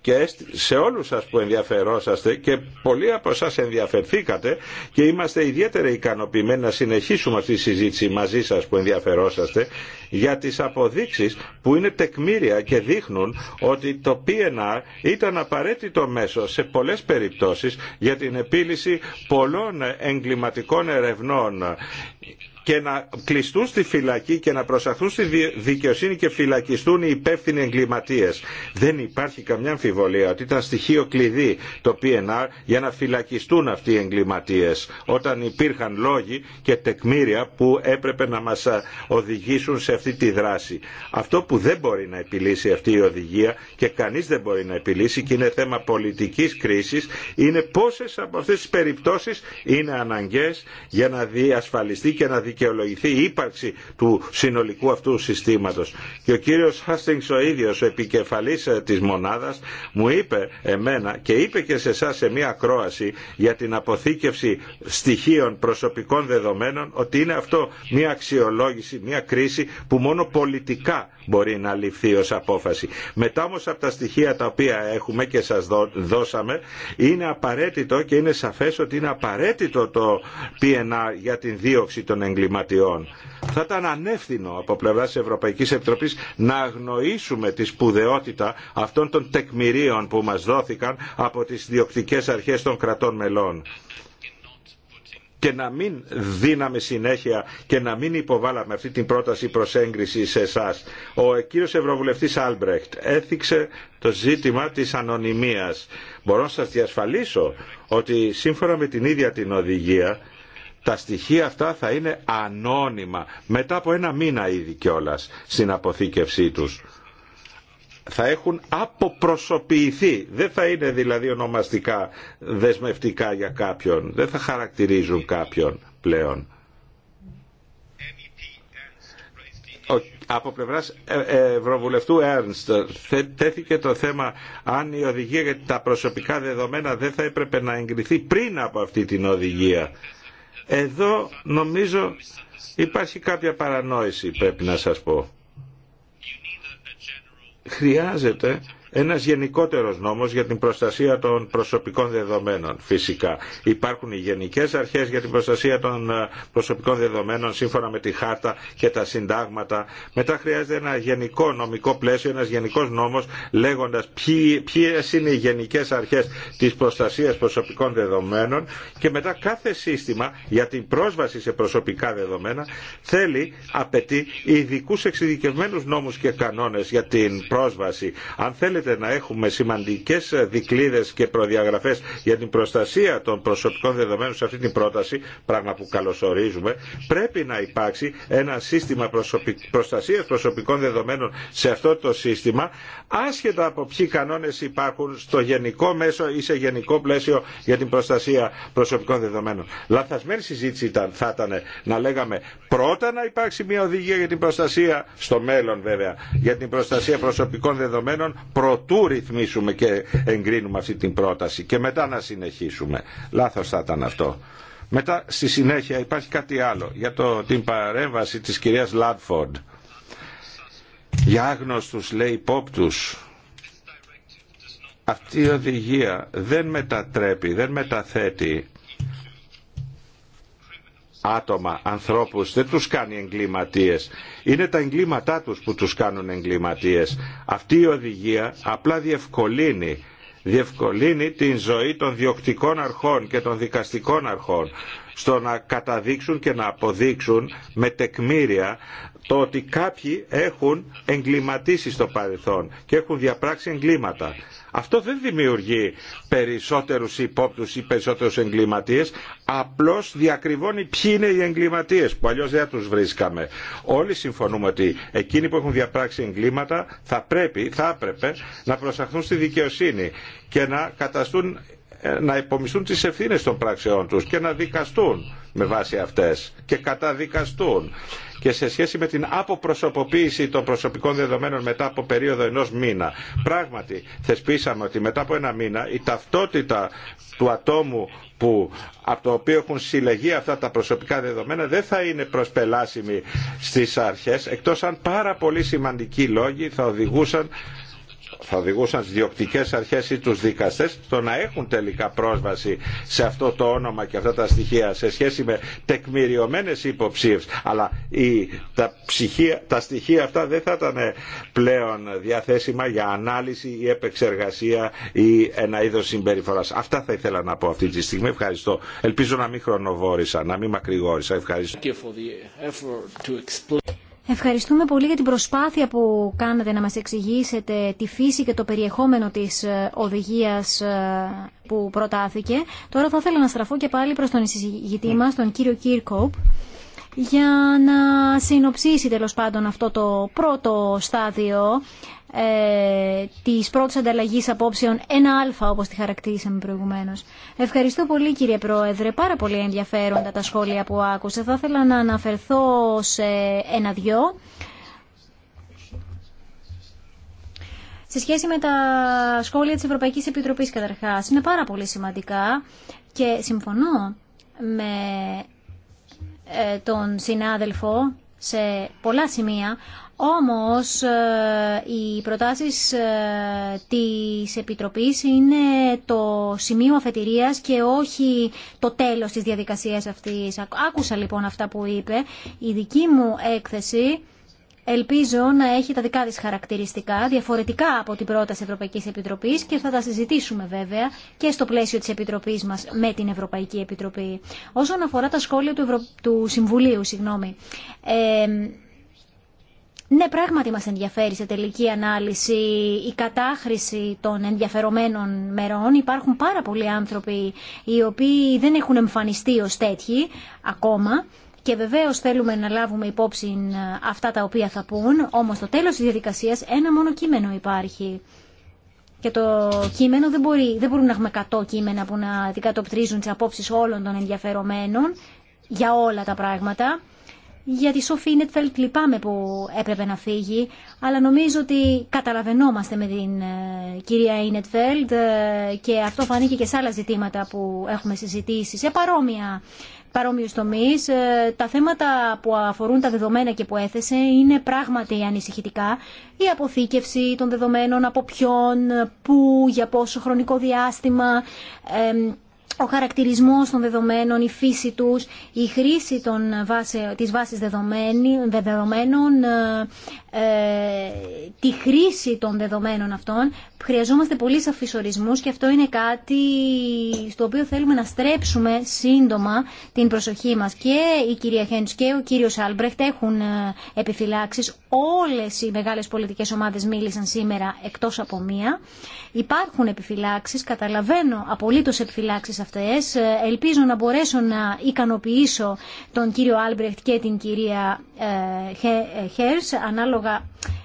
B: και σε όλους σας που ενδιαφερόσαστε και πολλοί από σας ενδιαφερθήκατε και είμαστε ιδιαίτερα ικανοποιημένοι να συνεχίσουμε αυτή τη συζήτηση μαζί σας που ενδιαφερόσαστε για τις αποδείξεις που είναι τεκμήρια και δείχνουν ότι το PNR ήταν απαραίτητο μέσο σε πολλές περιπτώσεις για την επίλυση πολλών εγκληματικών ερευνών και να κλειστούν στη φυλακή και να προσαθούν στη δικαιοσύνη και φυλακιστούν οι υπεύθυνοι εγκληματίε. Δεν υπάρχει καμιά αμφιβολία ότι ήταν στοιχείο κλειδί το PNR για να φυλακιστούν αυτοί οι εγκληματίε. όταν υπήρχαν λόγοι και τεκμήρια που έπρεπε να μα ε, οδηγήσουν σε αυτή τη δράση. Αυτό που δεν μπορεί να επιλύσει αυτή η οδηγία και κανεί δεν μπορεί να επιλύσει και είναι θέμα πολιτική κρίση, είναι πόσε από αυτέ τι περιπτώσει είναι αναγκαίε για να διασφαλιστεί και να δικαιωθεί δικαιολογηθεί η ύπαρξη του συνολικού αυτού συστήματος. Και ο κύριος Χάστινγκς ο ίδιος, ο επικεφαλής ε, της μονάδας, μου είπε εμένα και είπε και σε εσά σε μια ακρόαση για την αποθήκευση στοιχείων προσωπικών δεδομένων ότι είναι αυτό μια αξιολόγηση, μια κρίση που μόνο πολιτικά μπορεί να ληφθεί ως απόφαση. Μετά όμως από τα στοιχεία τα οποία έχουμε και σας δώσαμε είναι απαραίτητο και είναι σαφές ότι είναι απαραίτητο το PNR για την δίωξη των εγκλημάτων εγκληματιών. Θα ήταν ανεύθυνο από πλευρά τη Ευρωπαϊκή Επιτροπή να αγνοήσουμε τη σπουδαιότητα αυτών των τεκμηρίων που μα δόθηκαν από τι διοκτικέ αρχέ των κρατών μελών και να μην δίναμε συνέχεια και να μην υποβάλαμε αυτή την πρόταση προς έγκριση σε εσά. Ο κύριος Ευρωβουλευτής Άλμπρεχτ έθιξε το ζήτημα της ανωνυμίας. Μπορώ να σας διασφαλίσω ότι σύμφωνα με την ίδια την οδηγία τα στοιχεία αυτά θα είναι ανώνυμα μετά από ένα μήνα ήδη κιόλα στην αποθήκευσή τους. Θα έχουν αποπροσωποιηθεί, δεν θα είναι δηλαδή ονομαστικά δεσμευτικά για κάποιον, δεν θα χαρακτηρίζουν κάποιον πλέον. από πλευράς ε, ε, Ευρωβουλευτού Έρνστ τέθηκε το θέμα αν η οδηγία για τα προσωπικά δεδομένα δεν θα έπρεπε να εγκριθεί πριν από αυτή την οδηγία εδώ νομίζω υπάρχει κάποια παρανόηση πρέπει να σας πω. Χρειάζεται ένας γενικότερος νόμος για την προστασία των προσωπικών δεδομένων φυσικά. Υπάρχουν οι γενικές αρχές για την προστασία των ε, προσωπικών δεδομένων σύμφωνα με τη χάρτα και τα συντάγματα. Μετά χρειάζεται ένα γενικό νομικό πλαίσιο, ένας γενικός νόμος λέγοντας ποιε είναι οι γενικές αρχές της προστασίας προσωπικών δεδομένων και μετά κάθε σύστημα για την πρόσβαση σε προσωπικά δεδομένα θέλει, απαιτεί ειδικού εξειδικευμένους νόμους και κανόνες για την πρόσβαση. Αν θέλετε να έχουμε σημαντικές δικλείδες και προδιαγραφές για την προστασία των προσωπικών δεδομένων σε αυτή την πρόταση, πράγμα που καλωσορίζουμε, πρέπει να υπάρξει ένα σύστημα προστασίας προσωπικών δεδομένων σε αυτό το σύστημα, άσχετα από ποιοι κανόνες υπάρχουν στο γενικό μέσο ή σε γενικό πλαίσιο για την προστασία προσωπικών δεδομένων. Λαθασμένη συζήτηση ήταν, θα ήταν να λέγαμε πρώτα να υπάρξει μια οδηγία για την προστασία, στο μέλλον βέβαια, για την προστασία προσωπικών δεδομένων προτού ρυθμίσουμε και εγκρίνουμε αυτή την πρόταση και μετά να συνεχίσουμε. Λάθος θα ήταν αυτό. Μετά στη συνέχεια υπάρχει κάτι άλλο για το, την παρέμβαση της κυρίας Λάντφορντ. Για άγνωστους λέει υπόπτους. Αυτή η οδηγία δεν μετατρέπει, δεν μεταθέτει άτομα, ανθρώπους, δεν τους κάνει εγκληματίες. Είναι τα εγκλήματά τους που τους κάνουν εγκληματίες. Αυτή η οδηγία απλά διευκολύνει, διευκολύνει την ζωή των διοκτικών αρχών και των δικαστικών αρχών στο να καταδείξουν και να αποδείξουν με τεκμήρια το ότι κάποιοι έχουν εγκληματίσει στο παρελθόν και έχουν διαπράξει εγκλήματα. Αυτό δεν δημιουργεί περισσότερους υπόπτους ή περισσότερους εγκληματίες, απλώς διακριβώνει ποιοι είναι οι εγκληματίες που αλλιώς δεν τους βρίσκαμε. Όλοι συμφωνούμε ότι εκείνοι που έχουν διαπράξει εγκλήματα θα πρέπει, θα έπρεπε να προσαχθούν στη δικαιοσύνη και να καταστούν ε, να υπομισθούν τις ευθύνες των πράξεών τους και να δικαστούν με βάση αυτές και καταδικαστούν και σε σχέση με την αποπροσωποποίηση των προσωπικών δεδομένων μετά από περίοδο ενό μήνα. Πράγματι, θεσπίσαμε ότι μετά από ένα μήνα η ταυτότητα του ατόμου που, από το οποίο έχουν συλλεγεί αυτά τα προσωπικά δεδομένα δεν θα είναι προσπελάσιμη στις αρχές εκτός αν πάρα πολύ σημαντικοί λόγοι θα οδηγούσαν θα οδηγούσαν τις διοκτικέ αρχές ή του δικαστές στο να έχουν τελικά πρόσβαση σε αυτό το όνομα και αυτά τα στοιχεία σε σχέση με τεκμηριωμένες υποψίες. Αλλά η, τα, τα στοιχεία αυτά δεν θα ήταν πλέον διαθέσιμα για ανάλυση ή επεξεργασία ή ένα είδο συμπεριφοράς. Αυτά θα ήθελα να πω αυτή τη στιγμή. Ευχαριστώ. Ελπίζω να μην χρονοβόρησα, να μην μακρηγόρησα. Ευχαριστώ.
A: Ευχαριστούμε πολύ για την προσπάθεια που κάνατε να μας εξηγήσετε τη φύση και το περιεχόμενο της ε, οδηγίας ε, που προτάθηκε. Τώρα θα ήθελα να στραφώ και πάλι προς τον εισηγητή μας, τον κύριο Κίρκοπ, για να συνοψίσει τέλος πάντων αυτό το πρώτο στάδιο ε, της πρωτης ανταλλαγής απόψεων 1α όπως τη χαρακτήρισαμε προηγουμένω. Ευχαριστώ πολύ κύριε Πρόεδρε, πάρα πολύ ενδιαφέροντα τα σχόλια που άκουσα. Θα ήθελα να αναφερθώ σε ένα-δυο. Σε σχέση με τα σχόλια της Ευρωπαϊκής Επιτροπής καταρχάς, είναι πάρα πολύ σημαντικά και συμφωνώ με ε, τον συνάδελφο σε πολλά σημεία, όμως ε, οι προτάσεις ε, της Επιτροπής είναι το σημείο αφετηρίας και όχι το τέλος της διαδικασίας αυτής. Άκουσα λοιπόν αυτά που είπε. Η δική μου έκθεση ελπίζω να έχει τα δικά της χαρακτηριστικά, διαφορετικά από την πρόταση Ευρωπαϊκής Επιτροπής και θα τα συζητήσουμε βέβαια και στο πλαίσιο της Επιτροπής μας με την Ευρωπαϊκή Επιτροπή. Όσον αφορά τα σχόλια του, Συμβουλίου, συγγνώμη, ναι, πράγματι μας ενδιαφέρει σε τελική ανάλυση η κατάχρηση των ενδιαφερομένων μερών. Υπάρχουν πάρα πολλοί άνθρωποι οι οποίοι δεν έχουν εμφανιστεί ως τέτοιοι ακόμα και βεβαίω θέλουμε να λάβουμε υπόψη αυτά τα οποία θα πούν, όμω στο τέλο τη διαδικασία, ένα μόνο κείμενο υπάρχει. Και το κείμενο δεν, μπορεί, δεν μπορούμε να έχουμε 100 κείμενα που να αντικατοπτρίζουν τι απόψει όλων των ενδιαφερομένων για όλα τα πράγματα. Για τη Σοφή Νετφελτ λυπάμαι που έπρεπε να φύγει, αλλά νομίζω ότι καταλαβαίνόμαστε με την ε, κυρία Ινετφελτ ε, και αυτό φανήκε και σε άλλα ζητήματα που έχουμε συζητήσει, σε παρόμοια παρόμοιους τομείς. Ε, τα θέματα που αφορούν τα δεδομένα και που έθεσε είναι πράγματι ανησυχητικά. Η αποθήκευση των δεδομένων, από ποιον, πού, για πόσο χρονικό διάστημα, ε, ο χαρακτηρισμός των δεδομένων, η φύση τους, η χρήση των βάση, της δεδομένων, ε, ε, τη χρήση των δεδομένων αυτών. Χρειαζόμαστε πολύ σαφείς και αυτό είναι κάτι στο οποίο θέλουμε να στρέψουμε σύντομα την προσοχή μας. Και η κυρία Χέντς και ο κύριος Άλμπρεχτ έχουν ε, επιφυλάξεις. Όλες οι μεγάλες πολιτικές ομάδες μίλησαν σήμερα εκτός από μία. Υπάρχουν επιφυλάξεις, καταλαβαίνω απολύτως επιφυλάξεις αυτές. Ε, ελπίζω να μπορέσω να ικανοποιήσω τον κύριο Άλμπρεχτ και την κυρία ε, ε, Χέρς ανάλογα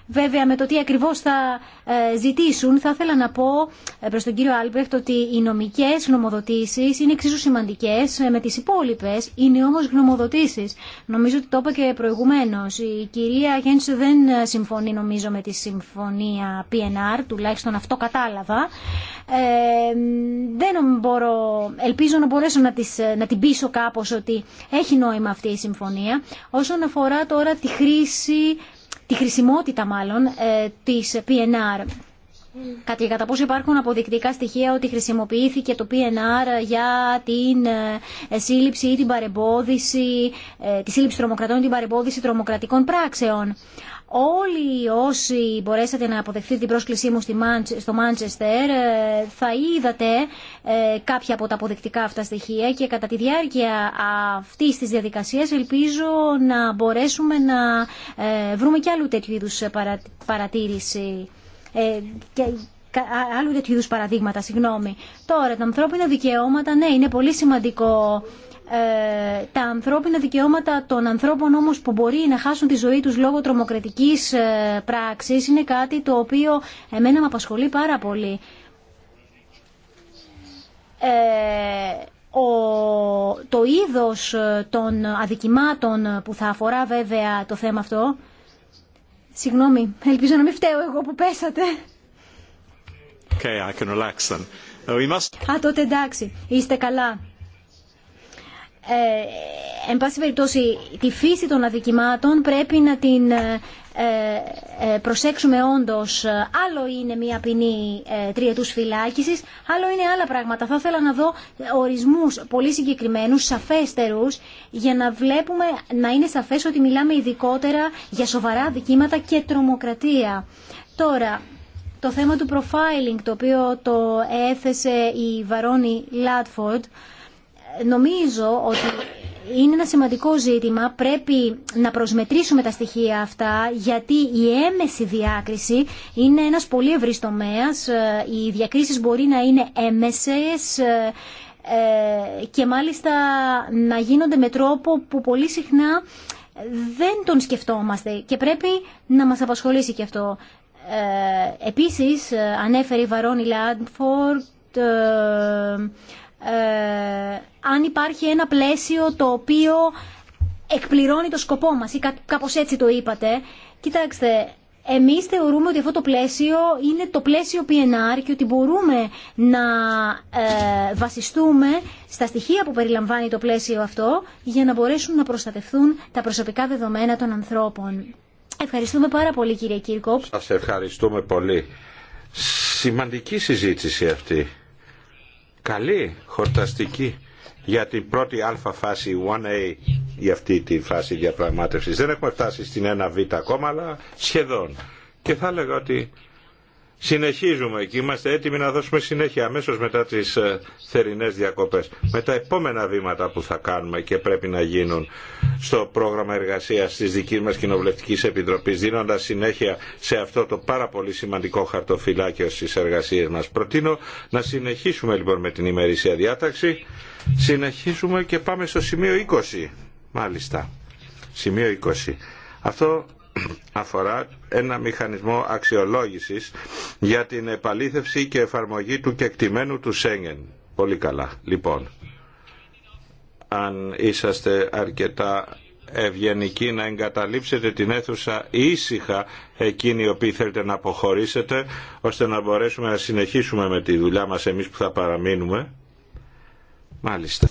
A: Βέβαια με το τι ακριβώς θα ζητήσουν θα ήθελα να πω προς τον κύριο Άλμπρεχτ ότι οι νομικές γνωμοδοτήσεις είναι εξίσου σημαντικές με τις υπόλοιπες, είναι όμως γνωμοδοτήσεις. Νομίζω ότι το είπα και προηγουμένως. Η κυρία Χέρς δεν συμφωνεί νομίζω με τη συμφωνία PNR, τουλάχιστον αυτό κατάλαβα. Ε, δεν μπορώ, ελπίζω να μπορέσω να, τις, να την πείσω κάπως ότι έχει νόημα αυτή η συμφωνία. Όσον αφορά τώρα τη χρήση, τη χρησιμότητα μάλλον ε, της PNR. Κάτι κατά πόσο υπάρχουν αποδεικτικά στοιχεία ότι χρησιμοποιήθηκε το PNR για την ε, σύλληψη την παρεμπόδιση, τη σύλληψη τρομοκρατών ή την παρεμπόδιση τρομοκρατικών πράξεων. Όλοι όσοι μπορέσατε να αποδεχτείτε την πρόσκλησή μου στο Μάντσεστερ ε, θα είδατε ε, κάποια από τα αποδεκτικά αυτά στοιχεία και κατά τη διάρκεια αυτής της διαδικασίας ελπίζω να μπορέσουμε να ε, βρούμε και άλλου τέτοιου είδους παρατήρηση και άλλου τέτοιου παραδείγματα, συγγνώμη. Τώρα, τα ανθρώπινα δικαιώματα, ναι, είναι πολύ σημαντικό ε, τα ανθρώπινα δικαιώματα των ανθρώπων όμως που μπορεί να χάσουν τη ζωή τους λόγω τρομοκρατικής ε, πράξης είναι κάτι το οποίο εμένα με απασχολεί πάρα πολύ. Ε, ο, το είδος των αδικημάτων που θα αφορά βέβαια το θέμα αυτό Συγγνώμη, ελπίζω να μην φταίω εγώ που πέσατε.
B: Okay, I oh,
A: Α, τότε εντάξει, είστε καλά. Ε, εν πάση περιπτώσει τη φύση των αδικημάτων πρέπει να την ε, ε, προσέξουμε όντως άλλο είναι μια ποινή τριετούς φυλάκισης άλλο είναι άλλα πράγματα θα ήθελα να δω ορισμούς πολύ συγκεκριμένους σαφέστερους για να βλέπουμε να είναι σαφές ότι μιλάμε ειδικότερα για σοβαρά δικήματα και τρομοκρατία τώρα το θέμα του profiling το οποίο το έθεσε η Βαρόνι Λάτφορντ νομίζω ότι είναι ένα σημαντικό ζήτημα. Πρέπει να προσμετρήσουμε τα στοιχεία αυτά, γιατί η έμεση διάκριση είναι ένας πολύ ευρύς τομέας. Ε, οι διακρίσεις μπορεί να είναι έμεσες ε, ε, και μάλιστα να γίνονται με τρόπο που πολύ συχνά δεν τον σκεφτόμαστε και πρέπει να μας απασχολήσει και αυτό. Επίσης, ανέφερε η Βαρόνι Λάντφορτ ε, αν υπάρχει ένα πλαίσιο το οποίο εκπληρώνει το σκοπό μας ή κάπως έτσι το είπατε. Κοιτάξτε, εμείς θεωρούμε ότι αυτό το πλαίσιο είναι το πλαίσιο PNR και ότι μπορούμε να ε, βασιστούμε στα στοιχεία που περιλαμβάνει το πλαίσιο αυτό για να μπορέσουν να προστατευτούν τα προσωπικά δεδομένα των ανθρώπων. Ευχαριστούμε πάρα πολύ κύριε Κίρκοπ.
B: Σας ευχαριστούμε πολύ. Σημαντική συζήτηση αυτή καλή χορταστική για την πρώτη α φάση 1A για αυτή τη φάση διαπραγμάτευσης. Δεν έχουμε φτάσει στην 1β ακόμα, αλλά σχεδόν. Και θα έλεγα ότι Συνεχίζουμε και είμαστε έτοιμοι να δώσουμε συνέχεια αμέσως μετά τις ε, θερινές διακοπές, με τα επόμενα βήματα που θα κάνουμε και πρέπει να γίνουν στο πρόγραμμα εργασίας της δικής μας Κοινοβουλευτικής Επιτροπής, δίνοντας συνέχεια σε αυτό το πάρα πολύ σημαντικό χαρτοφυλάκιο στις εργασίες μας. Προτείνω να συνεχίσουμε λοιπόν με την ημερήσια διάταξη. Συνεχίζουμε και πάμε στο σημείο 20. Μάλιστα. Σημείο 20. Αυτό αφορά ένα μηχανισμό αξιολόγησης για την επαλήθευση και εφαρμογή του κεκτημένου του Σέγγεν. Πολύ καλά. Λοιπόν, αν είσαστε αρκετά ευγενικοί να εγκαταλείψετε την αίθουσα ήσυχα εκείνοι οι οποίοι θέλετε να αποχωρήσετε ώστε να μπορέσουμε να συνεχίσουμε με τη δουλειά μας εμείς που θα παραμείνουμε. Μάλιστα.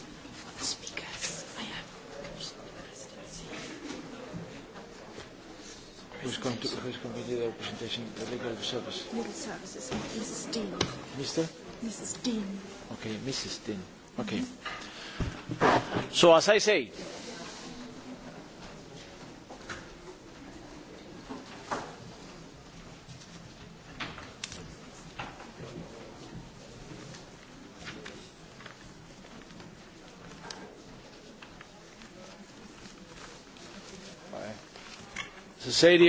C: going to who's going to do the presentation? The legal Legal services. Mrs. Dean. Mr. Mrs. Dean. Okay, Mrs. Dean. Okay. So as I say.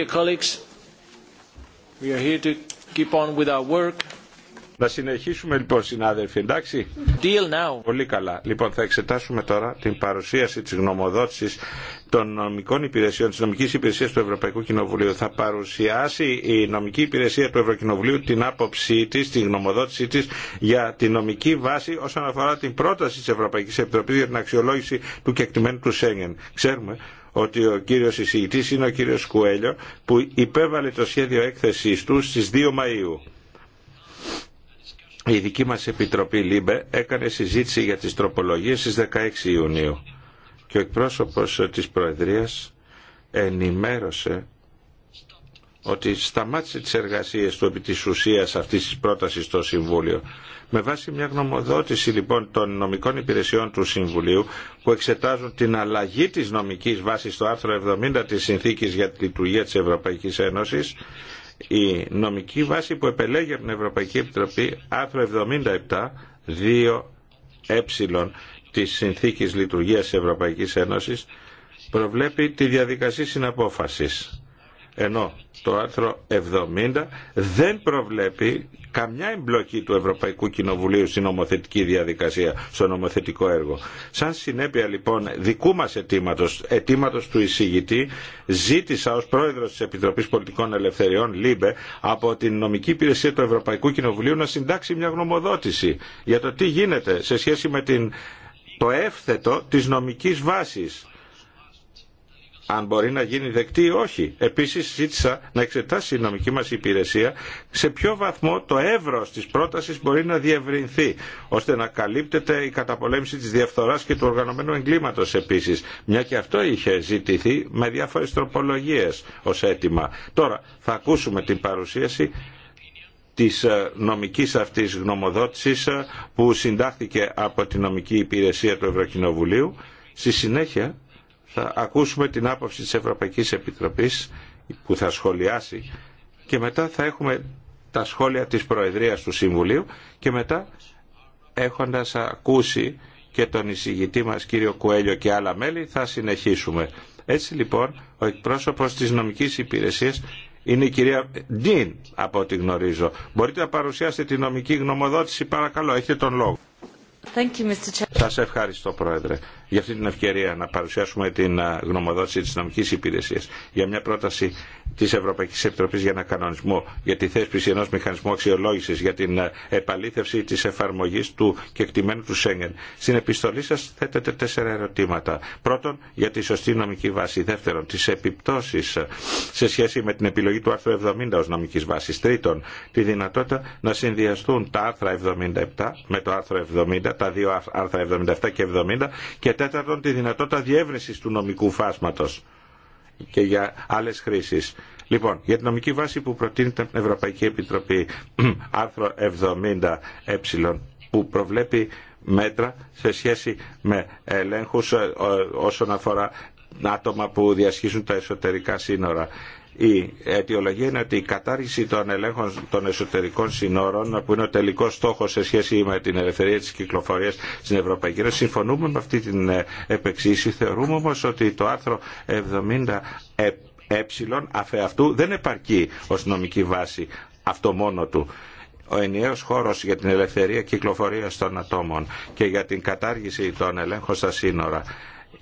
C: colleagues,
B: we are here to keep on with our work. Να συνεχίσουμε λοιπόν συνάδελφοι, εντάξει. Deal now. Πολύ καλά. Λοιπόν θα εξετάσουμε τώρα την παρουσίαση τη γνωμοδότηση των νομικών υπηρεσιών, τη νομική υπηρεσία του Ευρωπαϊκού Κοινοβουλίου. Θα παρουσιάσει η νομική υπηρεσία του Ευρωκοινοβουλίου την άποψή τη, την γνωμοδότησή τη για τη νομική βάση όσον αφορά την πρόταση τη Ευρωπαϊκή Επιτροπή για την αξιολόγηση του κεκτημένου του Σέγγεν. Ξέρουμε ότι ο κύριος εισηγητής είναι ο κύριος Κουέλιο που υπέβαλε το σχέδιο έκθεσης του στις 2 Μαΐου. Η δική μας Επιτροπή ΛΥΜΠΕ έκανε συζήτηση για τις τροπολογίες στις 16 Ιουνίου και ο εκπρόσωπος της Προεδρίας ενημέρωσε ότι σταμάτησε τις εργασίες του επί της ουσίας αυτής της πρότασης στο Συμβούλιο. Με βάση μια γνωμοδότηση λοιπόν των νομικών υπηρεσιών του Συμβουλίου που εξετάζουν την αλλαγή της νομικής βάσης στο άρθρο 70 της Συνθήκης για τη λειτουργία της Ευρωπαϊκής Ένωσης, η νομική βάση που επελέγει από την Ευρωπαϊκή Επιτροπή άρθρο 77 2 ε της Συνθήκης Λειτουργίας της Ευρωπαϊκής Ένωσης προβλέπει τη διαδικασία συναπόφασης ενώ το άρθρο 70 δεν προβλέπει καμιά εμπλοκή του Ευρωπαϊκού Κοινοβουλίου στην νομοθετική διαδικασία, στο νομοθετικό έργο. Σαν συνέπεια λοιπόν δικού μας αιτήματο, αιτήματο του εισηγητή, ζήτησα ως πρόεδρος της Επιτροπής Πολιτικών Ελευθεριών, ΛΥΜΠΕ, από την νομική υπηρεσία του Ευρωπαϊκού Κοινοβουλίου να συντάξει μια γνωμοδότηση για το τι γίνεται σε σχέση με την, το εύθετο της νομικής βάσης αν μπορεί να γίνει δεκτή ή όχι. Επίσης ζήτησα να εξετάσει η νομική μας υπηρεσία σε ποιο βαθμό το ευρώ τη πρόταση μπορεί να διευρυνθεί ώστε να καλύπτεται η καταπολέμηση της διαφθορά και του οργανωμένου εγκλήματος επίσης. Μια και αυτό είχε ζητηθεί με διάφορες τροπολογίες ω αίτημα. Τώρα θα ακούσουμε την παρουσίαση της ε, νομικής αυτής γνωμοδότησης ε, που συντάχθηκε από τη νομική υπηρεσία του Ευρωκοινοβουλίου. Στη συνέχεια θα ακούσουμε την άποψη της Ευρωπαϊκής Επιτροπής που θα σχολιάσει και μετά θα έχουμε τα σχόλια της Προεδρίας του Συμβουλίου και μετά έχοντας ακούσει και τον εισηγητή μας κύριο Κουέλιο και άλλα μέλη θα συνεχίσουμε. Έτσι λοιπόν ο εκπρόσωπος της νομικής υπηρεσίας είναι η κυρία Ντίν από ό,τι γνωρίζω. Μπορείτε να παρουσιάσετε τη νομική γνωμοδότηση παρακαλώ. Έχετε τον λόγο. Thank Σας ευχαριστώ Πρόεδρε για αυτή την ευκαιρία να παρουσιάσουμε την γνωμοδότηση της νομικής υπηρεσίας για μια πρόταση της Ευρωπαϊκής Επιτροπής για ένα κανονισμό για τη θέσπιση ενός μηχανισμού αξιολόγησης για την επαλήθευση της εφαρμογής του κεκτημένου του Σέγγεν. Στην επιστολή σας θέτετε τέσσερα ερωτήματα. Πρώτον, για τη σωστή νομική βάση. Δεύτερον, τις επιπτώσεις σε σχέση με την επιλογή του άρθρου 70 ως νομικής βάσης. Τρίτον, τη δυνατότητα να συνδυαστούν τα άρθρα 77 με το άρθρο 70, τα δύο άρθρα 77 και 70 Τέταρτον, τη δυνατότητα διεύρυνσης του νομικού φάσματος και για άλλες χρήσεις. Λοιπόν, για την νομική βάση που προτείνεται την Ευρωπαϊκή Επιτροπή, άρθρο 70 ε, που προβλέπει μέτρα σε σχέση με ελέγχου ε, όσον αφορά άτομα που διασχίζουν τα εσωτερικά σύνορα η αιτιολογία είναι ότι η κατάργηση των ελέγχων των εσωτερικών συνόρων, που είναι ο τελικό στόχο σε σχέση με την ελευθερία τη κυκλοφορία στην Ευρωπαϊκή Ένωση, συμφωνούμε με αυτή την ε, επεξήγηση. Θεωρούμε όμω ότι το άρθρο 70 ε, ε αυτού δεν επαρκεί ως νομική βάση αυτό μόνο του ο ενιαίος χώρος για την ελευθερία κυκλοφορίας των ατόμων και για την κατάργηση των ελέγχων στα σύνορα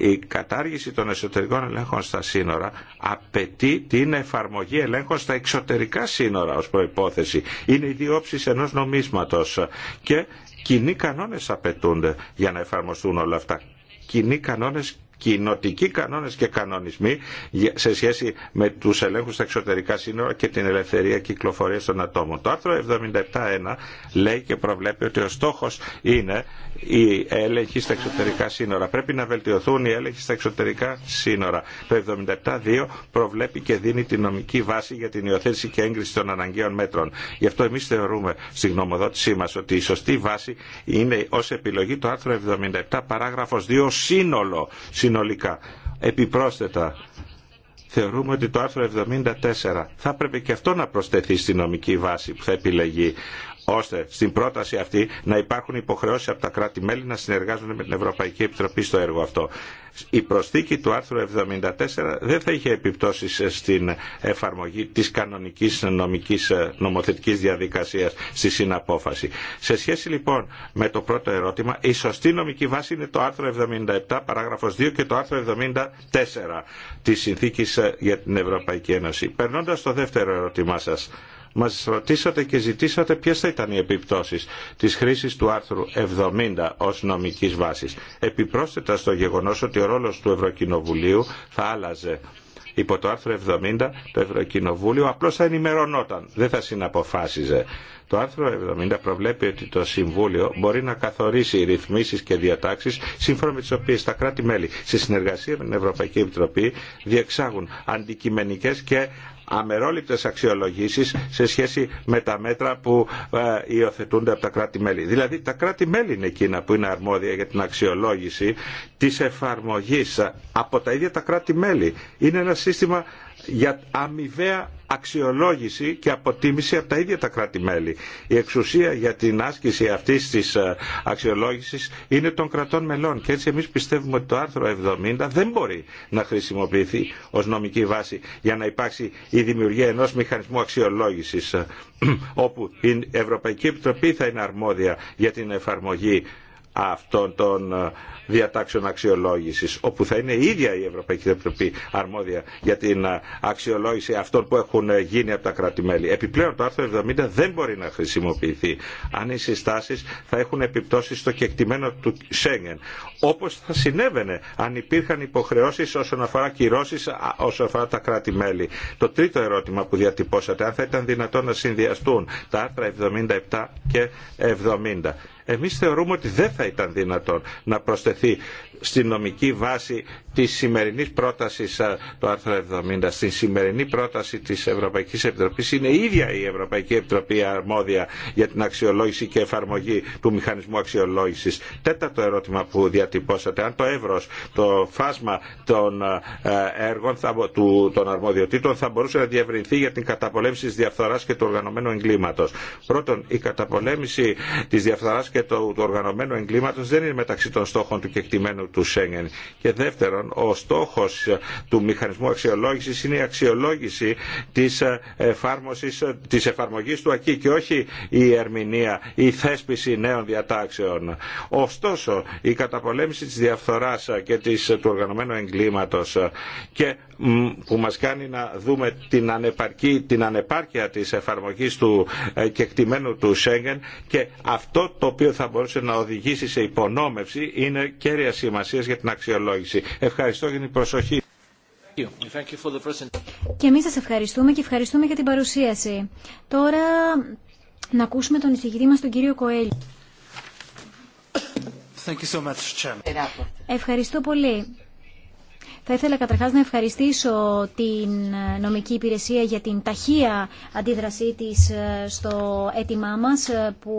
B: η κατάργηση των εσωτερικών ελέγχων στα σύνορα απαιτεί την εφαρμογή ελέγχων στα εξωτερικά σύνορα ως προϋπόθεση. Είναι οι δύο όψεις ενός νομίσματος και κοινοί κανόνες απαιτούνται για να εφαρμοστούν όλα αυτά. Κοινοί κανόνες κοινοτικοί κανόνε και κανονισμοί σε σχέση με του ελέγχου στα εξωτερικά σύνορα και την ελευθερία κυκλοφορία των ατόμων. Το άρθρο 77.1 λέει και προβλέπει ότι ο στόχο είναι οι έλεγχοι στα εξωτερικά σύνορα. Πρέπει να βελτιωθούν οι έλεγχοι στα εξωτερικά σύνορα. Το 77.2 προβλέπει και δίνει τη νομική βάση για την υιοθέτηση και έγκριση των αναγκαίων μέτρων. Γι' αυτό εμεί θεωρούμε στη γνωμοδότησή μα ότι η σωστή βάση είναι ω επιλογή το άρθρο 77 παράγραφο 2 σύνολο Επιπρόσθετα, θεωρούμε ότι το άρθρο 74 θα πρέπει και αυτό να προσθεθεί στη νομική βάση που θα επιλεγεί ώστε στην πρόταση αυτή να υπάρχουν υποχρεώσει από τα κράτη-μέλη να συνεργάζονται με την Ευρωπαϊκή Επιτροπή στο έργο αυτό. Η προσθήκη του άρθρου 74 δεν θα είχε επιπτώσει στην εφαρμογή τη κανονική νομική νομοθετικής διαδικασίας στη συναπόφαση. Σε σχέση λοιπόν με το πρώτο ερώτημα, η σωστή νομική βάση είναι το άρθρο 77 παράγραφος 2 και το άρθρο 74 τη συνθήκη για την Ευρωπαϊκή Ένωση. Περνώντα στο δεύτερο ερώτημά σα μας ρωτήσατε και ζητήσατε ποιες θα ήταν οι επιπτώσεις της χρήσης του άρθρου 70 ως νομικής βάσης. Επιπρόσθετα στο γεγονός ότι ο ρόλος του Ευρωκοινοβουλίου θα άλλαζε υπό το άρθρο 70 το Ευρωκοινοβούλιο απλώς θα ενημερωνόταν, δεν θα συναποφάσιζε. Το άρθρο 70 προβλέπει ότι το Συμβούλιο μπορεί να καθορίσει ρυθμίσει και διατάξει σύμφωνα με τι οποίε τα κράτη-μέλη σε συνεργασία με την Ευρωπαϊκή Επιτροπή διεξάγουν αντικειμενικέ και αμερόληπτες αξιολογήσεις σε σχέση με τα μέτρα που ε, υιοθετούνται από τα κράτη-μέλη. Δηλαδή τα κράτη-μέλη είναι εκείνα που είναι αρμόδια για την αξιολόγηση της εφαρμογής από τα ίδια τα κράτη-μέλη. Είναι ένα σύστημα για αμοιβαία αξιολόγηση και αποτίμηση από τα ίδια τα κράτη-μέλη. Η εξουσία για την άσκηση αυτής της ε, αξιολόγησης είναι των κρατών μελών και έτσι εμείς πιστεύουμε ότι το άρθρο 70 δεν μπορεί να χρησιμοποιηθεί ως νομική βάση για να υπάρξει η δημιουργία ενός μηχανισμού αξιολόγησης ε, όπου η Ευρωπαϊκή Επιτροπή θα είναι αρμόδια για την εφαρμογή αυτών των ε, διατάξεων αξιολόγηση, όπου θα είναι η ίδια η Ευρωπαϊκή Επιτροπή αρμόδια για την ε, αξιολόγηση αυτών που έχουν ε, γίνει από τα κράτη-μέλη. Επιπλέον το άρθρο 70 δεν μπορεί να χρησιμοποιηθεί αν οι συστάσει θα έχουν επιπτώσει στο κεκτημένο του Σέγγεν. Όπως θα συνέβαινε αν υπήρχαν υποχρεώσεις όσον αφορά κυρώσει όσον αφορά τα κράτη-μέλη. Το τρίτο ερώτημα που διατυπώσατε, αν θα ήταν δυνατόν να συνδυαστούν τα άρθρα 77 και 70. Εμείς θεωρούμε ότι δεν θα ήταν δυνατόν να προσθεθεί στην στη νομική βάση τη σημερινή πρόταση του άρθρου 70. Στη σημερινή πρόταση τη Ευρωπαϊκή Επιτροπή είναι η ίδια η Ευρωπαϊκή Επιτροπή αρμόδια για την αξιολόγηση και εφαρμογή του μηχανισμού αξιολόγηση. Τέταρτο ερώτημα που διατυπώσατε. Αν το εύρο, το φάσμα των έργων των αρμοδιοτήτων θα μπορούσε να διευρυνθεί για την καταπολέμηση τη διαφθοράς και του οργανωμένου εγκλήματο. Πρώτον, η καταπολέμηση τη διαφθορά και του οργανωμένου εγκλήματο δεν είναι μεταξύ των στόχων του κεκτημένου του Σέγγεν. Και δεύτερον, ο στόχος του μηχανισμού αξιολόγησης είναι η αξιολόγηση της, εφάρμοσης, της εφαρμογής του ΑΚΙ και όχι η ερμηνεία, η θέσπιση νέων διατάξεων. Ωστόσο, η καταπολέμηση της διαφθοράς και της, του οργανωμένου εγκλήματος και που μας κάνει να δούμε την, ανεπαρκή, την ανεπάρκεια της εφαρμογής του κεκτημένου του Σέγγεν και αυτό το οποίο θα μπορούσε να οδηγήσει σε υπονόμευση είναι κέρια σημασία για την αξιολόγηση. Ευχαριστώ για την προσοχή.
A: Και εμείς σας ευχαριστούμε και ευχαριστούμε για την παρουσίαση. Τώρα να ακούσουμε τον εισηγητή μα τον κύριο Κοέλη.
D: so much,
A: Ευχαριστώ πολύ. Θα ήθελα καταρχάς να ευχαριστήσω την νομική υπηρεσία για την ταχεία αντίδρασή της ε, στο αίτημά μας ε, που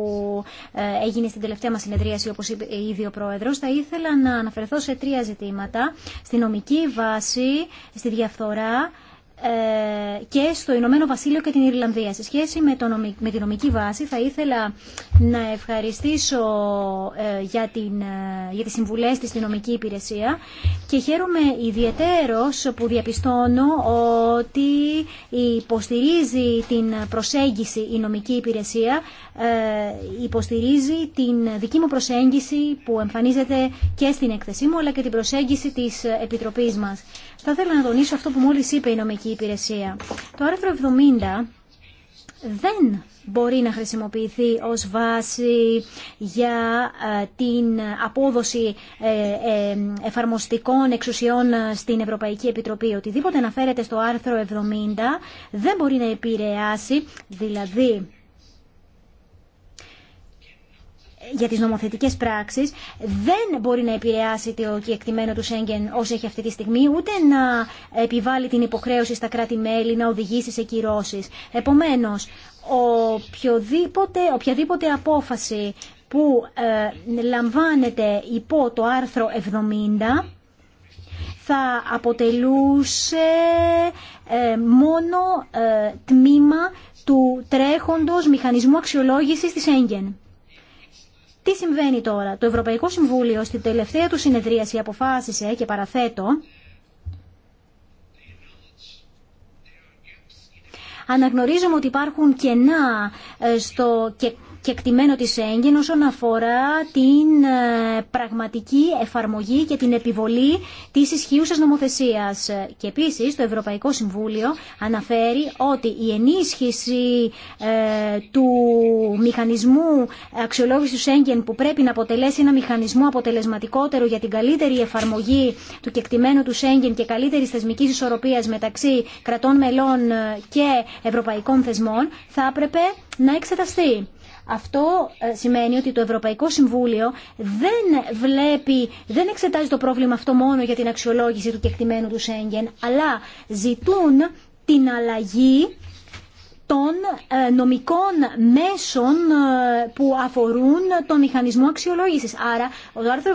A: ε, έγινε στην τελευταία μα συνεδρίαση όπω είπε ήδη ο Πρόεδρος. Θα ήθελα να αναφερθώ σε τρία ζητήματα. Στη νομική βάση, στη διαφθορά ε, και στο Ηνωμένο Βασίλειο και την Ιρλανδία. Σε σχέση με, το, με τη νομική βάση θα ήθελα να ευχαριστήσω ε, για, την, ε, για τις συμβουλές της στη νομική υπηρεσία και χαίρομαι ιδιαιτέρως που διαπιστώνω ότι υποστηρίζει την προσέγγιση η νομική υπηρεσία υποστηρίζει την δική μου προσέγγιση που εμφανίζεται και στην έκθεσή μου αλλά και την προσέγγιση της Επιτροπής μας. Θα ήθελα να τονίσω αυτό που μόλις είπε η νομική υπηρεσία. Το άρθρο 70 δεν μπορεί να χρησιμοποιηθεί ως βάση για ε, την απόδοση ε, ε, εφαρμοστικών εξουσιών στην Ευρωπαϊκή Επιτροπή. Οτιδήποτε αναφέρεται στο άρθρο 70 δεν μπορεί να επηρεάσει, δηλαδή για τις νομοθετικές πράξεις δεν μπορεί να επηρεάσει το κεκτημένο του Σέγγεν όσο έχει αυτή τη στιγμή ούτε να επιβάλλει την υποχρέωση στα κράτη-μέλη να οδηγήσει σε κυρώσεις. Επομένως, οποιαδήποτε απόφαση που ε, λαμβάνεται υπό το άρθρο 70 θα αποτελούσε ε, μόνο ε, τμήμα του τρέχοντος μηχανισμού αξιολόγησης της Έγγεν. Τι συμβαίνει τώρα. Το Ευρωπαϊκό Συμβούλιο στην τελευταία του συνεδρίαση αποφάσισε και παραθέτω Αναγνωρίζουμε ότι υπάρχουν κενά ε, στο, και και εκτιμένο της έγκαινο όσον αφορά την ε, πραγματική εφαρμογή και την επιβολή της ισχύουσας νομοθεσίας. Και επίσης το Ευρωπαϊκό Συμβούλιο αναφέρει ότι η ενίσχυση ε, του μηχανισμού αξιολόγησης του Σέγγεν που πρέπει να αποτελέσει ένα μηχανισμό αποτελεσματικότερο για την καλύτερη εφαρμογή του κεκτημένου του Σέγγεν και καλύτερη θεσμική ισορροπία μεταξύ κρατών μελών ε, και ευρωπαϊκών θεσμών θα έπρεπε να εξεταστεί. Αυτό ε, σημαίνει ότι το Ευρωπαϊκό Συμβούλιο δεν βλέπει, δεν εξετάζει το πρόβλημα αυτό μόνο για την αξιολόγηση του κεκτημένου του Σέγγεν, αλλά ζητούν την αλλαγή των ε, νομικών μέσων ε, που αφορούν τον μηχανισμό αξιολόγησης. Άρα, το άρθρο 70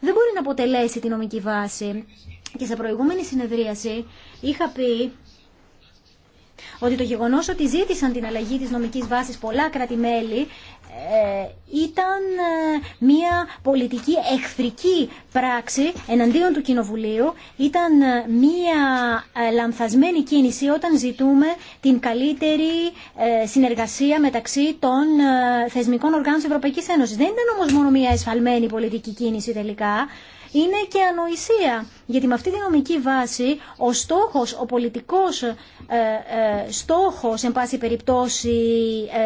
A: δεν μπορεί να αποτελέσει τη νομική βάση. Και σε προηγούμενη συνεδρίαση είχα πει ότι το γεγονός ότι ζήτησαν την αλλαγή της νομικής βάσης πολλά κράτη-μέλη ε, ήταν ε, μια πολιτική εχθρική πράξη εναντίον του Κοινοβουλίου. Ήταν ε, μια λανθασμένη κίνηση όταν ζητούμε την καλύτερη συνεργασία μεταξύ των θεσμικών οργάνων της Ευρωπαϊκής Ένωσης. Δεν ήταν όμως μόνο μια εσφαλμένη πολιτική κίνηση τελικά είναι και ανοησία. Γιατί με αυτή τη νομική βάση ο στόχος, ο πολιτικός ε, ε στόχος, εν πάση περιπτώσει,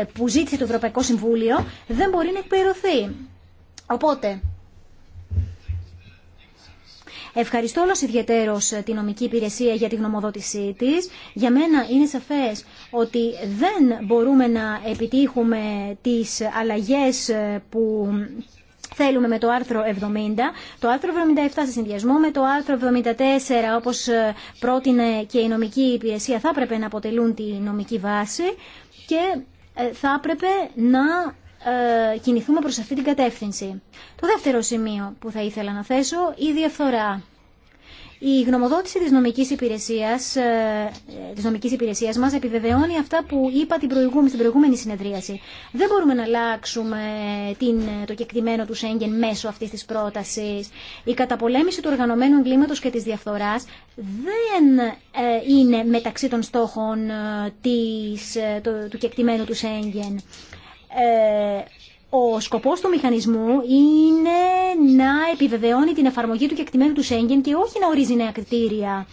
A: ε, που ζήτησε το Ευρωπαϊκό Συμβούλιο, δεν μπορεί να εκπληρωθεί. Οπότε, Ευχαριστώ όλος ιδιαίτερος ε, τη νομική υπηρεσία για τη γνωμοδότησή της. Για μένα είναι σαφές ότι δεν μπορούμε να επιτύχουμε τις αλλαγές που θέλουμε με το άρθρο 70. Το άρθρο 77 σε συνδυασμό με το άρθρο 74 όπως ε, πρότεινε και η νομική υπηρεσία θα έπρεπε να αποτελούν τη νομική βάση και ε, θα έπρεπε να ε, κινηθούμε προς αυτή την κατεύθυνση. Το δεύτερο σημείο που θα ήθελα να θέσω, η διαφθορά. Η γνωμοδότηση της νομικής υπηρεσίας, ε, της νομικής υπηρεσίας μας επιβεβαιώνει αυτά που είπα την προηγούμενη, στην προηγούμενη συνεδρίαση. Δεν μπορούμε να αλλάξουμε την, το κεκτημένο του Σέγγεν μέσω αυτής της πρότασης. Η καταπολέμηση του οργανωμένου εγκλήματος και της διαφθοράς δεν ε, είναι μεταξύ των στόχων ε, της, του κεκτημένου του Σέγγεν ο σκοπός του μηχανισμού είναι να επιβεβαιώνει την εφαρμογή του κεκτημένου του Σέγγεν και όχι να ορίζει νέα κριτήρια.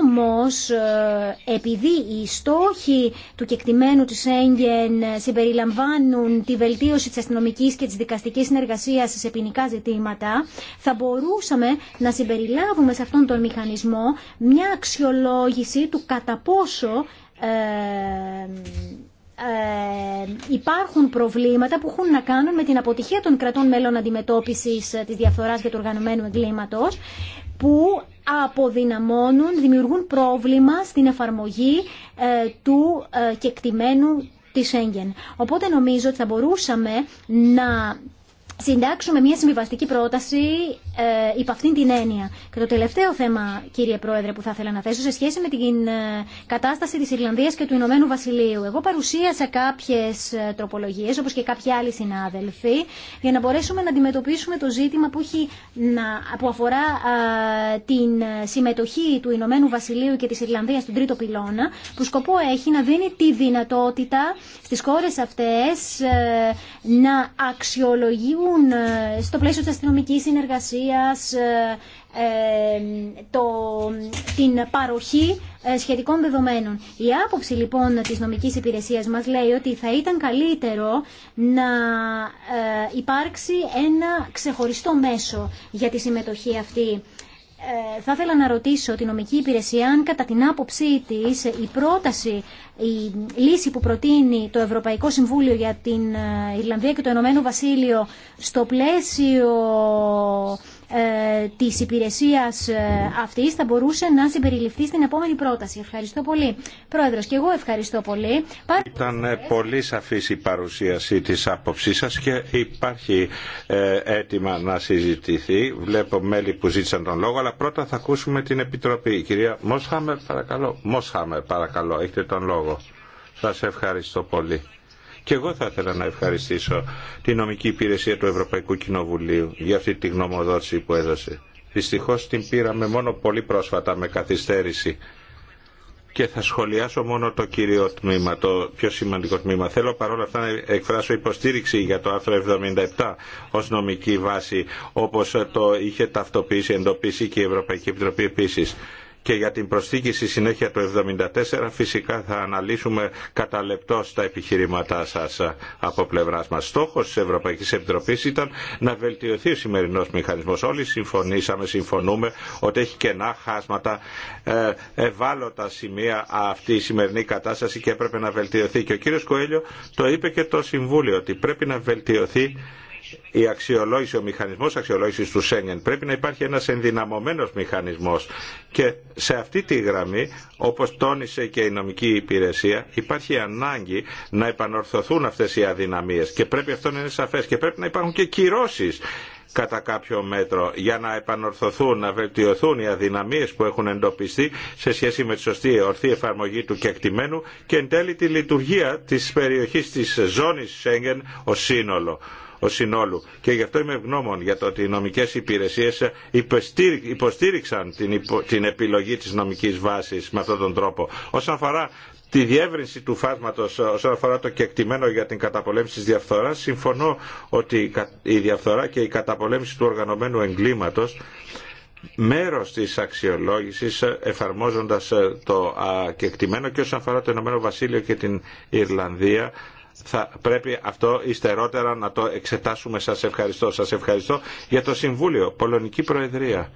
A: Όμως, ε, επειδή οι στόχοι του κεκτημένου του Σέγγεν συμπεριλαμβάνουν τη βελτίωση της αστυνομική και της δικαστικής συνεργασία σε ποινικά ζητήματα, θα μπορούσαμε να συμπεριλάβουμε σε αυτόν τον μηχανισμό μια αξιολόγηση του κατά πόσο ε, ε, υπάρχουν προβλήματα που έχουν να κάνουν με την αποτυχία των κρατών μέλων αντιμετώπισης ε, της διαφθοράς και του οργανωμένου εγκλήματος που αποδυναμώνουν, δημιουργούν πρόβλημα στην εφαρμογή ε, του κεκτημένου της Schengen. Οπότε νομίζω ότι θα μπορούσαμε να συντάξουμε μια συμβιβαστική πρόταση ε, υπ' αυτήν την έννοια. Και το τελευταίο θέμα, κύριε Πρόεδρε, που θα ήθελα να θέσω σε σχέση με την ε, κατάσταση της Ιρλανδίας και του Ηνωμένου Βασιλείου. Εγώ παρουσίασα κάποιες ε, τροπολογίες, όπως και κάποιοι άλλοι συνάδελφοι, για να μπορέσουμε να αντιμετωπίσουμε το ζήτημα που, έχει, να, που αφορά ε, την συμμετοχή του Ηνωμένου Βασιλείου και της Ιρλανδίας στον τρίτο πυλώνα, που σκοπό έχει να δίνει τη δυνατότητα στι χώρε αυτέ ε, να αξιολογούν ε, στο πλαίσιο της αστυνομικής συνεργασίας ε, ε, το, την παροχή σχετικών δεδομένων. Η άποψη λοιπόν της νομικής υπηρεσίας μας λέει ότι θα ήταν καλύτερο να υπάρξει ένα ξεχωριστό μέσο για τη συμμετοχή αυτή. Ε, θα ήθελα να ρωτήσω την νομική υπηρεσία αν κατά την άποψή της η πρόταση, η λύση που προτείνει το Ευρωπαϊκό Συμβούλιο για την ε, Ιρλανδία και το Ενωμένο Βασίλειο στο πλαίσιο ε, της υπηρεσίας ε, αυτής θα μπορούσε να συμπεριληφθεί στην επόμενη πρόταση. Ευχαριστώ πολύ. Πρόεδρος, και εγώ ευχαριστώ πολύ.
B: Ήταν ε, πολύ σαφής η παρουσίαση της άποψή σας και υπάρχει έτοιμα να συζητηθεί. Βλέπω μέλη που ζήτησαν τον λόγο, αλλά πρώτα θα ακούσουμε την Επιτροπή. Κυρία Μόσχαμερ, παρακαλώ. Μόσχαμερ, παρακαλώ. Έχετε τον λόγο. Σας ευχαριστώ πολύ. Και εγώ θα ήθελα να ευχαριστήσω τη νομική υπηρεσία του Ευρωπαϊκού Κοινοβουλίου για αυτή τη γνωμοδότηση που έδωσε. Δυστυχώ την πήραμε μόνο πολύ πρόσφατα με καθυστέρηση και θα σχολιάσω μόνο το κύριο τμήμα, το πιο σημαντικό τμήμα. Θέλω παρόλα αυτά να εκφράσω υποστήριξη για το άρθρο 77 ως νομική βάση, όπως το είχε ταυτοποιήσει, εντοπίσει και η Ευρωπαϊκή Επιτροπή επίσης και για την προσθήκη στη συνέχεια του 74 φυσικά θα αναλύσουμε κατά λεπτό τα επιχειρήματά σας από πλευράς μας. Στόχος της Ευρωπαϊκής Επιτροπής ήταν να βελτιωθεί ο σημερινός μηχανισμός. Όλοι συμφωνήσαμε, συμφωνούμε ότι έχει κενά χάσματα, ε, ευάλωτα σημεία αυτή η σημερινή κατάσταση και έπρεπε να βελτιωθεί. Και ο κύριος Κοέλιο το είπε και το Συμβούλιο ότι πρέπει να βελτιωθεί η αξιολόγηση, ο μηχανισμός αξιολόγησης του Σέγγεν. Πρέπει να υπάρχει ένας ενδυναμωμένος μηχανισμός και σε αυτή τη γραμμή, όπως τόνισε και η νομική υπηρεσία, υπάρχει ανάγκη να επανορθωθούν αυτές οι αδυναμίες και πρέπει αυτό να είναι σαφές και πρέπει να υπάρχουν και κυρώσεις κατά κάποιο μέτρο για να επανορθωθούν, να βελτιωθούν οι αδυναμίες που έχουν εντοπιστεί σε σχέση με τη σωστή ορθή εφαρμογή του κεκτημένου και εν τέλει τη λειτουργία της περιοχής της ζώνης Σέγγεν ως σύνολο ω συνόλου. Και γι' αυτό είμαι ευγνώμων για το ότι οι νομικές υπηρεσίες υποστήριξαν την επιλογή της νομικής βάσης με αυτόν τον τρόπο. Όσον αφορά τη διεύρυνση του φάσματος όσον αφορά το κεκτημένο για την καταπολέμηση τη διαφθορά. συμφωνώ ότι η διαφθορά και η καταπολέμηση του οργανωμένου εγκλήματος μέρος τη αξιολόγησης εφαρμόζοντας το κεκτημένο και όσον αφορά το Ηνωμένο Βασίλειο και την Ιρλανδία θα πρέπει αυτό υστερότερα να το εξετάσουμε. Σας ευχαριστώ. Σας ευχαριστώ για το Συμβούλιο. Πολωνική Προεδρία.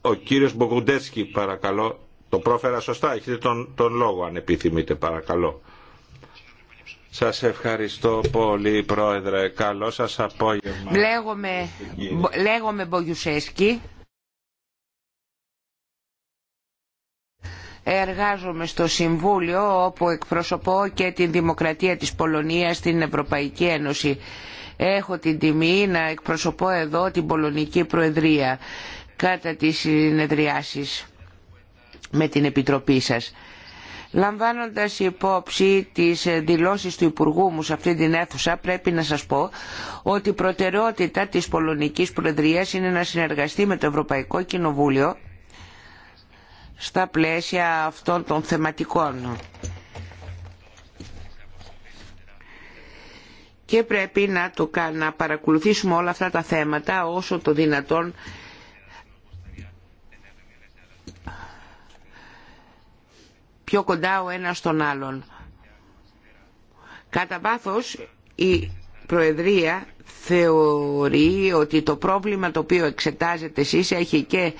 B: Ο κύριος Μπογκουντέτσκι παρακαλώ. Το πρόφερα σωστά. Έχετε τον, τον λόγο αν επιθυμείτε παρακαλώ. Σας ευχαριστώ πολύ Πρόεδρε. Καλό σας απόγευμα.
D: Λέγομαι, λέγομαι Μπογιουσέσκι. εργάζομαι στο Συμβούλιο όπου εκπροσωπώ και την Δημοκρατία της Πολωνίας στην Ευρωπαϊκή Ένωση. Έχω την τιμή να εκπροσωπώ εδώ την Πολωνική Προεδρία κατά τις συνεδριάσεις με την Επιτροπή σας. Λαμβάνοντας υπόψη τις δηλώσεις του Υπουργού μου σε αυτή την αίθουσα πρέπει να σας πω ότι η προτεραιότητα της Πολωνικής Προεδρίας είναι να συνεργαστεί με το Ευρωπαϊκό Κοινοβούλιο στα πλαίσια αυτών των θεματικών. Και πρέπει να, το, να παρακολουθήσουμε όλα αυτά τα θέματα όσο το δυνατόν πιο κοντά ο ένας στον άλλον. Κατά βάθος η Προεδρία θεωρεί ότι το πρόβλημα το οποίο εξετάζετε εσείς έχει και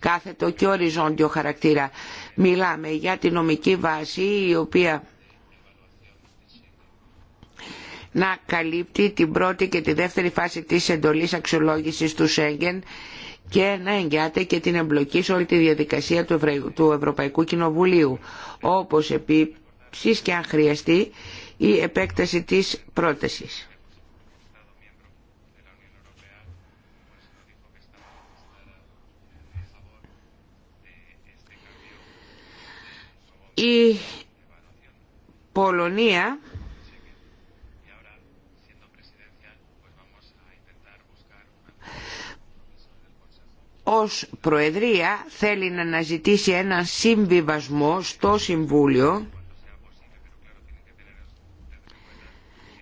D: κάθετο και οριζόντιο χαρακτήρα. Μιλάμε για τη νομική βάση η οποία να καλύπτει την πρώτη και τη δεύτερη φάση της εντολής αξιολόγησης του Σέγγεν και να εγγυάται και την εμπλοκή σε όλη τη διαδικασία του Ευρωπαϊκού Κοινοβουλίου, όπως επίσης και αν χρειαστεί η επέκταση της πρότασης. η Πολωνία ως Προεδρία θέλει να αναζητήσει ένα συμβιβασμό στο Συμβούλιο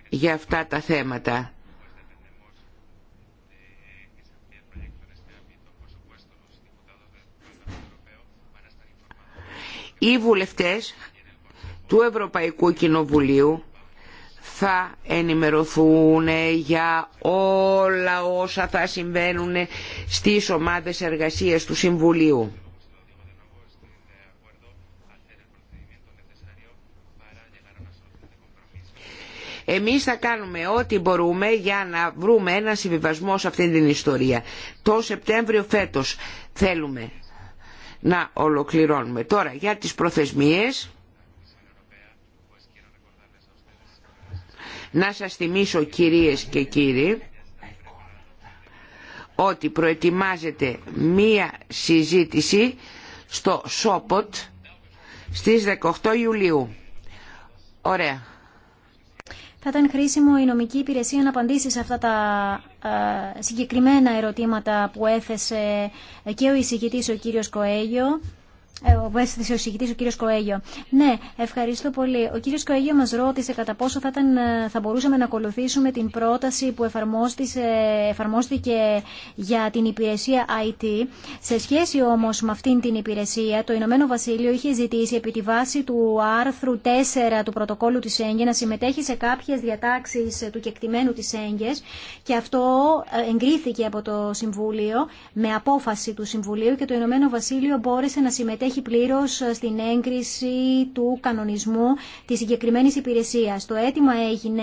D: για αυτά τα θέματα. οι βουλευτές του Ευρωπαϊκού Κοινοβουλίου θα ενημερωθούν για όλα όσα θα συμβαίνουν στις ομάδες εργασίας του Συμβουλίου. Εμείς θα κάνουμε ό,τι μπορούμε για να βρούμε ένα συμβιβασμό σε αυτή την ιστορία. Το Σεπτέμβριο φέτος θέλουμε να ολοκληρώνουμε. Τώρα για τις προθεσμίες να σας θυμίσω κυρίες και κύριοι ότι προετοιμάζεται μία συζήτηση στο ΣΟΠΟΤ στις 18 Ιουλίου. Ωραία.
A: Θα ήταν χρήσιμο η νομική υπηρεσία να απαντήσει σε αυτά τα ε, συγκεκριμένα ερωτήματα που έθεσε και ο εισηγητής ο κύριος Κοέγιο ε, ο αίσθηση ο Κοέγιο. Ναι, ευχαριστώ πολύ. Ο κύριος Κοέγιο μας ρώτησε κατά πόσο θα, ήταν, ε, θα μπορούσαμε να ακολουθήσουμε την πρόταση που εφαρμόστηκε για την υπηρεσία IT. Σε σχέση όμω με αυτήν την υπηρεσία, το Ηνωμένο Βασίλειο είχε ζητήσει επί τη βάση του άρθρου 4 του πρωτοκόλου τη ΕΝΓΕ να συμμετέχει σε κάποιε διατάξει του κεκτημένου τη ΕΝΓΕ και αυτό ε, εγκρίθηκε από το Συμβούλιο με απόφαση του Συμβουλίου και το Ηνωμένο Βασίλειο μπόρεσε να συμμετέχει έχει πλήρως στην έγκριση του κανονισμού της συγκεκριμένη υπηρεσίας. Το αίτημα έγινε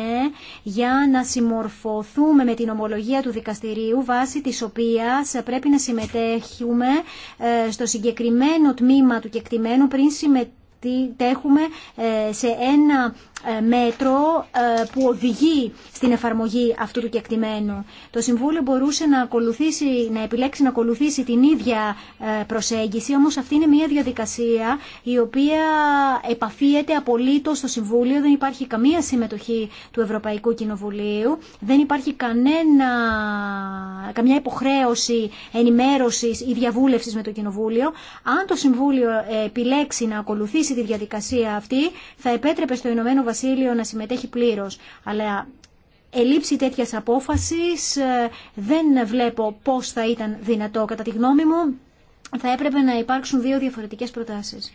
A: για να συμμορφωθούμε με την ομολογία του δικαστηρίου βάσει της οποία πρέπει να συμμετέχουμε ε, στο συγκεκριμένο τμήμα του κεκτημένου πριν συμμετέχουμε ε, σε ένα ε, μέτρο ε, που οδηγεί στην εφαρμογή αυτού του κεκτημένου. Το Συμβούλιο μπορούσε να, ακολουθήσει, να επιλέξει να ακολουθήσει την ίδια ε, προσέγγιση, όμως αυτή είναι μια διαδικασία η οποία επαφίεται απολύτως στο Συμβούλιο, δεν υπάρχει καμία συμμετοχή του Ευρωπαϊκού Κοινοβουλίου, δεν υπάρχει κανένα, καμιά υποχρέωση ενημέρωσης ή διαβούλευσης με το Κοινοβούλιο. Αν το Συμβούλιο επιλέξει να ακολουθήσει τη διαδικασία αυτή, θα επέτρεπε στο Ηνωμένο Βασίλειο να συμμετέχει πλήρως. Αλλά ελήψη τέτοιας απόφασης ε, δεν βλέπω πώς θα ήταν δυνατό. Κατά τη γνώμη μου θα έπρεπε να υπάρξουν δύο διαφορετικές προτάσεις.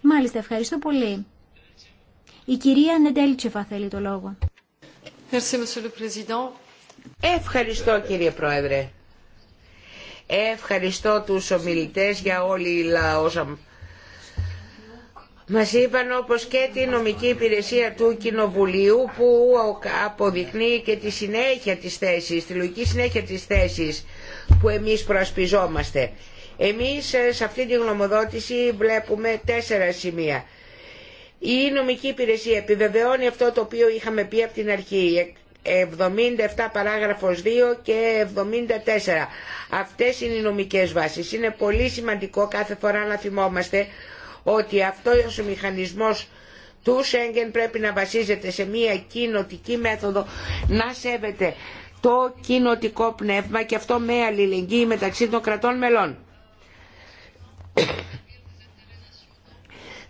A: Μάλιστα, ευχαριστώ πολύ. Η κυρία Νεντέλτσεβα θέλει το λόγο.
D: Ευχαριστώ κύριε Πρόεδρε. Ευχαριστώ τους ομιλητές για όλη η όσα μας είπαν όπως και τη νομική υπηρεσία του Κοινοβουλίου που αποδεικνύει και τη συνέχεια της θέσης, τη λογική συνέχεια της θέσης που εμείς προασπιζόμαστε. Εμείς ε, σε αυτή τη γνωμοδότηση βλέπουμε τέσσερα σημεία. Η νομική υπηρεσία επιβεβαιώνει αυτό το οποίο είχαμε πει από την αρχή. 77 ε, παράγραφος 2 και 74. Αυτές είναι οι νομικές βάσεις. Είναι πολύ σημαντικό κάθε φορά να θυμόμαστε ότι αυτός ο μηχανισμός του Σέγγεν πρέπει να βασίζεται σε μια κοινοτική μέθοδο να σέβεται το κοινοτικό πνεύμα και αυτό με αλληλεγγύη μεταξύ των κρατών μελών.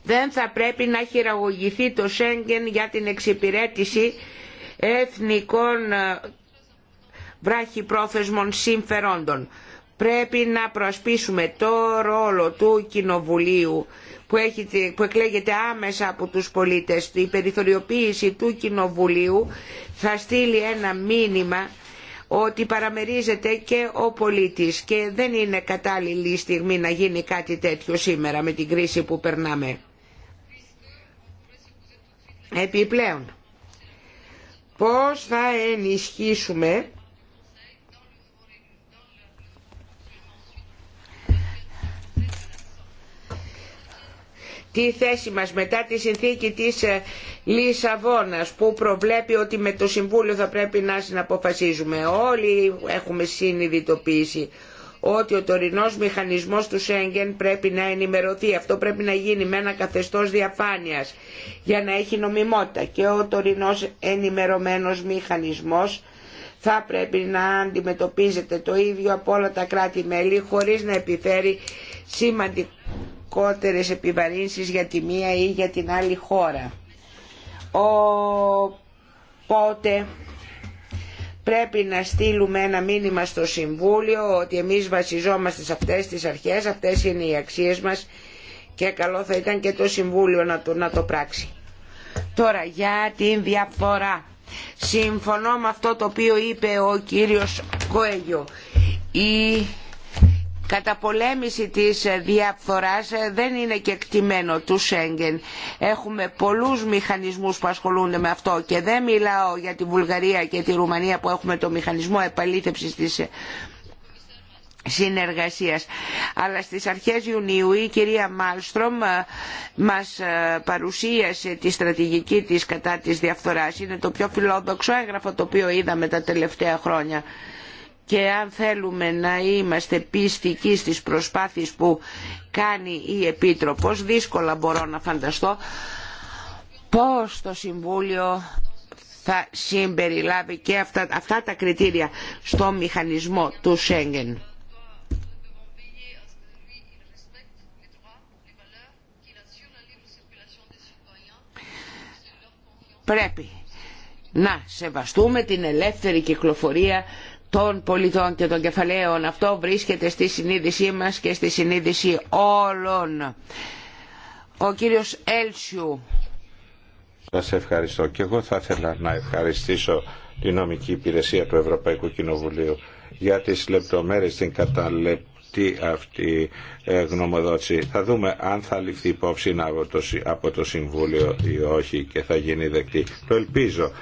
D: Δεν θα πρέπει να χειραγωγηθεί το Σέγγεν για την εξυπηρέτηση εθνικών ε, βράχυπρόθεσμων συμφερόντων. Πρέπει να προσπίσουμε το ρόλο του Κοινοβουλίου που, εκλέγεται άμεσα από τους πολίτες. Η περιθωριοποίηση του Κοινοβουλίου θα στείλει ένα μήνυμα ότι παραμερίζεται και ο πολίτης και δεν είναι κατάλληλη στιγμή να γίνει κάτι τέτοιο σήμερα με την κρίση που περνάμε. Επιπλέον, πώς θα ενισχύσουμε Τι θέση μας μετά τη συνθήκη της ε, Λισαβόνας που προβλέπει ότι με το Συμβούλιο θα πρέπει να συναποφασίζουμε. Όλοι έχουμε συνειδητοποιήσει ότι ο τωρινός μηχανισμός του Σέγγεν πρέπει να ενημερωθεί. Αυτό πρέπει να γίνει με ένα καθεστώς διαφάνειας για να έχει νομιμότητα. Και ο τωρινός ενημερωμένος μηχανισμός θα πρέπει να αντιμετωπίζεται το ίδιο από όλα τα κράτη-μέλη χωρίς να επιφέρει σημαντικό γενικότερες επιβαρύνσεις για τη μία ή για την άλλη χώρα. Οπότε πρέπει να στείλουμε ένα μήνυμα στο Συμβούλιο ότι εμείς βασιζόμαστε σε αυτές τις αρχές, αυτές είναι οι αξίες μας και καλό θα ήταν και το Συμβούλιο να το, να το πράξει. Τώρα για την διαφορά. Συμφωνώ με αυτό το οποίο είπε ο κύριος Κοέγιο. Η καταπολέμηση της ε, διαφθοράς ε, δεν είναι εκτιμένο του Σέγγεν. Έχουμε πολλούς μηχανισμούς που ασχολούνται με αυτό και δεν μιλάω για τη Βουλγαρία και τη Ρουμανία που έχουμε το μηχανισμό επαλήθευσης της ε, συνεργασίας. Αλλά στις αρχές Ιουνίου η κυρία Μάλστρομ μας παρουσίασε τη στρατηγική της κατά της διαφθοράς. Είναι το πιο φιλόδοξο έγγραφο το οποίο είδαμε τα τελευταία χρόνια και αν θέλουμε να είμαστε πιστικοί στις προσπάθειες που κάνει η Επίτροπος, δύσκολα μπορώ να φανταστώ πώς το Συμβούλιο θα συμπεριλάβει και αυτά, αυτά τα κριτήρια στο μηχανισμό του Σέγγεν. Πρέπει να σεβαστούμε την ελεύθερη κυκλοφορία των πολιτών και των κεφαλαίων. Αυτό βρίσκεται στη συνείδησή μας και στη συνείδηση όλων. Ο κύριος Έλσιου.
B: Σας ευχαριστώ και εγώ θα ήθελα να ευχαριστήσω την νομική υπηρεσία του Ευρωπαϊκού Κοινοβουλίου για τις λεπτομέρειες την καταλεπτή αυτή ε, γνωμοδότηση. Θα δούμε αν θα ληφθεί υπόψη από το Συμβούλιο ή όχι και θα γίνει δεκτή. Το ελπίζω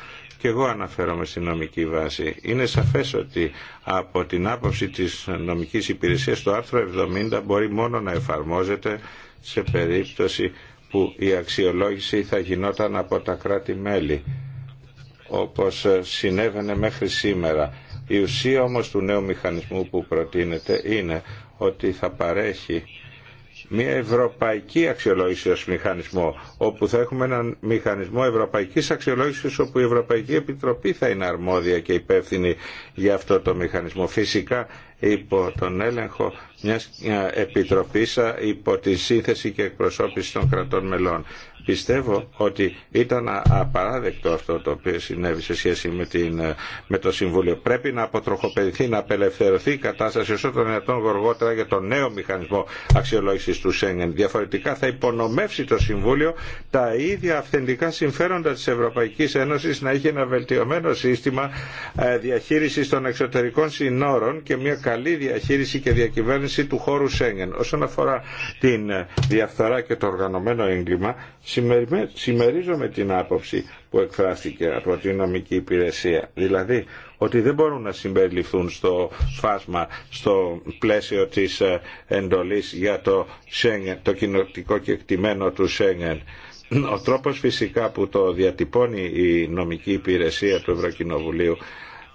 B: και εγώ αναφέρομαι στην νομική βάση. Είναι σαφές ότι από την άποψη της νομικής υπηρεσίας το άρθρο 70 μπορεί μόνο να εφαρμόζεται σε περίπτωση που η αξιολόγηση θα γινόταν από τα κράτη-μέλη όπως συνέβαινε μέχρι σήμερα. Η ουσία όμως του νέου μηχανισμού που προτείνεται είναι ότι θα παρέχει μια ευρωπαϊκή αξιολόγηση μηχανισμό, όπου θα έχουμε έναν μηχανισμό ευρωπαϊκής αξιολόγησης, όπου η Ευρωπαϊκή Επιτροπή θα είναι αρμόδια και υπεύθυνη για αυτό το μηχανισμό. Φυσικά υπό τον έλεγχο μιας ε, επιτροπής ε, υπό τη σύνθεση και εκπροσώπηση των κρατών μελών. Πιστεύω ότι ήταν απαράδεκτο αυτό το οποίο συνέβη σε σχέση με, την, ε, με το Συμβούλιο. Πρέπει να αποτροχοποιηθεί, να απελευθερωθεί η κατάσταση όσο των δυνατόν γοργότερα για το νέο μηχανισμό αξιολογήση του Σέγγεν. Διαφορετικά θα υπονομεύσει το Συμβούλιο τα ίδια αυθεντικά συμφέροντα τη Ευρωπαϊκή Ένωση να έχει ένα βελτιωμένο σύστημα ε, διαχείριση των εξωτερικών συνόρων και μια καλή διαχείριση και διακυβέρνηση του χώρου Σέγγεν. Όσον αφορά την ε, διαφθορά και το οργανωμένο έγκλημα, Συμμερίζομαι την άποψη που εκφράστηκε από την νομική υπηρεσία. Δηλαδή ότι δεν μπορούν να συμπεριληφθούν στο φάσμα, στο πλαίσιο της ε, εντολής για το, Schengen, το κοινοτικό κεκτημένο του Σέγγεν. Ο τρόπος φυσικά που το διατυπώνει η νομική υπηρεσία του Ευρωκοινοβουλίου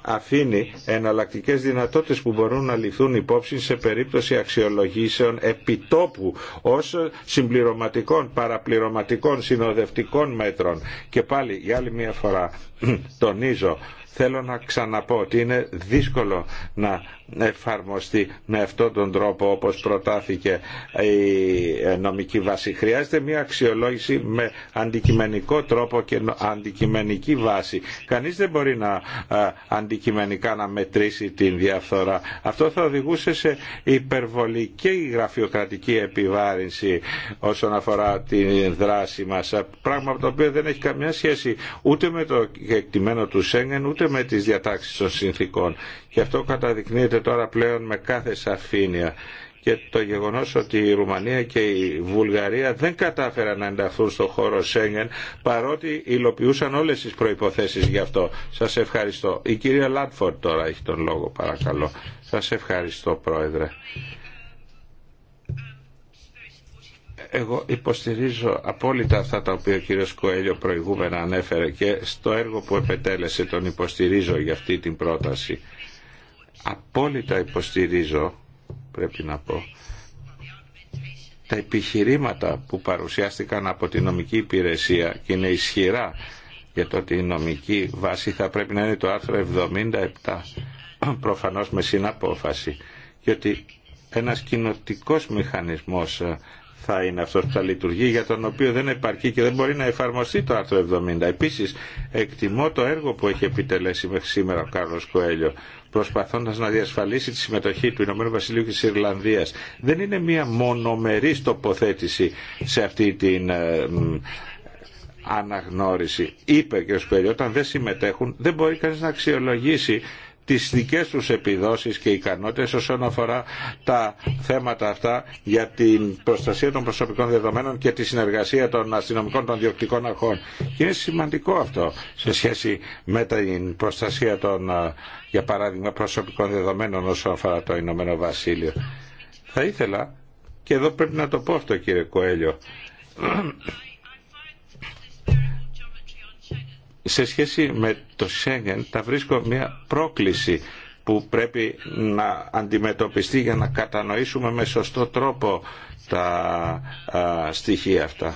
B: αφήνει εναλλακτικέ δυνατότητες που μπορούν να ληφθούν υπόψη σε περίπτωση αξιολογήσεων επιτόπου ως συμπληρωματικών, παραπληρωματικών, συνοδευτικών μέτρων. Και πάλι για άλλη μια φορά τονίζω θέλω να ξαναπώ ότι είναι δύσκολο να εφαρμοστεί με αυτόν τον τρόπο όπως προτάθηκε η νομική βάση. Χρειάζεται μια αξιολόγηση με αντικειμενικό τρόπο και αντικειμενική βάση. Κανείς δεν μπορεί να αντικειμενικά να μετρήσει την διαφθορά. Αυτό θα οδηγούσε σε υπερβολική γραφειοκρατική επιβάρυνση όσον αφορά τη δράση μας. Πράγμα το οποίο δεν έχει καμιά σχέση ούτε με το εκτιμένο του Σέγγεν ούτε με τις διατάξεις των συνθήκων. Και αυτό καταδεικνύεται τώρα πλέον με κάθε σαφήνεια και το γεγονός ότι η Ρουμανία και η Βουλγαρία δεν κατάφεραν να ενταχθούν στο χώρο Σέγγεν παρότι υλοποιούσαν όλες τις προϋποθέσεις γι' αυτό. Σας ευχαριστώ. Η κυρία Λάτφορντ τώρα έχει τον λόγο παρακαλώ. Σας ευχαριστώ πρόεδρε. Εγώ υποστηρίζω απόλυτα αυτά τα οποία ο κύριος Κοέλιο προηγούμενα ανέφερε και στο έργο που επετέλεσε τον υποστηρίζω για αυτή την πρόταση απόλυτα υποστηρίζω, πρέπει να πω, τα επιχειρήματα που παρουσιάστηκαν από την νομική υπηρεσία και είναι ισχυρά για το ότι η νομική βάση θα πρέπει να είναι το άρθρο 77, προφανώς με συναπόφαση, και ότι ένας κοινοτικό μηχανισμός θα είναι αυτός που θα λειτουργεί, για τον οποίο δεν επαρκεί και δεν μπορεί να εφαρμοστεί το άρθρο 70. Επίσης, εκτιμώ το έργο που έχει επιτελέσει μέχρι σήμερα ο Κάρλος Κοέλιο προσπαθώντας να διασφαλίσει τη συμμετοχή του Ηνωμένου Βασιλείου και τη Ιρλανδία. δεν είναι μία μονομερή τοποθέτηση σε αυτή την ε, αναγνώριση. Είπε και ο Σπέρι, όταν δεν συμμετέχουν δεν μπορεί κανεί να αξιολογήσει τις δικές τους επιδόσεις και ικανότητες όσον αφορά τα θέματα αυτά για την προστασία των προσωπικών δεδομένων και τη συνεργασία των αστυνομικών των διοκτικών αρχών. Και είναι σημαντικό αυτό σε σχέση με την προστασία των, για παράδειγμα, προσωπικών δεδομένων όσον αφορά το Ηνωμένο Βασίλειο. Θα ήθελα, και εδώ πρέπει να το πω αυτό κύριε Κοέλιο, σε σχέση με το Σέγγεν τα βρίσκω μια πρόκληση που πρέπει να αντιμετωπιστεί για να κατανοήσουμε με σωστό τρόπο τα στοιχεία αυτά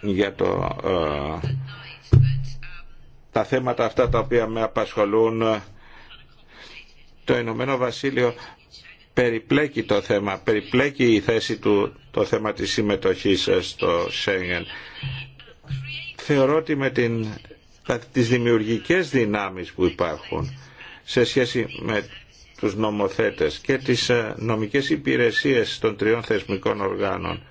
B: για το, τα θέματα αυτά τα οποία με απασχολούν το Ηνωμένο Βασίλειο περιπλέκει το θέμα, περιπλέκει η θέση του το θέμα της συμμετοχής στο Σέγγεν θεωρώ ότι με την, τις δημιουργικές δυνάμεις που υπάρχουν σε σχέση με τους νομοθέτες και τις ε, νομικές υπηρεσίες των τριών θεσμικών οργάνων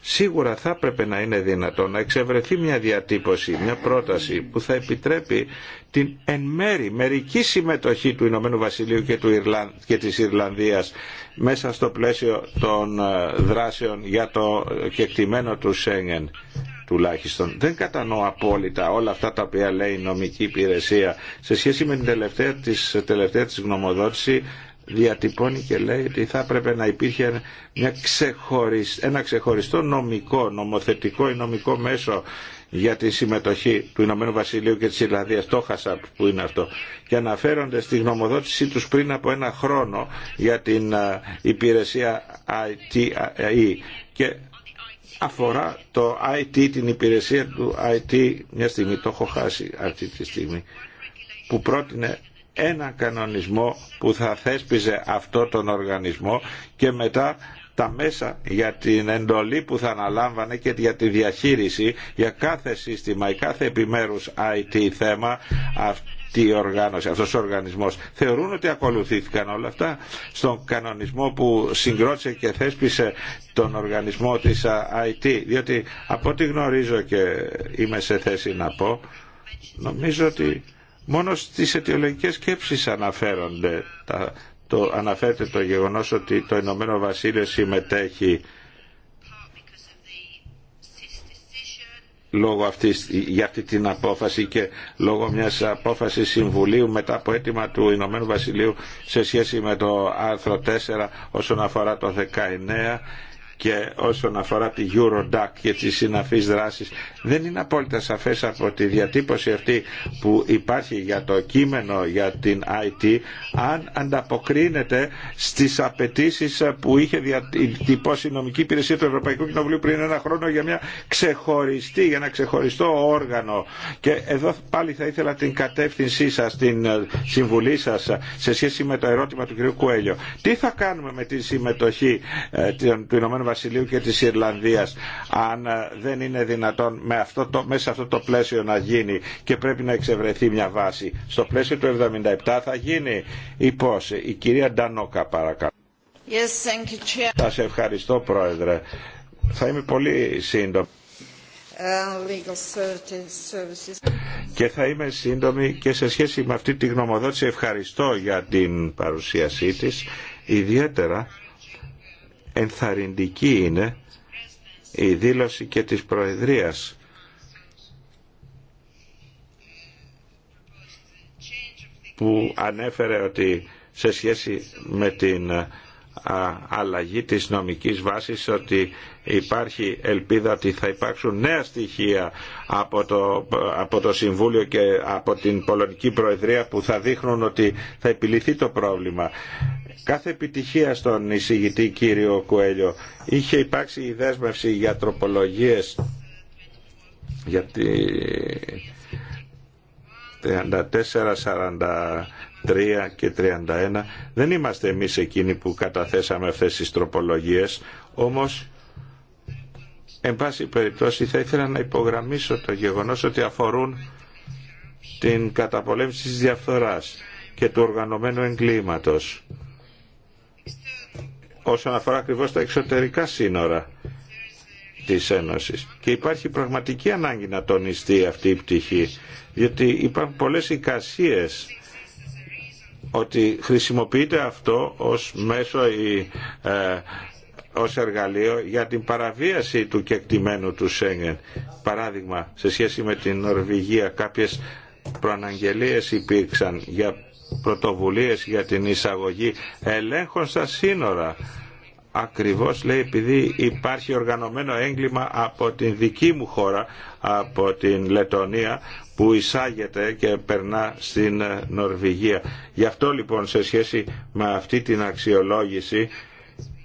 B: σίγουρα θα έπρεπε να είναι δυνατό να εξευρεθεί μια διατύπωση, μια πρόταση που θα επιτρέπει την εν μέρη μερική συμμετοχή του Ηνωμένου Βασιλείου και, του Ιρλαν... και της Ιρλανδίας μέσα στο πλαίσιο των ε, δράσεων για το κεκτημένο του Σέγγεν τουλάχιστον. Δεν κατανοώ απόλυτα όλα αυτά τα οποία λέει η νομική υπηρεσία. Σε σχέση με την τελευταία της, τελευταία της γνωμοδότηση διατυπώνει και λέει ότι θα έπρεπε να υπήρχε μια ένα ξεχωριστό νομικό, νομοθετικό ή νομικό μέσο για τη συμμετοχή του Ηνωμένου Βασιλείου και της Ιρλανδίας, το ΧΑΣΑΠ που είναι αυτό, και αναφέρονται στη γνωμοδότησή τους πριν από ένα χρόνο για την ε, υπηρεσία ITI και αφορά το IT, την υπηρεσία του IT, μια στιγμή το έχω χάσει αυτή τη στιγμή, που πρότεινε ένα κανονισμό που θα θέσπιζε αυτό τον οργανισμό και μετά τα μέσα για την εντολή που θα αναλάμβανε και για τη διαχείριση για κάθε σύστημα ή κάθε επιμέρους IT θέμα αυτή οργάνωση, αυτός ο οργανισμός. Θεωρούν ότι ακολουθήθηκαν όλα αυτά στον κανονισμό που συγκρότησε και θέσπισε τον οργανισμό της IT, διότι από ό,τι γνωρίζω και είμαι σε θέση να πω, νομίζω ότι μόνο στις αιτιολογικές σκέψεις αναφέρονται το, αναφέρεται το γεγονός ότι το Ηνωμένο Βασίλειο συμμετέχει λόγω αυτής, για αυτή την απόφαση και λόγω μιας απόφασης Συμβουλίου μετά από αίτημα του Ηνωμένου Βασιλείου σε σχέση με το άρθρο 4 όσον αφορά το 19 και όσον αφορά τη Eurodac και τις συναφείς δράσεις δεν είναι απόλυτα σαφές από τη διατύπωση αυτή που υπάρχει για το κείμενο για την IT αν ανταποκρίνεται στις απαιτήσει που είχε διατυπώσει η νομική υπηρεσία του Ευρωπαϊκού Κοινοβουλίου πριν ένα χρόνο για μια ξεχωριστή, για ένα ξεχωριστό όργανο και εδώ πάλι θα ήθελα την κατεύθυνσή σας, την ε, συμβουλή σας σε σχέση με το ερώτημα του κ. Κουέλιο. Τι θα κάνουμε με τη συμμετοχή ε, του Ηνωμένου Βασιλείου και της Ιρλανδίας αν ε, δεν είναι δυνατόν με αυτό το, μέσα σε αυτό το πλαίσιο να γίνει και πρέπει να εξευρεθεί μια βάση. Στο πλαίσιο του 77 θα γίνει ή πώς. Η κυρία Ντανόκα παρακαλώ.
D: Yes, thank you, Chair. Θα
B: σε ευχαριστώ Πρόεδρε. Θα είμαι πολύ σύντομη.
D: Ε,
B: και θα είμαι σύντομη και σε σχέση με αυτή τη γνωμοδότηση ευχαριστώ για την παρουσίασή της, ιδιαίτερα ενθαρρυντική είναι η δήλωση και της Προεδρίας που ανέφερε ότι σε σχέση με την αλλαγή της νομικής βάσης ότι υπάρχει ελπίδα ότι θα υπάρξουν νέα στοιχεία από το, από το Συμβούλιο και από την Πολωνική Προεδρία που θα δείχνουν ότι θα επιληθεί το πρόβλημα. Κάθε επιτυχία στον εισηγητή κύριο Κουέλιο. Είχε υπάρξει η δέσμευση για τροπολογίες για τη 34, 43 και 31. Δεν είμαστε εμείς εκείνοι που καταθέσαμε αυτές τις τροπολογίες, όμως Εν πάση περιπτώσει θα ήθελα να υπογραμμίσω το γεγονός ότι αφορούν την καταπολέμηση της διαφθοράς και του οργανωμένου εγκλήματος όσον αφορά ακριβώς τα εξωτερικά σύνορα της Ένωσης. Και υπάρχει πραγματική ανάγκη να τονιστεί αυτή η πτυχή, διότι υπάρχουν πολλές εικασίες ότι χρησιμοποιείται αυτό ως μέσο η, ε, ως εργαλείο για την παραβίαση του κεκτημένου του Σέγγεν. Παράδειγμα, σε σχέση με την Νορβηγία κάποιες προαναγγελίες υπήρξαν για πρωτοβουλίες για την εισαγωγή ελέγχων στα σύνορα. Ακριβώς λέει επειδή υπάρχει οργανωμένο έγκλημα από την δική μου χώρα, από την Λετωνία που εισάγεται και περνά στην Νορβηγία. Γι' αυτό λοιπόν σε σχέση με αυτή την αξιολόγηση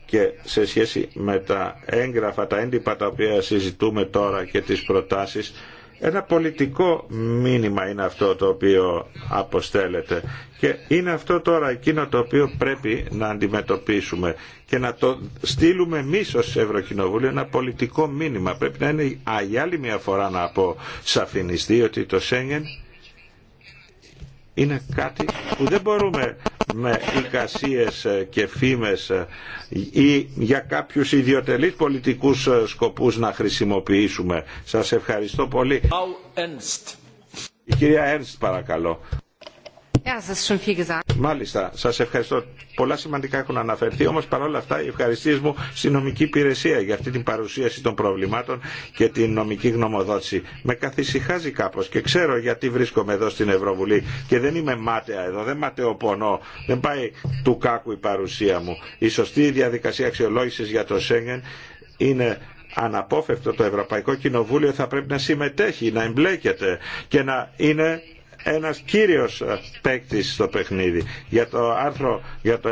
B: και σε σχέση με τα έγγραφα, τα έντυπα τα οποία συζητούμε τώρα και τις προτάσεις, ένα πολιτικό μήνυμα είναι αυτό το οποίο αποστέλλεται και είναι αυτό τώρα εκείνο το οποίο πρέπει να αντιμετωπίσουμε και να το στείλουμε εμεί ω Ευρωκοινοβούλιο ένα πολιτικό μήνυμα. Πρέπει να είναι α, μια φορά να σαφινιστή ότι το Σέγγεν είναι κάτι που δεν μπορούμε με εικασίες και φήμες ή για κάποιους ιδιωτελείς πολιτικούς σκοπούς να χρησιμοποιήσουμε. Σας ευχαριστώ πολύ. Η κυρία Έρνστ παρακαλώ. Μάλιστα, σας ευχαριστώ. Πολλά σημαντικά έχουν αναφερθεί, όμως παρόλα αυτά οι ευχαριστίες μου στην νομική υπηρεσία για αυτή την παρουσίαση των προβλημάτων και την νομική γνωμοδότηση. Με καθησυχάζει κάπως και ξέρω γιατί βρίσκομαι εδώ στην Ευρωβουλή και δεν είμαι μάταια εδώ, δεν ματαιοπονώ, δεν πάει του κάκου η παρουσία μου. Η σωστή διαδικασία αξιολόγηση για το Σέγγεν είναι αναπόφευκτο το Ευρωπαϊκό Κοινοβούλιο θα πρέπει να συμμετέχει, να εμπλέκεται και να είναι ένας κύριος ε, παίκτη στο παιχνίδι. Για το άρθρο για το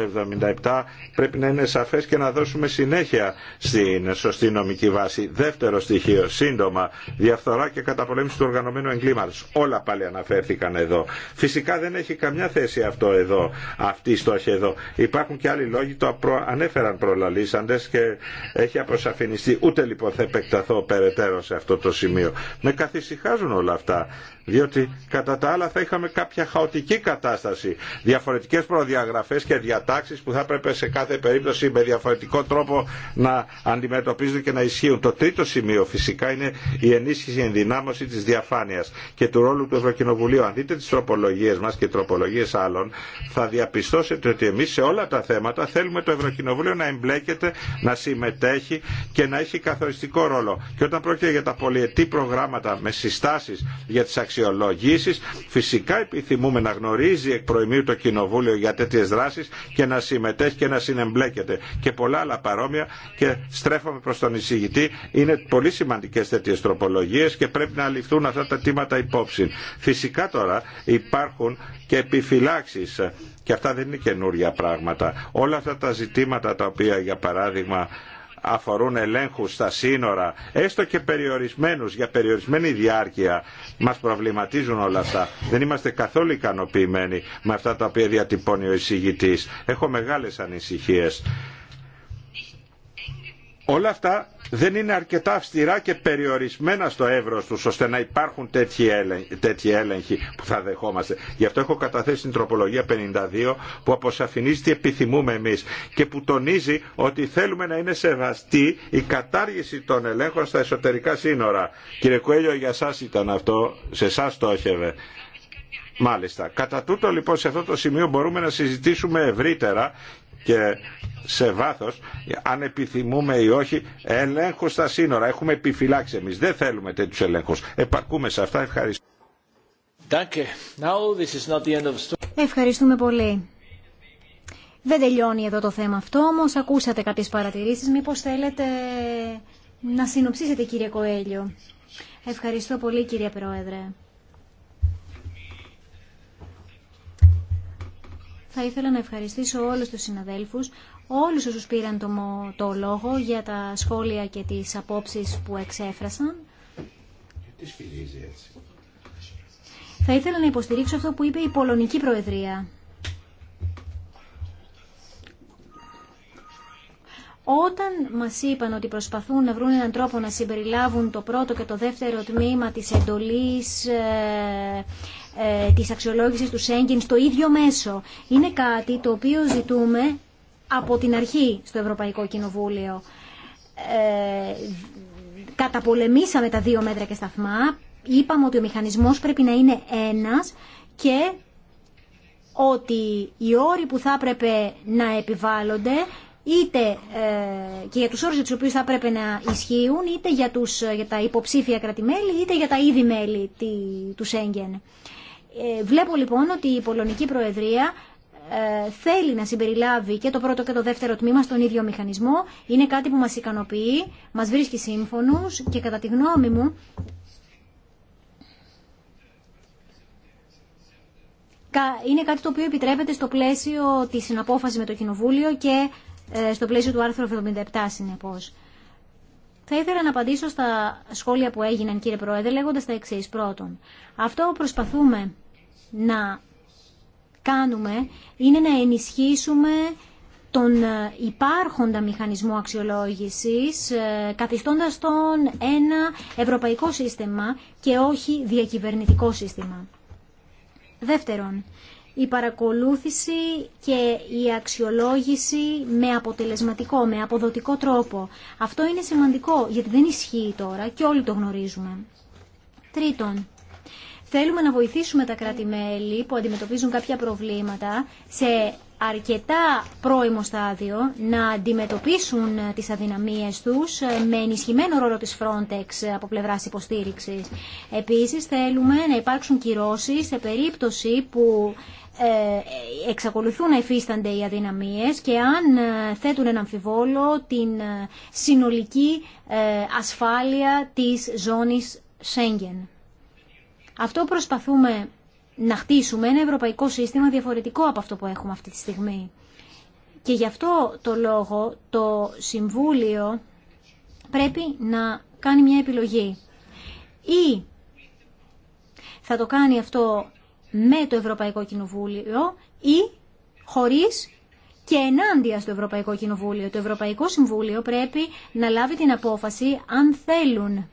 B: 77 πρέπει να είναι σαφές και να δώσουμε συνέχεια στην σωστή νομική βάση. Δεύτερο στοιχείο, σύντομα, διαφθορά και καταπολέμηση του οργανωμένου εγκλήματος. Όλα πάλι αναφέρθηκαν εδώ. Φυσικά δεν έχει καμιά θέση αυτό εδώ, αυτή η στόχη εδώ. Υπάρχουν και άλλοι λόγοι, το ανέφεραν προλαλήσαντες και έχει αποσαφινιστεί. Ούτε λοιπόν θα επεκταθώ περαιτέρω σε αυτό το σημείο. Με καθησυχάζουν όλα αυτά διότι κατά τα άλλα θα είχαμε κάποια χαοτική κατάσταση, διαφορετικές προδιαγραφές και διατάξεις που θα έπρεπε σε κάθε περίπτωση με διαφορετικό τρόπο να αντιμετωπίζονται και να ισχύουν. Το τρίτο σημείο φυσικά είναι η ενίσχυση, η ενδυνάμωση της διαφάνειας και του ρόλου του Ευρωκοινοβουλίου. Αν δείτε τις τροπολογίες μας και τροπολογίες άλλων, θα διαπιστώσετε ότι εμείς σε όλα τα θέματα θέλουμε το Ευρωκοινοβούλιο να εμπλέκεται, να συμμετέχει και να έχει καθοριστικό ρόλο. Και όταν πρόκειται για τα πολιετή προγράμματα με συστάσεις για τις Φυσικά επιθυμούμε να γνωρίζει εκ προημίου το Κοινοβούλιο για τέτοιε δράσεις και να συμμετέχει και να συνεμπλέκεται. Και πολλά άλλα παρόμοια και στρέφομαι προς τον εισηγητή. Είναι πολύ σημαντικές τέτοιε τροπολογίε και πρέπει να ληφθούν αυτά τα αιτήματα υπόψη. Φυσικά τώρα υπάρχουν και επιφυλάξει και αυτά δεν είναι καινούργια πράγματα. Όλα αυτά τα ζητήματα τα οποία για παράδειγμα αφορούν ελέγχους στα σύνορα, έστω και περιορισμένους για περιορισμένη διάρκεια, μας προβληματίζουν όλα αυτά. Δεν είμαστε καθόλου ικανοποιημένοι με αυτά τα οποία διατυπώνει ο εισηγητής. Έχω μεγάλες ανησυχίες. Όλα αυτά δεν είναι αρκετά αυστηρά και περιορισμένα στο εύρος τους ώστε να υπάρχουν τέτοιοι έλεγχοι που θα δεχόμαστε. Γι' αυτό έχω καταθέσει την τροπολογία 52 που αποσαφηνίζει τι επιθυμούμε εμείς και που τονίζει ότι θέλουμε να είναι σεβαστή η κατάργηση των ελέγχων στα εσωτερικά σύνορα. Κύριε Κουέλιο, για σας ήταν αυτό, σε εσά στόχευε. Μάλιστα. Κατά τούτο λοιπόν σε αυτό το σημείο μπορούμε να συζητήσουμε ευρύτερα και σε βάθος αν επιθυμούμε ή όχι ελέγχο στα σύνορα. Έχουμε επιφυλάξει εμείς. Δεν θέλουμε τέτοιους ελέγχους. Επαρκούμε σε αυτά. Ευχαριστώ.
A: Ευχαριστούμε πολύ. Δεν τελειώνει εδώ το θέμα αυτό όμως. Ακούσατε κάποιες παρατηρήσεις. Μήπως θέλετε να συνοψίσετε κύριε Κοέλιο. Ευχαριστώ πολύ κύριε Πρόεδρε. Θα ήθελα να ευχαριστήσω όλους τους συναδέλφους, όλους όσους πήραν το, λόγο για τα σχόλια και τις απόψεις που εξέφρασαν. Θα ήθελα να υποστηρίξω αυτό που είπε η Πολωνική Προεδρία. Όταν μας είπαν ότι προσπαθούν να βρουν έναν τρόπο να συμπεριλάβουν το πρώτο και το δεύτερο τμήμα της εντολής ε, ε, της αξιολόγησης του Σέγγεν στο ίδιο μέσο. Είναι κάτι το οποίο ζητούμε από την αρχή στο Ευρωπαϊκό Κοινοβούλιο. Ε, καταπολεμήσαμε τα δύο μέτρα και σταθμά. Είπαμε ότι ο μηχανισμός πρέπει να είναι ένας και ότι οι όροι που θα έπρεπε να επιβάλλονται είτε ε, και για τους όρους για τους οποίους θα έπρεπε να ισχύουν, είτε για, τους, ε, για τα υποψήφια κρατημέλη, είτε για τα ήδη μέλη του Σέγγεν. Ε, βλέπω λοιπόν ότι η Πολωνική Προεδρία ε, θέλει να συμπεριλάβει και το πρώτο και το δεύτερο τμήμα στον ίδιο μηχανισμό. Είναι κάτι που μας ικανοποιεί, μας βρίσκει σύμφωνους και κατά τη γνώμη μου είναι κάτι το οποίο επιτρέπεται στο πλαίσιο της συναπόφασης με το Κοινοβούλιο και ε, στο πλαίσιο του άρθρου 77 συνεπώς. Θα ήθελα να απαντήσω στα σχόλια που έγιναν κύριε Πρόεδρε λέγοντας τα εξής. Πρώτον, αυτό προσπαθούμε να κάνουμε είναι να ενισχύσουμε τον ε, υπάρχοντα μηχανισμό αξιολόγησης, ε, καθιστώντας τον ένα ευρωπαϊκό σύστημα και όχι διακυβερνητικό σύστημα. Δεύτερον, η παρακολούθηση και η αξιολόγηση με αποτελεσματικό, με αποδοτικό τρόπο. Αυτό είναι σημαντικό, γιατί δεν ισχύει τώρα και όλοι το γνωρίζουμε. Τρίτον, Θέλουμε να βοηθήσουμε τα κράτη-μέλη που αντιμετωπίζουν κάποια προβλήματα σε αρκετά πρώιμο στάδιο να αντιμετωπίσουν τις αδυναμίες τους με ενισχυμένο ρόλο της Frontex από πλευράς υποστήριξης. Επίσης θέλουμε να υπάρξουν κυρώσεις σε περίπτωση που ε, εξακολουθούν να υφίστανται οι αδυναμίες και αν ε, θέτουν ένα αμφιβόλο την ε, συνολική ασφάλεια της ζώνης Schengen. Αυτό προσπαθούμε να χτίσουμε ένα ευρωπαϊκό σύστημα διαφορετικό από αυτό που έχουμε αυτή τη στιγμή. Και γι' αυτό το λόγο το Συμβούλιο πρέπει να κάνει μια επιλογή. Ή θα το κάνει αυτό με το Ευρωπαϊκό Κοινοβούλιο ή χωρίς και ενάντια στο Ευρωπαϊκό Κοινοβούλιο. Το Ευρωπαϊκό Συμβούλιο πρέπει να λάβει την απόφαση αν θέλουν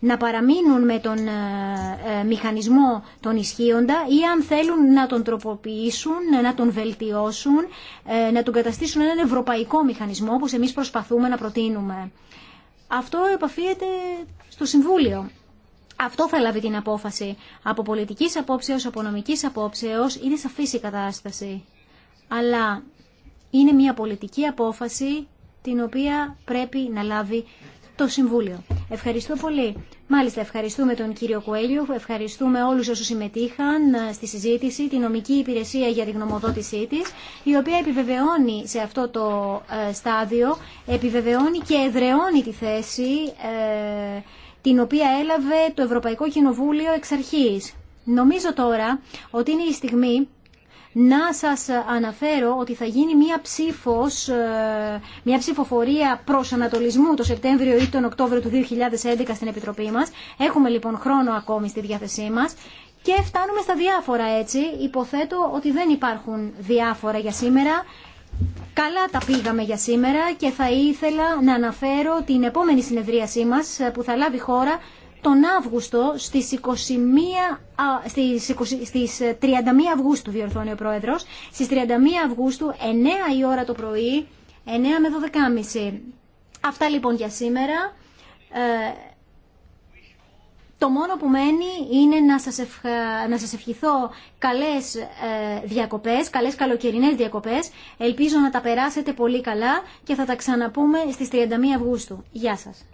A: να παραμείνουν με τον ε, ε, μηχανισμό των ισχύοντα ή αν θέλουν να τον τροποποιήσουν, να τον βελτιώσουν, ε, να τον καταστήσουν έναν ευρωπαϊκό μηχανισμό όπως εμείς προσπαθούμε να προτείνουμε. Αυτό επαφίεται στο Συμβούλιο. Αυτό θα λάβει την απόφαση. Από πολιτικής απόψεως, από νομικής απόψεως είναι σαφής η κατάσταση. Αλλά είναι μια πολιτική απόφαση την οποία πρέπει να λάβει το Συμβούλιο. Ευχαριστώ πολύ. Μάλιστα, ευχαριστούμε τον κύριο Κουέλιο, ευχαριστούμε όλους όσους συμμετείχαν ε, στη συζήτηση, τη νομική υπηρεσία για τη γνωμοδότησή της, η οποία επιβεβαιώνει σε αυτό το ε, στάδιο, επιβεβαιώνει και εδρεώνει τη θέση ε, την οποία έλαβε το Ευρωπαϊκό Κοινοβούλιο εξ αρχής. Νομίζω τώρα ότι είναι η στιγμή να σας αναφέρω ότι θα γίνει μία ψήφος, ε, μία ψηφοφορία προς ανατολισμού το Σεπτέμβριο ή τον Οκτώβριο του 2011 στην Επιτροπή μας. Έχουμε λοιπόν χρόνο ακόμη στη διάθεσή μας. Και φτάνουμε στα διάφορα έτσι. Υποθέτω ότι δεν υπάρχουν διάφορα για σήμερα. Καλά τα πήγαμε για σήμερα και θα ήθελα να αναφέρω την επόμενη συνεδρίασή μας ε, που θα λάβει χώρα τον Αύγουστο στις, 21, στις, στις 31 ε, Αυγούστου, διορθώνει ο Πρόεδρος, στις 31 Αυγούστου, 9 η ώρα το πρωί, 9 με 12.30. Αυτά λοιπόν για σήμερα. Ε, το μόνο που μένει είναι να σας, να σας ευχηθώ καλές ε, διακοπές, καλές καλοκαιρινές διακοπές. Ελπίζω να τα περάσετε πολύ καλά και θα τα ξαναπούμε στις 31 Αυγούστου. Γεια σας.